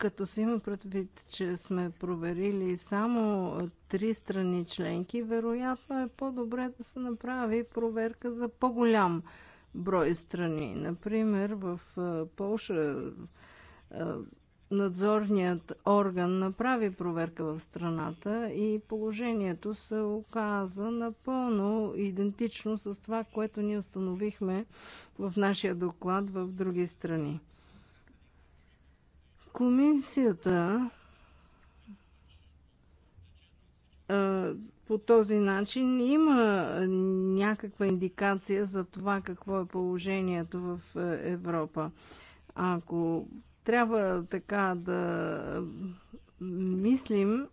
като се има предвид, че сме проверили само три страни членки, вероятно е по-добре да се направи проверка за по-голям брой страни. Например, в Польша надзорният орган направи проверка в страната и положението се оказа напълно идентично с това, което ние установихме в нашия доклад в други страни. Комисията по този начин има някаква индикация за това какво е положението в Европа. Ако трябва така да мислим,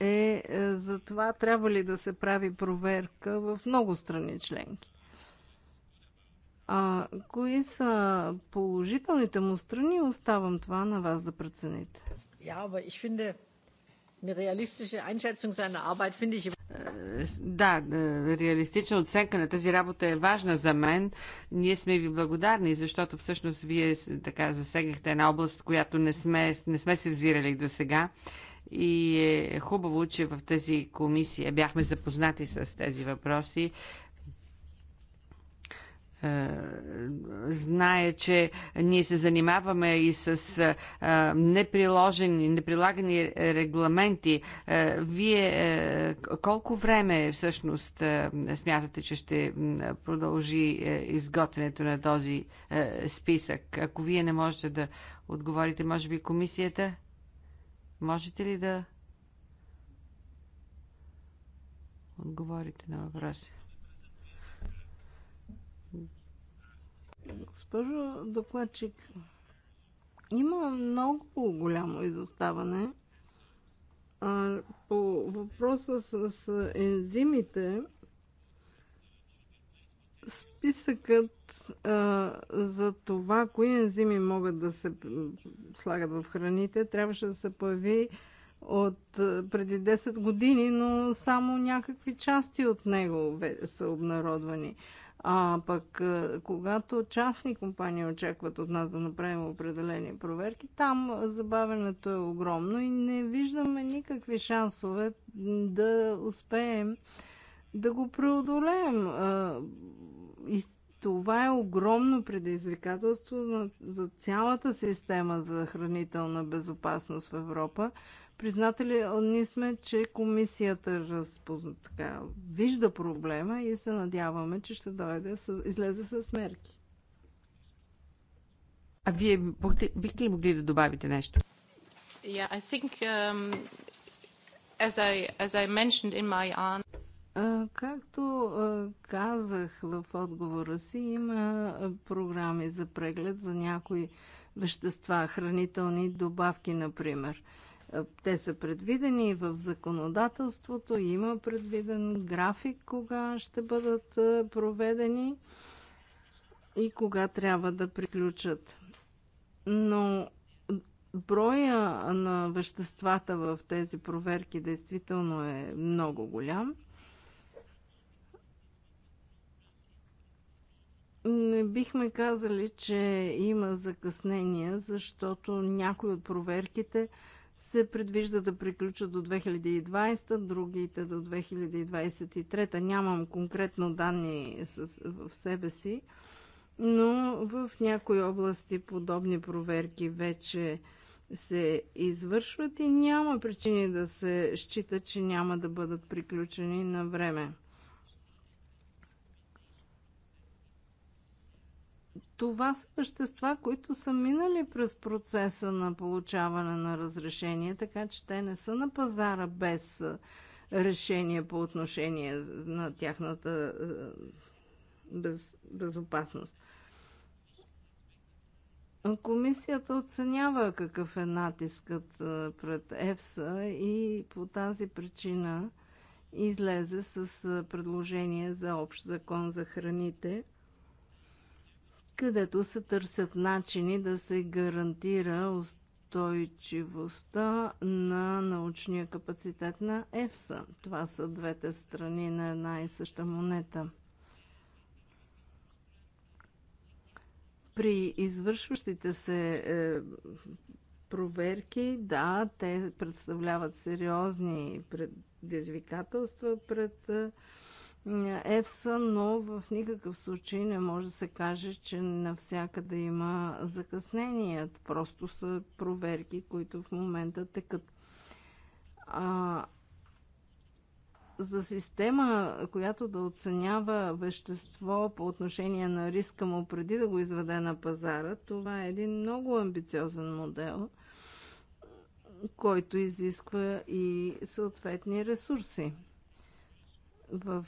е, е за това трябва ли да се прави проверка в много страни членки. А кои са положителните му страни, оставам това на вас да прецените. Ja, aber ich finde, Eine realistische Einschätzung seiner Arbeit finde ich. Е, да, е, реалистична оценка на тази работа е важна за мен. Ние сме ви благодарни, защото всъщност вие така засегнахте една област, която не сме, не сме се взирали до сега. И е хубаво, че в тази комисия бяхме запознати с тези въпроси. Е, знае, че ние се занимаваме и с е, неприложени, неприлагани регламенти. Е, вие колко време всъщност смятате, че ще продължи изготвянето на този списък? Ако вие не можете да отговорите, може би комисията? Можете ли да отговорите на въпроса? Госпожо докладчик, има много голямо изоставане по въпроса с ензимите списъкът а, за това, кои ензими могат да се слагат в храните, трябваше да се появи от преди 10 години, но само някакви части от него са обнародвани. А пък, когато частни компании очакват от нас да направим определени проверки, там забавенето е огромно и не виждаме никакви шансове да успеем да го преодолеем. И това е огромно предизвикателство за цялата система за хранителна безопасност в Европа, ние сме, че комисията разпозна, така, вижда проблема и се надяваме, че ще дойде, с, излезе с мерки. А вие бихте ли могли да добавите нещо? Yeah, I think, um, as I, as I mentioned in my aunt... Както казах в отговора си, има програми за преглед за някои вещества, хранителни добавки, например. Те са предвидени в законодателството, има предвиден график кога ще бъдат е, проведени и кога трябва да приключат. Но броя на веществата в тези проверки действително е много голям. Не бихме казали, че има закъснения, защото някои от проверките се предвижда да приключат до 2020, другите до 2023. Нямам конкретно данни в себе си, но в някои области подобни проверки вече се извършват и няма причини да се счита, че няма да бъдат приключени на време. това са вещества, които са минали през процеса на получаване на разрешение, така че те не са на пазара без решение по отношение на тяхната без, безопасност. Комисията оценява какъв е натискът пред ЕФСА и по тази причина излезе с предложение за общ закон за храните – където се търсят начини да се гарантира устойчивостта на научния капацитет на ЕФСА. Това са двете страни на една и съща монета. При извършващите се е, проверки, да, те представляват сериозни предизвикателства пред е, ЕФСА, но в никакъв случай не може да се каже, че навсякъде има закъснения. Просто са проверки, които в момента текат. А, за система, която да оценява вещество по отношение на риска му преди да го изведе на пазара, това е един много амбициозен модел, който изисква и съответни ресурси в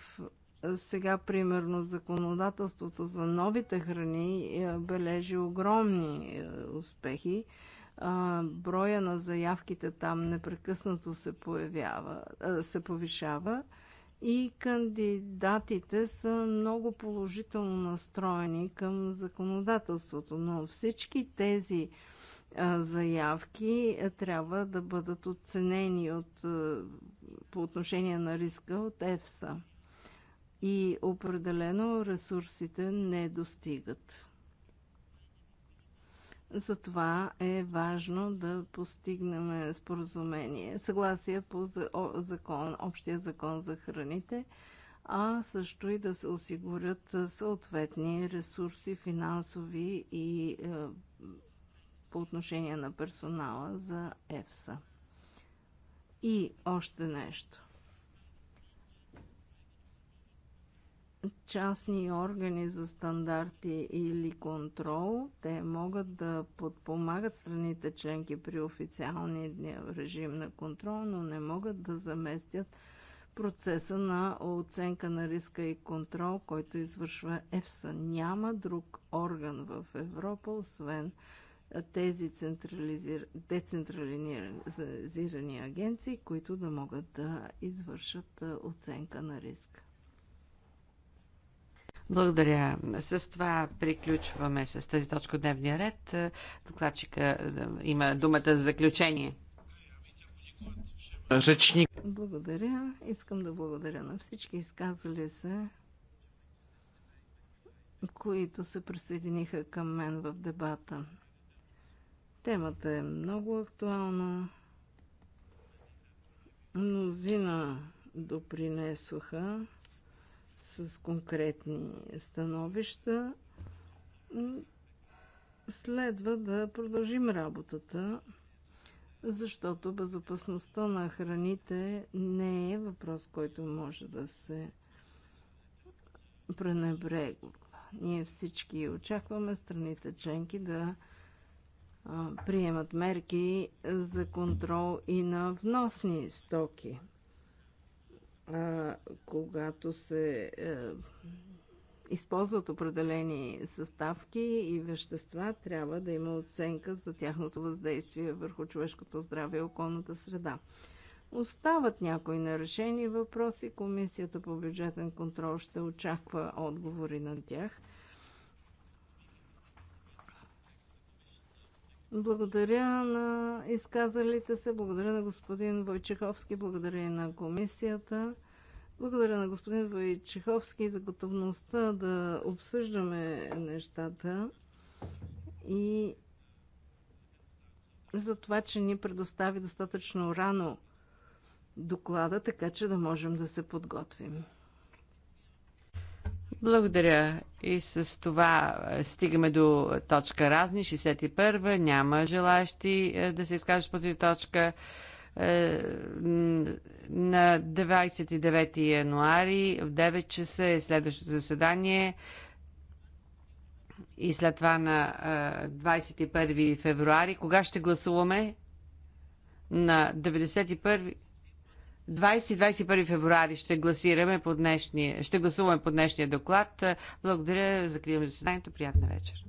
сега, примерно, законодателството за новите храни е, бележи огромни е, успехи. Броя на заявките там непрекъснато се, появява, се повишава и кандидатите са много положително настроени към законодателството. Но всички тези заявки е, трябва да бъдат оценени от, е, по отношение на риска от ЕФСА. И определено ресурсите не достигат. Затова е важно да постигнем споразумение, съгласие по закон, общия закон за храните, а също и да се осигурят е, съответни ресурси, финансови и по отношение на персонала за ЕФСА. И още нещо. Частни органи за стандарти или контрол, те могат да подпомагат страните членки при официалния режим на контрол, но не могат да заместят процеса на оценка на риска и контрол, който извършва ЕФСА. Няма друг орган в Европа, освен тези децентрализирани агенции, които да могат да извършат оценка на риск. Благодаря. С това приключваме с тази точка от дневния ред. Докладчика има думата за заключение. Речник. Благодаря. Искам да благодаря на всички изказали се, които се присъединиха към мен в дебата. Темата е много актуална. Мнозина допринесоха с конкретни становища. Следва да продължим работата, защото безопасността на храните не е въпрос, който може да се пренебрегва. Ние всички очакваме страните членки да приемат мерки за контрол и на вносни стоки. А, когато се е, използват определени съставки и вещества, трябва да има оценка за тяхното въздействие върху човешкото здраве и околната среда. Остават някои нарешени въпроси. Комисията по бюджетен контрол ще очаква отговори на тях – Благодаря на изказалите се, благодаря на господин Войчеховски, благодаря и на комисията. Благодаря на господин Войчеховски за готовността да обсъждаме нещата и за това, че ни предостави достатъчно рано доклада, така че да можем да се подготвим. Благодаря. И с това е, стигаме до точка разни, 61. Няма желащи е, да се изкажат по тази точка. Е, на 29 януари в 9 часа е следващото заседание и след това на 21 февруари. Кога ще гласуваме? На 91 20-21 февруари ще, гласираме по днешния, ще гласуваме по днешния доклад. Благодаря, закриваме заседанието. Приятна вечер.